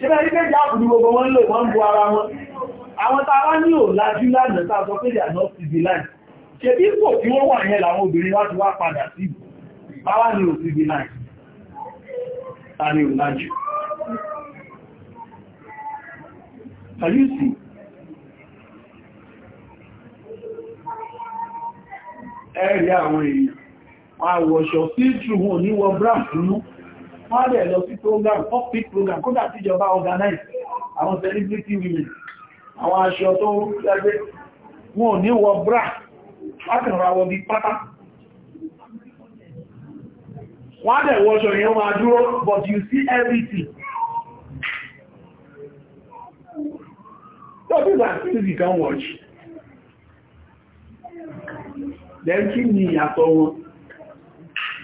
ṣẹlẹ̀ rí pé jáàbù ní gbogbo wọn lò wọ́n ń bu ara wọn àwọn tá a wá ní òlájú lánàá tá a sọ pé yàtọ̀ sí di láì ṣe bí pò tí wọ́n wà yẹn làwọn obìnrin wá ti wá padà sí báwá ní òsì di láì ta ni òlájú Can you see? Ẹ̀rí àwọn èèyàn, wọ́n àwọ̀ṣọ̀ sí ìtùwọ̀n ní wọ wọ́n rẹ̀ lọ sí program cockpit program kódà tíjọba organize àwọn celebrity women àwọn aṣọ tó lẹ́gbẹ́ wọn ò ní wọ bra láti rà wọ bí pátá wọ́n rẹ̀ wọ́ṣọ yẹn máa dúró but you see everything so these are things you can watch dem kí ni ìyàtọ̀ wọn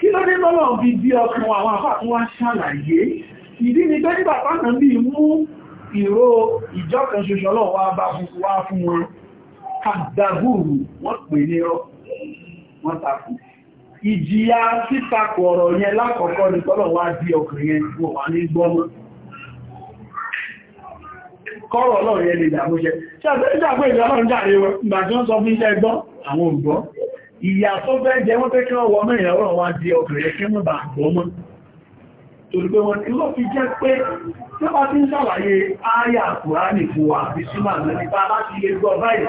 kí ló dé lọ́lọ́ bí bí ọkùn àwọn àpapọ̀ wá ṣàlàyé ìdí ni pé nígbà táwọn bí mú ìró ìjọ kan ṣoṣo ọlọ́run wá bá fún wá fún wọn kàdàgùrù wọ́n pè ní ọ wọ́n takò ìjìyà títakò ọ̀rọ̀ yẹn lákọ̀ọ́kọ́ ni tọ́lọ̀ wá bí ọkùnrin yẹn wọ́n wà ní gbọ́mọ́ kọ́rọ̀ ọlọ́run yẹn lè dàmúṣẹ́ ṣe àgbẹ́ ìjàgbẹ́ ìjọ́ ọlọ́run jáde wọn ìgbà tí wọ́n sọ fún iṣẹ́ ẹgbọ́n àwọn ògbọ́n ìyà tó bẹ́ jẹ wọ́n pé kí wọ́n wọ́n mẹ́rin ọ̀rọ̀ wá di ọkùnrin kí wọ́n bá gbọ́mọ́ torí pé wọ́n tí ló fi jẹ́ pé tí ń ṣàlàyé àyà Kùránì fún àbí símà nípa láti lè gbọ́ báyìí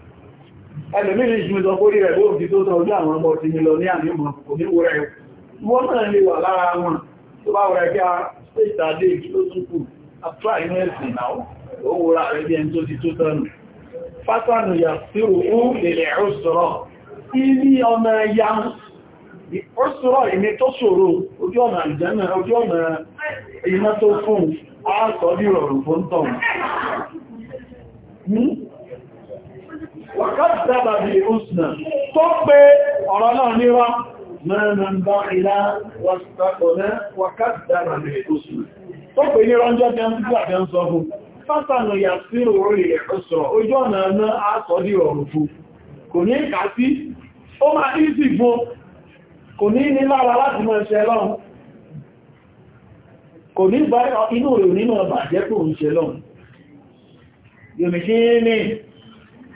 ẹlòmí ní ìṣúnmi sọ kórí rẹ̀ bóòdì tó tọ ojú àwọn ọmọ ti mi lọ ní àmì ọmọ kò ní wọ́n rẹ̀ wọ́n náà lè wà lára wọn tó bá wọ́rẹ̀ kí a state adé kí ló tún kù àtúrà inú ẹ̀sìn náà ó wọ́ra rẹ̀ bí ẹni tó ti tó tọ́nù fásánù yà sírù ó lè ọ̀sọ̀rọ̀ ilé ọmọ ẹ̀yà ọ̀sọ̀rọ̀ ìní tó ṣòro ojú ọ̀nà ìjẹ́nà ojú ọ̀nà iná tó fún wàkàtàbà bí òsìnà tó pé ọ̀rọ̀ náà níwá mẹ́rin bá ilá wàkàtàbà bí òsìnà tó pé ní rọ́njọ́ Fásànà yàtírò orí ẹ̀kọ́sọ̀ ojú ọ̀nà ẹ̀nà àtọ́dí ọ̀rùn fún. Kò ní kà sí, ó máa ní sí fún, kò ní ní lára láti mọ̀ ẹ̀ṣẹ̀ lọ́run. Kò ní bá inú rẹ̀ nínú ọba àjẹ́kù ìṣẹ̀lọ́run. Yòmìṣẹ́ ní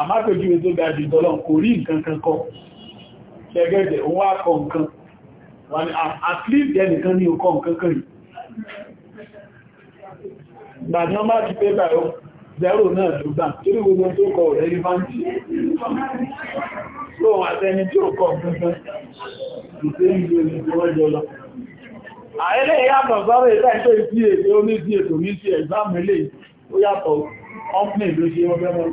àmápèjúwe tó ga jù tọ́lọ́n kò rí nǹkan kan kọ́ ṣẹgẹ́dẹ̀ òun akọ nǹkan wọ́n ni at least ẹnìkan ní ọkọ̀ nǹkan kan yìí gbàdí wọ́n bá ti pé bàyọ́ zero náà ló gbà tí ó gbogbo tó kọ rẹ̀ rí báńkì tó wọ́n àtẹni tí ó kọ nǹkan kan ìgbé ìgbé ọ́pìn ìlú ṣe wọ́n bẹ́mọ́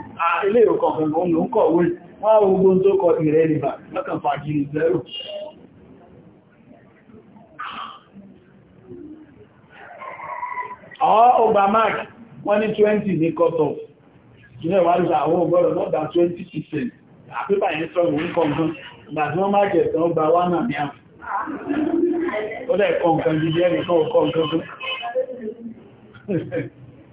ilé ìkọ̀kọ̀kọ̀ ló ń kọ̀wé wọ́n ogun tó kọ ìrẹ́ nìbà lọ́kàn fàájìrì zero ọ́ ọgbà mark wọ́n ní 20 ní cutoff jùlẹ̀ wà lóṣà àwọn ọgbọ́rọ̀ lọ́gbà 20% àpípà yẹn sọ́rọ̀ ń kọ̀ọ̀kan ìgbà tí wọ́n má jẹ̀ tán gba wà náà ní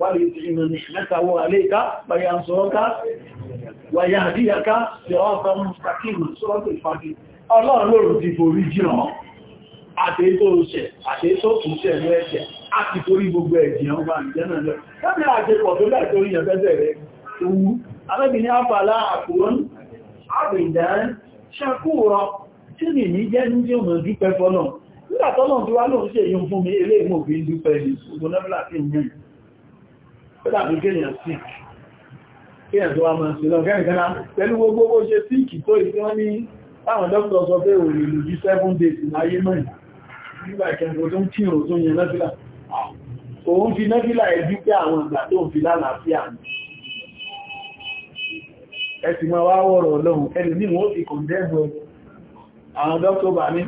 وليطعم نعمته عليك وينصرك ويهديك صراطا مستقيما سورة الفاتحة Ọlọ́run ló ti forí jìnà àtẹ́tò ṣẹ̀, àtẹ́tò tún ṣẹ̀ ní ẹ̀ṣẹ̀, a ti torí gbogbo ẹ̀jìn ọgbà ìjẹ́nà lọ. Lẹ́bí àjẹ́pọ̀ tó láì torí ìyẹ̀fẹ́sẹ̀ rẹ̀ tó wú, alẹ́bì ní àpàlá àkùrán, àbìdán, ṣakúrọ, tí nì ní jẹ́ ní ọmọ dúpẹ́ fọ́nà. Nígbàtọ́nà tí wá lóòrùn ṣe yóò fún mi, eléèmò fi ń dúpẹ́ ní ọgbọ̀nẹ́bìlà tí ń yẹn pẹ́lá bí kéèyàn sík kéèyàn tó wá máa sí lọ kẹ́rìnkẹ́lá pẹ̀lú gbogbo ó ṣe sík tó ìsí wọ́n ní àwọn dókítà sọ pé ò lè lò jí 7 days láyé mọ́ nígbà ìkẹ́kọ̀ọ́ tó ń kírò tó yẹn nẹ́fìlà òun fi nẹ́fìlà ẹ̀dú pé àwọn ìgbà tó ń fi lálàáfíà ní ẹ̀sì máa wá wọ́rọ̀ ọlọ́run ẹni ní wọ́n fi kọ̀ndẹ́gbọ́ àwọn dókítà bá ní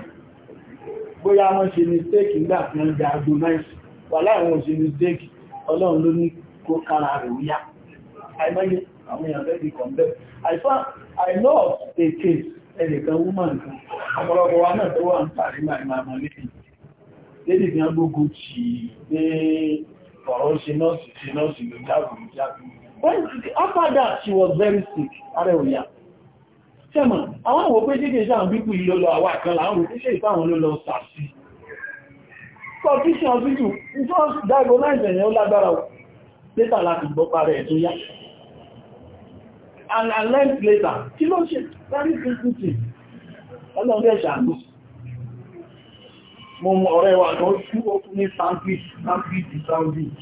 bóyá wọ́n ṣe mistake nígbà tí wọ́n ga agonize wà láàrin wọ́n ṣe mistake ọlọ́run ló ní kó kára rẹ̀ wíyá àìmọye àwọn èèyàn bẹ́ẹ̀ bí kàn bẹ́ẹ̀ àìfá I know a case ẹnìkan woman kan ọ̀pọ̀lọpọ̀ wa náà tó wà after that she was very sick ara òyà sẹ́mọ̀ àwọn àwọn pé ṣíkè ṣe àwọn pípù ìlò lọ àwọn àkan láwọn òṣìṣẹ́ ìfáwọn ló lọ sàásì politicians people just diagonizing ó lágbára later láti gbọ́pá rẹ̀ tó yá and I learned later kí ló ṣe very sensitive ọlọ́rẹ́ ṣàánú mo mọ̀ ọ̀rẹ́ wa kan kú ó fún ní sanfis sanfis sanfis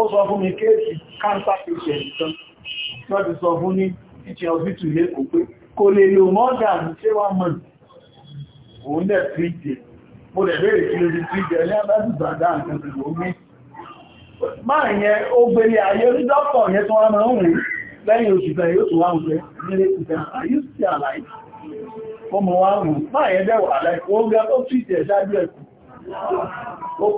ó sọ fún mi kéèsì cancer patient kan wọ́n ti sọ fún ní teaching hospital lẹ́kọ̀ọ́ pé kò lè lò mọ́dà ní ṣé wá mọ̀ òun dẹ̀ mo dẹ̀ bẹ̀rẹ̀ kí ló ti tríjẹ ní abájú bàdá nǹkan máa yẹn ó gbélé ayé rí dọ́kọ̀ yẹn tó wá máa ń rí lẹ́yìn oṣù bẹ̀rẹ̀ yóò tó wá ń fẹ́ nílé ìfẹ́ àyíṣẹ́ àlàyé ó mọ̀ wá rùn máa yẹn dẹ̀wà láì ó gẹ́ ó tìtì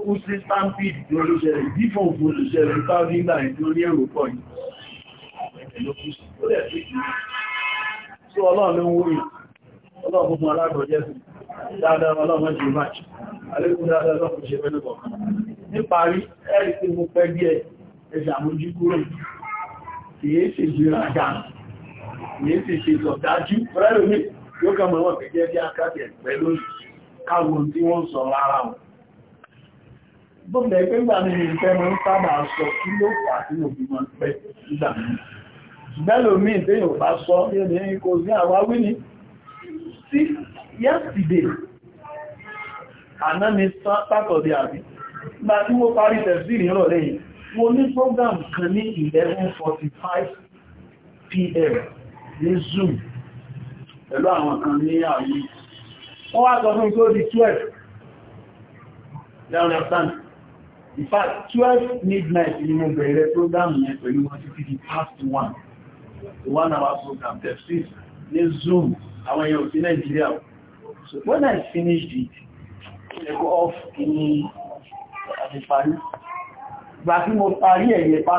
kú sí stampede tí ó ló ṣẹlẹ̀ dífò òfò ló ṣẹlẹ̀ nípa nígbà tí ó ní èrò pọ̀ yìí ó lẹ̀ sí ọlọ́run ló ń wúrì ọlọ́run fún alágbọ̀jẹ́sìn dáadáa ọlọ́run jù máa jù alékún dáadáa lọ́pùn ṣe fẹ́lú kọ̀ọ̀kan níparí ẹ̀rì tí mo pẹ́ díẹ̀ ẹ̀ṣà mójú kúrò kìí ṣe jìrà dáa kìí ṣe ṣe sọ̀dájú rẹ́rù mi yóò kà mọ́ pẹ̀jẹ́ bí akáàtẹ̀ pẹ̀lú káwọn tí wọ́n sọ lára wọn bóbulẹ̀ pé gbà ní ìfẹ́ mọ́ ń sábà sọ kí ló fà sí òbí wọn pẹ́ nígbà mí bẹ́lòmíì tí yóò bá sọ yóò ní kò sí àwáwí ni yesterday àná ni sátọ̀dẹ̀ àbí nígbà tí wọ́n parí tẹ̀sílì rọ̀ lẹ́yìn mo ní program kan ní 11:45 pm ní zoom pẹ̀lú àwọn kan ní àyí wọ́n wá sọ fún ikó di 12 down understand in fact 12 midnight ni mo bẹ̀rẹ̀ program yẹn pẹ̀lú want to be past one one hour program tẹ̀sílì ní zoom àwọn èèyàn sí nàìjíríà So when I finished it, I go off in Adifari. Gbàtí mo parí ẹ̀yẹ pàtàkì.